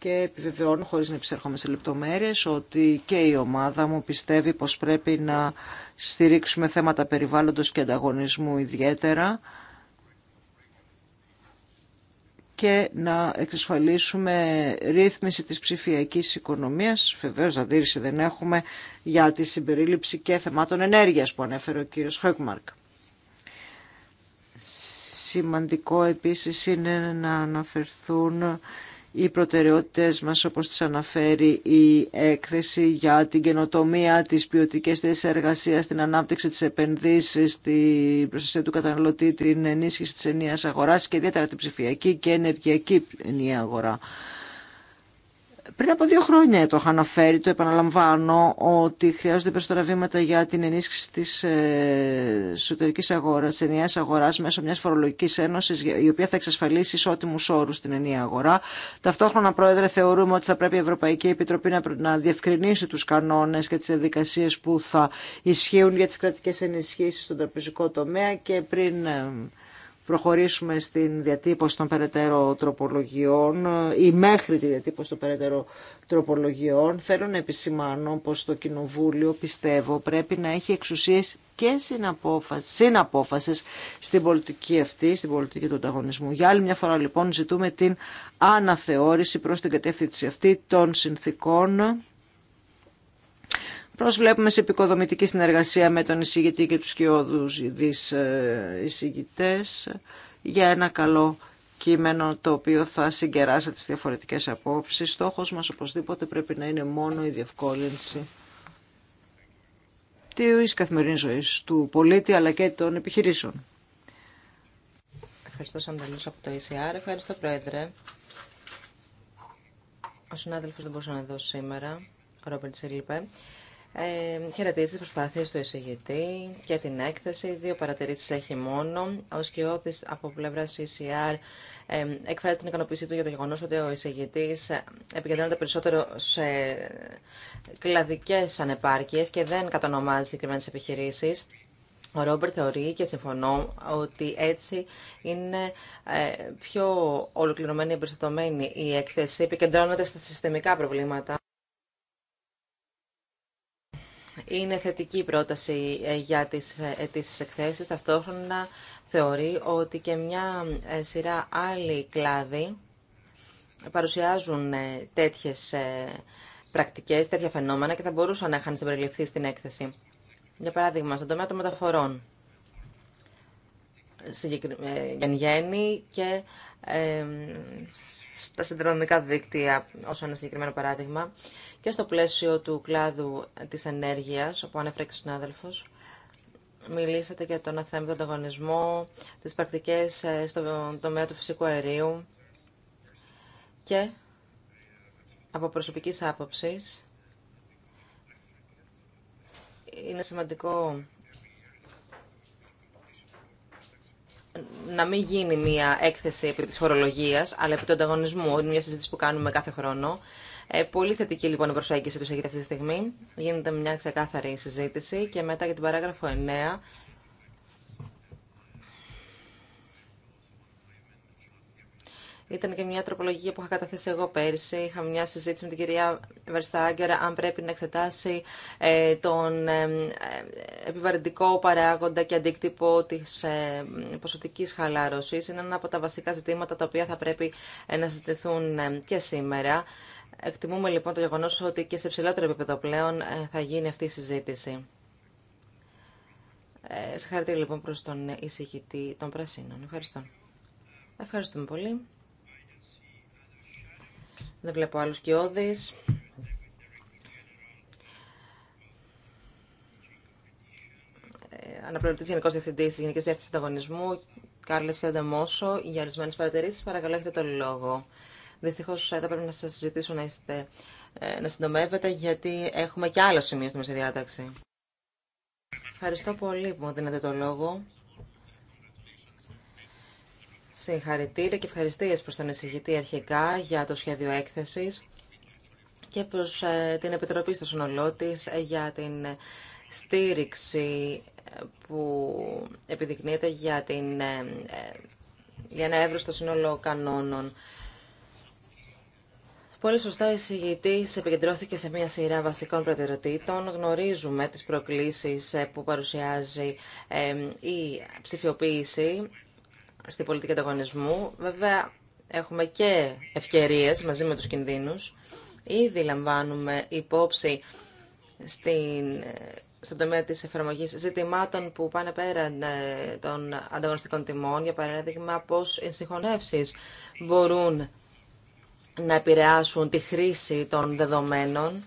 και επιβεβαιώνω χωρίς να επισέρχομαι σε λεπτομέρειες ότι και η ομάδα μου πιστεύει πως πρέπει να στηρίξουμε θέματα περιβάλλοντος και ανταγωνισμού ιδιαίτερα και να εξασφαλίσουμε ρύθμιση της ψηφιακής οικονομίας. Βεβαίως αντίρρηση δεν έχουμε για τη συμπερίληψη και θεμάτων ενέργειας που ανέφερε ο κύριος Σημαντικό επίσης είναι να αναφερθούν οι προτεραιότητες μας όπως τις αναφέρει η έκθεση για την καινοτομία, τις ποιοτικέ θέσεις εργασίας, την ανάπτυξη της επενδύσης, την προστασία του καταναλωτή, την ενίσχυση της ενίας αγοράς και ιδιαίτερα την ψηφιακή και ενεργειακή ενιαία αγορά. Πριν από δύο χρόνια το είχα αναφέρει, το επαναλαμβάνω, ότι χρειάζονται περισσότερα βήματα για την ενίσχυση τη ε, εσωτερική αγορά, τη ενιαία αγορά μέσω μια φορολογική ένωση, η οποία θα εξασφαλίσει ισότιμου όρου στην ενιαία αγορά. Ταυτόχρονα, Πρόεδρε, θεωρούμε ότι θα πρέπει η Ευρωπαϊκή Επιτροπή να διευκρινίσει του κανόνε και τι διαδικασίε που θα ισχύουν για τι κρατικέ ενισχύσει στον τραπεζικό τομέα και πριν ε, προχωρήσουμε στην διατύπωση των περαιτέρω τροπολογιών ή μέχρι τη διατύπωση των περαιτέρω τροπολογιών. Θέλω να επισημάνω πως το Κοινοβούλιο πιστεύω πρέπει να έχει εξουσίες και συναπόφασης στην πολιτική αυτή, στην πολιτική του ανταγωνισμού. Για άλλη μια φορά λοιπόν ζητούμε την αναθεώρηση προς την κατεύθυνση αυτή των συνθήκων Προσβλέπουμε σε επικοδομητική συνεργασία με τον εισηγητή και τους κοιόδους ε, εισηγητές για ένα καλό κείμενο το οποίο θα συγκεράσει τις διαφορετικές απόψεις. Στόχος μας οπωσδήποτε πρέπει να είναι μόνο η διευκόλυνση της καθημερινής ζωής του πολίτη αλλά και των επιχειρήσεων. Ευχαριστώ Σανταλούς από το ECR. Ευχαριστώ Πρόεδρε. Ο συνάδελφος δεν μπορούσε να δώσει σήμερα. Ο Ρόμπερτ Σιλίπε. Ε, χαιρετίζει τι προσπάθειε του εισηγητή για την έκθεση. Δύο παρατηρήσεις έχει μόνο. Ο Σκιώδη από πλευρά CCR ε, εκφράζει την ικανοποίησή του για το γεγονό ότι ο εισηγητή ε, επικεντρώνεται περισσότερο σε κλαδικέ ανεπάρκειες και δεν κατανομάζει συγκεκριμένε επιχειρήσει. Ο Ρόμπερ θεωρεί και συμφωνώ ότι έτσι είναι ε, πιο ολοκληρωμένη και εμπεριστατωμένη η έκθεση. Επικεντρώνεται στα συστημικά προβλήματα. Είναι θετική η πρόταση ε, για τις ε, αιτήσει εκθέσεις. Ταυτόχρονα θεωρεί ότι και μια ε, σειρά άλλοι κλάδοι παρουσιάζουν τέτοιες πρακτικές, τέτοια φαινόμενα και θα μπορούσαν να είχαν συμπεριληφθεί στην έκθεση. Για παράδειγμα, στον τομέα των μεταφορών, για γέννη και στα συνδρομικά δίκτυα, όσο ένα συγκεκριμένο παράδειγμα, και στο πλαίσιο του κλάδου της ενέργειας, όπου ανέφερε και ο συνάδελφο, μιλήσατε για τον αθέμητο ανταγωνισμό, τι πρακτικέ ε, στον τομέα του φυσικού αερίου και από προσωπική άποψης είναι σημαντικό να μην γίνει μια έκθεση επί της φορολογίας, αλλά επί του ανταγωνισμού. Είναι μια συζήτηση που κάνουμε κάθε χρόνο. Ε, πολύ θετική λοιπόν η προσέγγιση του έγινε αυτή τη στιγμή. Γίνεται μια ξεκάθαρη συζήτηση και μετά για την παράγραφο 9 Ήταν και μια τροπολογία που είχα καταθέσει εγώ πέρυσι. Είχα μια συζήτηση με την κυρία Βερστάγκερα αν πρέπει να εξετάσει ε, τον ε, ε, επιβαρυντικό παράγοντα και αντίκτυπο της ποσοτικής χαλάρωσης. Είναι ένα από τα βασικά ζητήματα τα οποία θα πρέπει να συζητηθούν και σήμερα. Εκτιμούμε λοιπόν το γεγονός ότι και σε ψηλότερο επίπεδο πλέον θα γίνει αυτή η συζήτηση. Ε, συγχαρητήρια λοιπόν προς τον εισηγητή των Πρασίνων. Ευχαριστώ. Ευχαριστούμε πολύ. Δεν βλέπω άλλους κοιόδης. Ε, αναπληρωτής Γενικός Διευθυντής της Γενικής Διεύθυνσης Ανταγωνισμού, Κάρλες Μόσο, για ορισμένε παρατηρήσει, Παρακαλώ, έχετε το λόγο. Δυστυχώ θα πρέπει να σα ζητήσω να, είστε, ε, να συντομεύετε, γιατί έχουμε και άλλο σημείο στη μέση Ευχαριστώ πολύ που μου δίνετε το λόγο. Συγχαρητήρια και ευχαριστίες προς τον εισηγητή αρχικά για το σχέδιο έκθεση και προς ε, την Επιτροπή στο σύνολό τη ε, για την στήριξη ε, που επιδεικνύεται για, την, για ένα εύρωστο σύνολο κανόνων. Πολύ σωστά, η συγητή επικεντρώθηκε σε μια σειρά βασικών προτεραιοτήτων. Γνωρίζουμε τις προκλήσεις που παρουσιάζει η ψηφιοποίηση στην πολιτική ανταγωνισμού. Βέβαια, έχουμε και ευκαιρίες μαζί με τους κινδύνους. Ήδη λαμβάνουμε υπόψη στην, στον τομέα της εφαρμογής ζητημάτων που πάνε πέραν ε, των ανταγωνιστικών τιμών, για παράδειγμα πώς οι συγχωνεύσεις μπορούν να επηρεάσουν τη χρήση των δεδομένων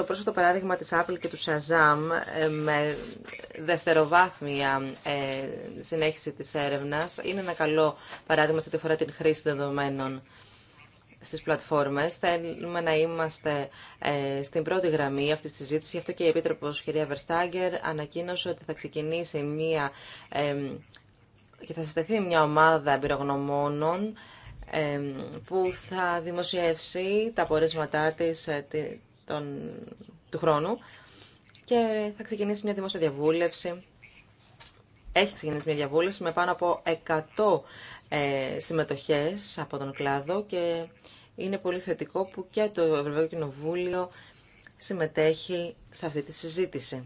το πρόσφατο παράδειγμα της Apple και του Shazam ε, με δευτεροβάθμια ε, συνέχιση της έρευνας είναι ένα καλό παράδειγμα σε τη φορά την χρήση δεδομένων στις πλατφόρμες. Θέλουμε να είμαστε ε, στην πρώτη γραμμή αυτής της συζήτηση, Γι' αυτό και η Επίτροπος κυρία Βερστάγκερ ανακοίνωσε ότι θα ξεκινήσει μία και θα συσταθεί μια ομάδα εμπειρογνωμόνων που θα δημοσιεύσει τα πορίσματά της τον του χρόνου και θα ξεκινήσει μια δημόσια διαβούλευση. Έχει ξεκινήσει μια διαβούλευση με πάνω από 100 ε, συμμετοχές από τον κλάδο και είναι πολύ θετικό που και το Ευρωπαϊκό Κοινοβούλιο συμμετέχει σε αυτή τη συζήτηση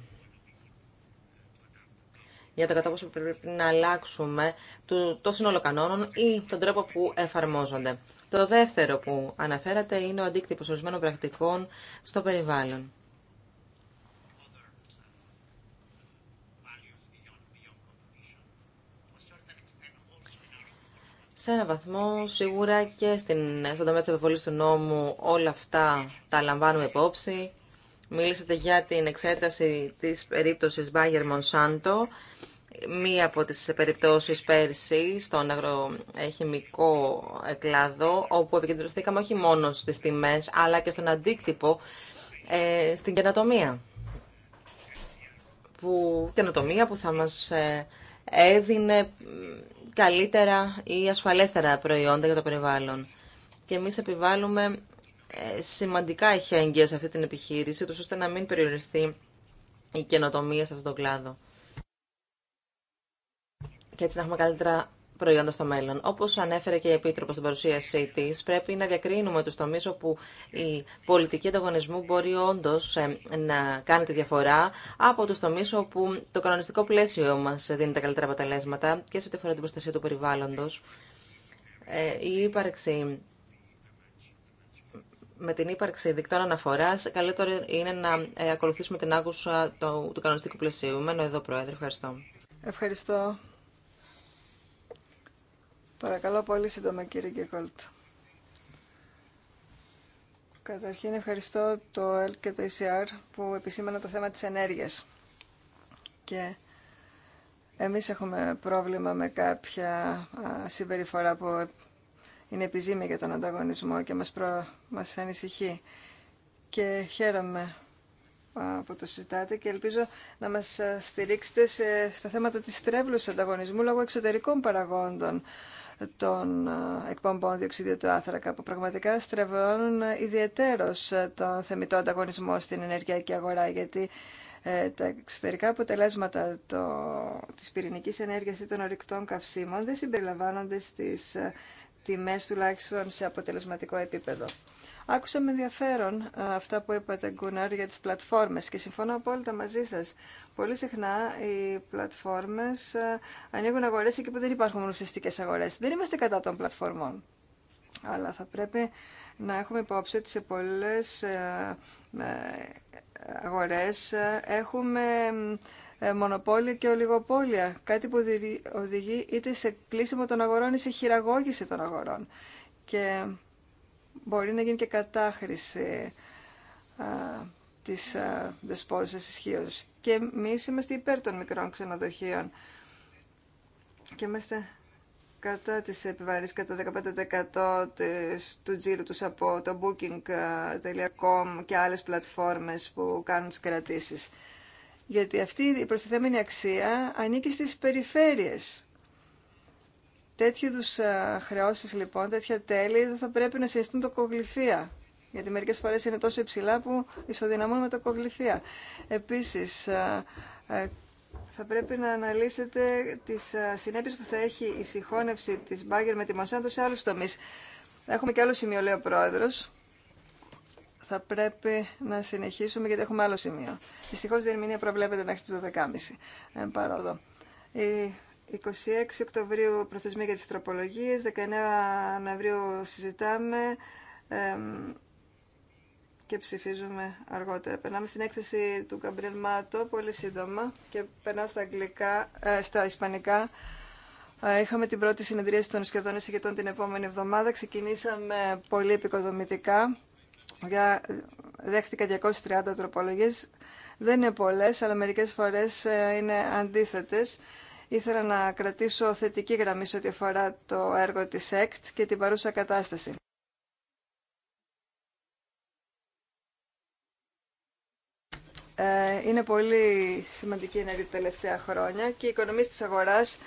για το κατά πόσο πρέπει να αλλάξουμε το, το σύνολο κανόνων ή τον τρόπο που εφαρμόζονται. Το δεύτερο που αναφέρατε είναι ο αντίκτυπος ορισμένων πρακτικών στο περιβάλλον. Σε ένα βαθμό, σίγουρα και στην, στον τομέα της επιβολής του νόμου όλα αυτά τα λαμβάνουμε υπόψη Μίλησατε για την εξέταση της περίπτωσης Bayer Monsanto, μία από τις περιπτώσεις πέρσι στον αγροχημικό κλάδο, όπου επικεντρωθήκαμε όχι μόνο στις τιμές, αλλά και στον αντίκτυπο ε, στην καινοτομία. Που, καινοτομία που θα μας ε, έδινε καλύτερα ή ασφαλέστερα προϊόντα για το περιβάλλον. Και εμείς επιβάλλουμε ε, σημαντικά έχει αγγεία σε αυτή την επιχείρηση, ώστε να μην περιοριστεί η καινοτομία σε αυτόν τον κλάδο. Και έτσι να έχουμε καλύτερα προϊόντα στο μέλλον. Όπω ανέφερε και η Επίτροπο στην παρουσίασή τη, πρέπει να διακρίνουμε του τομεί όπου η πολιτική ανταγωνισμού μπορεί όντω ε, να κάνει τη διαφορά από του τομεί όπου το κανονιστικό πλαίσιο μα δίνει τα καλύτερα αποτελέσματα και σε ό,τι αφορά την προστασία του περιβάλλοντο. Ε, η ύπαρξη με την ύπαρξη δικτών αναφορά, καλύτερο είναι να ε, ακολουθήσουμε την άκουσα του, του κανονιστικού πλαισίου. Μένω εδώ, Πρόεδρε. Ευχαριστώ. Ευχαριστώ. Παρακαλώ πολύ σύντομα, κύριε Γκέκολτ. Καταρχήν ευχαριστώ το ΕΛ και το ECR που επισήμαναν το θέμα της ενέργειας. Και εμείς έχουμε πρόβλημα με κάποια συμπεριφορά που είναι επιζήμια για τον ανταγωνισμό και μας, προ... μας ανησυχεί. Και χαίρομαι που το συζητάτε και ελπίζω να μας στηρίξετε σε... στα θέματα της τρέβλους ανταγωνισμού λόγω εξωτερικών παραγόντων των εκπομπών διοξιδίου του άθρακα που πραγματικά στρεβλώνουν ιδιαιτέρως τον θεμητό ανταγωνισμό στην ενεργειακή αγορά γιατί ε, τα εξωτερικά αποτελέσματα το, της πυρηνικής ενέργειας ή των ορυκτών καυσίμων δεν συμπεριλαμβάνονται στις τιμές τουλάχιστον σε αποτελεσματικό επίπεδο. Άκουσα με ενδιαφέρον ε, αυτά που είπατε, Γκούναρ, για τις πλατφόρμες και συμφωνώ απόλυτα μαζί σας. Πολύ συχνά οι πλατφόρμες ε, ανοίγουν αγορές εκεί που δεν υπάρχουν ουσιαστικές αγορές. Δεν είμαστε κατά των πλατφόρμων, αλλά θα πρέπει να έχουμε υπόψη ότι σε πολλές ε, αγορές έχουμε ε, μονοπόλια και ολιγοπόλια, κάτι που οδηγεί είτε σε κλείσιμο των αγορών ή σε χειραγώγηση των αγορών. Και μπορεί να γίνει και κατάχρηση α, της α, δεσπόζησης ισχύω. Και εμεί είμαστε υπέρ των μικρών ξενοδοχείων και είμαστε κατά τις επιβαρύνσεις, κατά 15% του τζίρου τους από το booking.com και άλλες πλατφόρμες που κάνουν τις κρατήσεις γιατί αυτή η προστιθέμενη αξία ανήκει στις περιφέρειες. Τέτοιου είδου χρεώσεις λοιπόν, τέτοια τέλη δεν θα πρέπει να συνιστούν το κογλυφία. Γιατί μερικές φορές είναι τόσο υψηλά που ισοδυναμούν με το κογλυφία. Επίσης, θα πρέπει να αναλύσετε τις συνέπειες που θα έχει η συγχώνευση της Μπάγκερ με τη Μοσάντο σε άλλου τομεί. Έχουμε και άλλο σημείο, λέει ο Πρόεδρος, θα πρέπει να συνεχίσουμε γιατί έχουμε άλλο σημείο. Δυστυχώ η ερμηνεία προβλέπεται μέχρι τις 12.30. Ε, Η 26 Οκτωβρίου προθεσμία για τις τροπολογίες, 19 Νοεμβρίου συζητάμε και ψηφίζουμε αργότερα. Περνάμε στην έκθεση του Γκαμπριέλ Μάτο, πολύ σύντομα, και περνάω στα, αγγλικά, ε, στα ισπανικά. Ε, είχαμε την πρώτη συνεδρίαση των σχεδόν εισηγητών την επόμενη εβδομάδα. Ξεκινήσαμε πολύ επικοδομητικά δέχτηκα 230 τροπολογίες. Δεν είναι πολλές, αλλά μερικές φορές ε, είναι αντίθετες. Ήθελα να κρατήσω θετική γραμμή σε ό,τι αφορά το έργο της ΕΚΤ και την παρούσα κατάσταση. Ε, είναι πολύ σημαντική ενέργεια τα τελευταία χρόνια και οι οικονομίες της αγοράς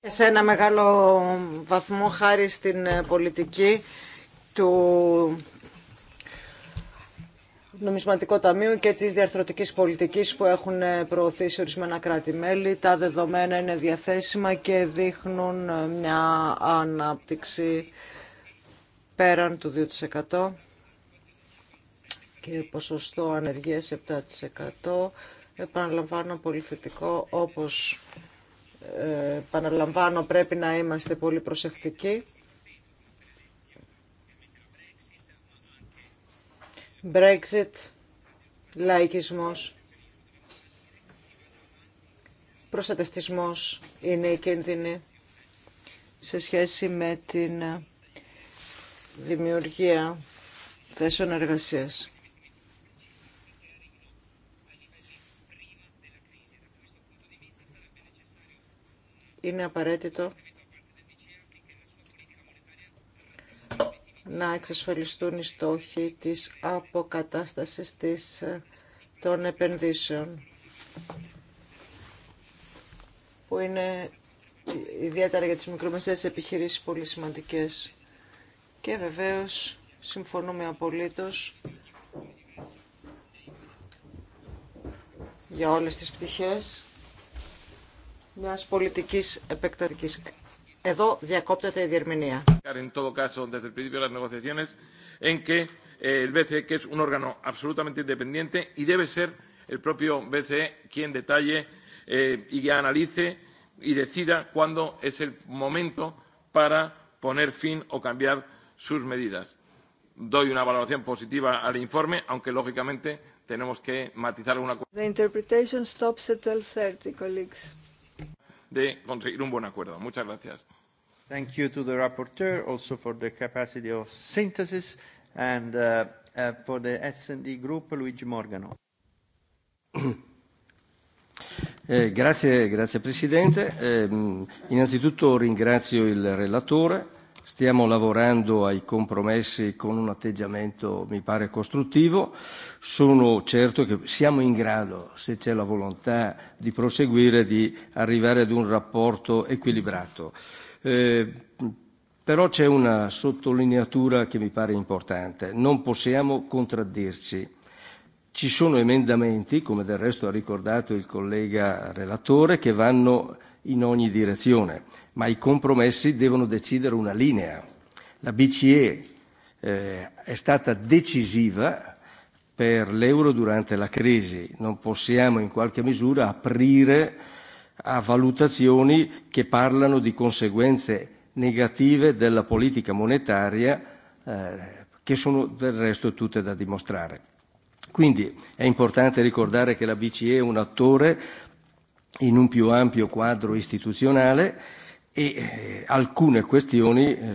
σε ένα μεγάλο βαθμό χάρη στην ε, πολιτική του Νομισματικό Ταμείο και τη διαρθρωτική πολιτική που έχουν ε, προωθήσει ορισμένα κράτη-μέλη. Τα δεδομένα είναι διαθέσιμα και δείχνουν ε, μια ανάπτυξη πέραν του 2% και ποσοστό ανεργίας 7%. Επαναλαμβάνω πολύ θετικό, όπως ε, επαναλαμβάνω πρέπει να είμαστε πολύ προσεκτικοί Brexit, λαϊκισμός, προστατευτισμός είναι η κίνδυνη σε σχέση με την δημιουργία θέσεων εργασίας. Είναι απαραίτητο να εξασφαλιστούν οι στόχοι της αποκατάστασης της, ε, των επενδύσεων που είναι ιδιαίτερα για τις μικρομεσαίες επιχειρήσεις πολύ σημαντικές. Και βεβαίως συμφωνούμε απολύτως για όλες τις πτυχές μιας πολιτικής επεκτατικής εδώ διακόπτεται η διερμηνία. En todo caso, desde el principio de las negociaciones, en que el BCE, que es un órgano absolutamente independiente y debe ser el propio BCE quien detalle eh, y analice y decida cuándo es el momento para poner fin o cambiar sus medidas. Doy una valoración positiva al informe, aunque lógicamente tenemos que matizar alguna cosa. The interpretation stops at 12:30, colleagues. De conseguir un buen acuerdo. Muchas gracias. Thank you to the rapporteur also for the capacity of synthesis and for the SD Group Luigi Morgano. Grazie, grazie Presidente. Innanzitutto ringrazio il relatore. Stiamo lavorando ai compromessi con un atteggiamento, mi pare, costruttivo. Sono certo che siamo in grado, se c'è la volontà di proseguire, di arrivare ad un rapporto equilibrato. Però c'è una sottolineatura che mi pare importante. Non possiamo contraddirci. Ci sono emendamenti, come del resto ha ricordato il collega relatore, che vanno in ogni direzione, ma i compromessi devono decidere una linea. La BCE è stata decisiva per l'euro durante la crisi. Non possiamo in qualche misura aprire a valutazioni che parlano di conseguenze negative della politica monetaria che sono del resto tutte da dimostrare. Quindi è importante ricordare che la BCE è un attore in un più ampio quadro istituzionale e alcune questioni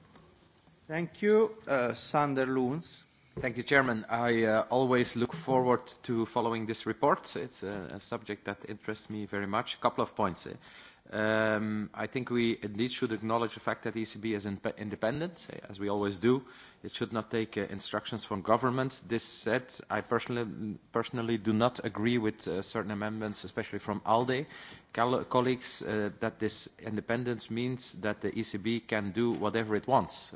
Thank you. Sander Loons. Thank you, Chairman. I always look forward to following this report. It's a subject that interests me very much. A couple of points. I think we indeed should acknowledge the fact that ECB is independent, as we always do. It should not take instructions from governments. This said, I personally do not agree with certain amendments, especially from ALDE colleagues, that this independence means that the ECB can do whatever it wants.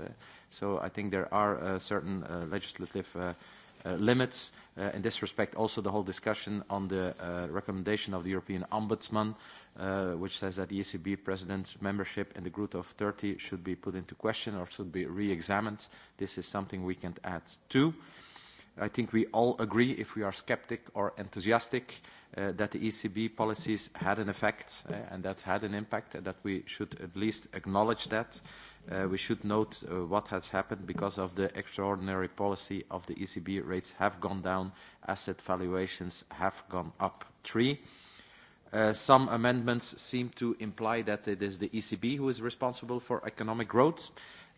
So I think there are certain legislative limits. In this respect, also the whole discussion on the recommendation of the European Ombudsman, which says that the ECB president's membership in the group of 30 should be put into question or should be re-examined. This is something we can add to. I think we all agree, if we are skeptic or enthusiastic, that the ECB policies had an effect and that had an impact, and that we should at least acknowledge that we should note what has happened because of the extraordinary policy of the ECB. Rates have gone down, asset valuations have gone up. Three, some amendments seem to imply that it is the ECB who is responsible for economic growth.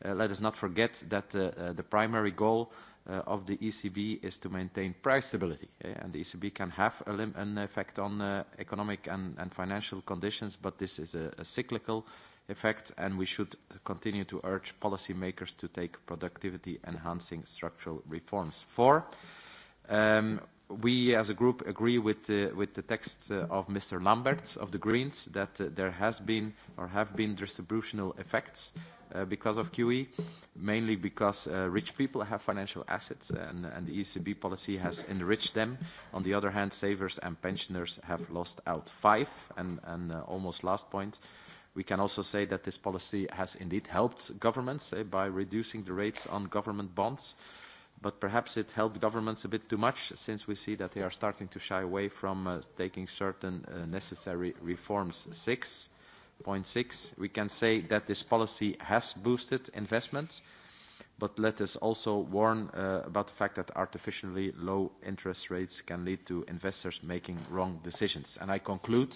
Let us not forget that the primary goal of the ECB is to maintain price stability. And the ECB can have an effect on economic and financial conditions, but this is a cyclical effects, and we should continue to urge policymakers to take productivity-enhancing structural reforms. Four, we as a group agree with the text of Mr. Lambert of the Greens that there has been or have been distributional effects because of QE, mainly because rich people have financial assets and the ECB policy has enriched them. On the other hand, savers and pensioners have lost out. Five, and almost last point, We can also say that this policy has indeed helped governments by reducing the rates on government bonds, but perhaps it helped governments a bit too much since we see that they are starting to shy away from taking certain necessary reforms. 6.6, we can say that this policy has boosted investments, but let us also warn about the fact that artificially low interest rates can lead to investors making wrong decisions. And I conclude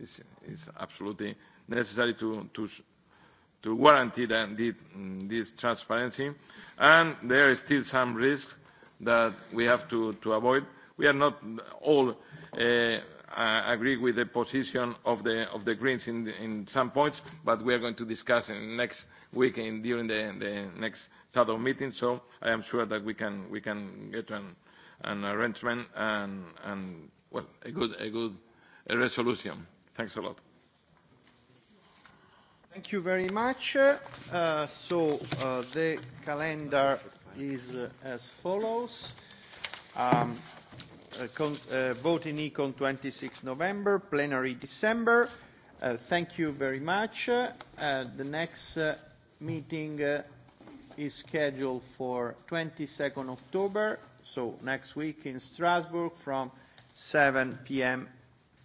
is is absolutely necessary to to to guarantee that this transparency. And there is still some risks that we have to to avoid. We are not all agree with the position of the of the Greens in in some points, but we are going to discuss in next week in during the the next shadow meeting. So I am sure that we can we can get an an arrangement and and well a good a good resolution. Thanks a lot. Thank you very much. So the calendar is as follows. Vote in Econ 26 November, plenary December. Thank you very much. The next meeting is scheduled for 22nd October, so next week in Strasbourg from 7 p.m.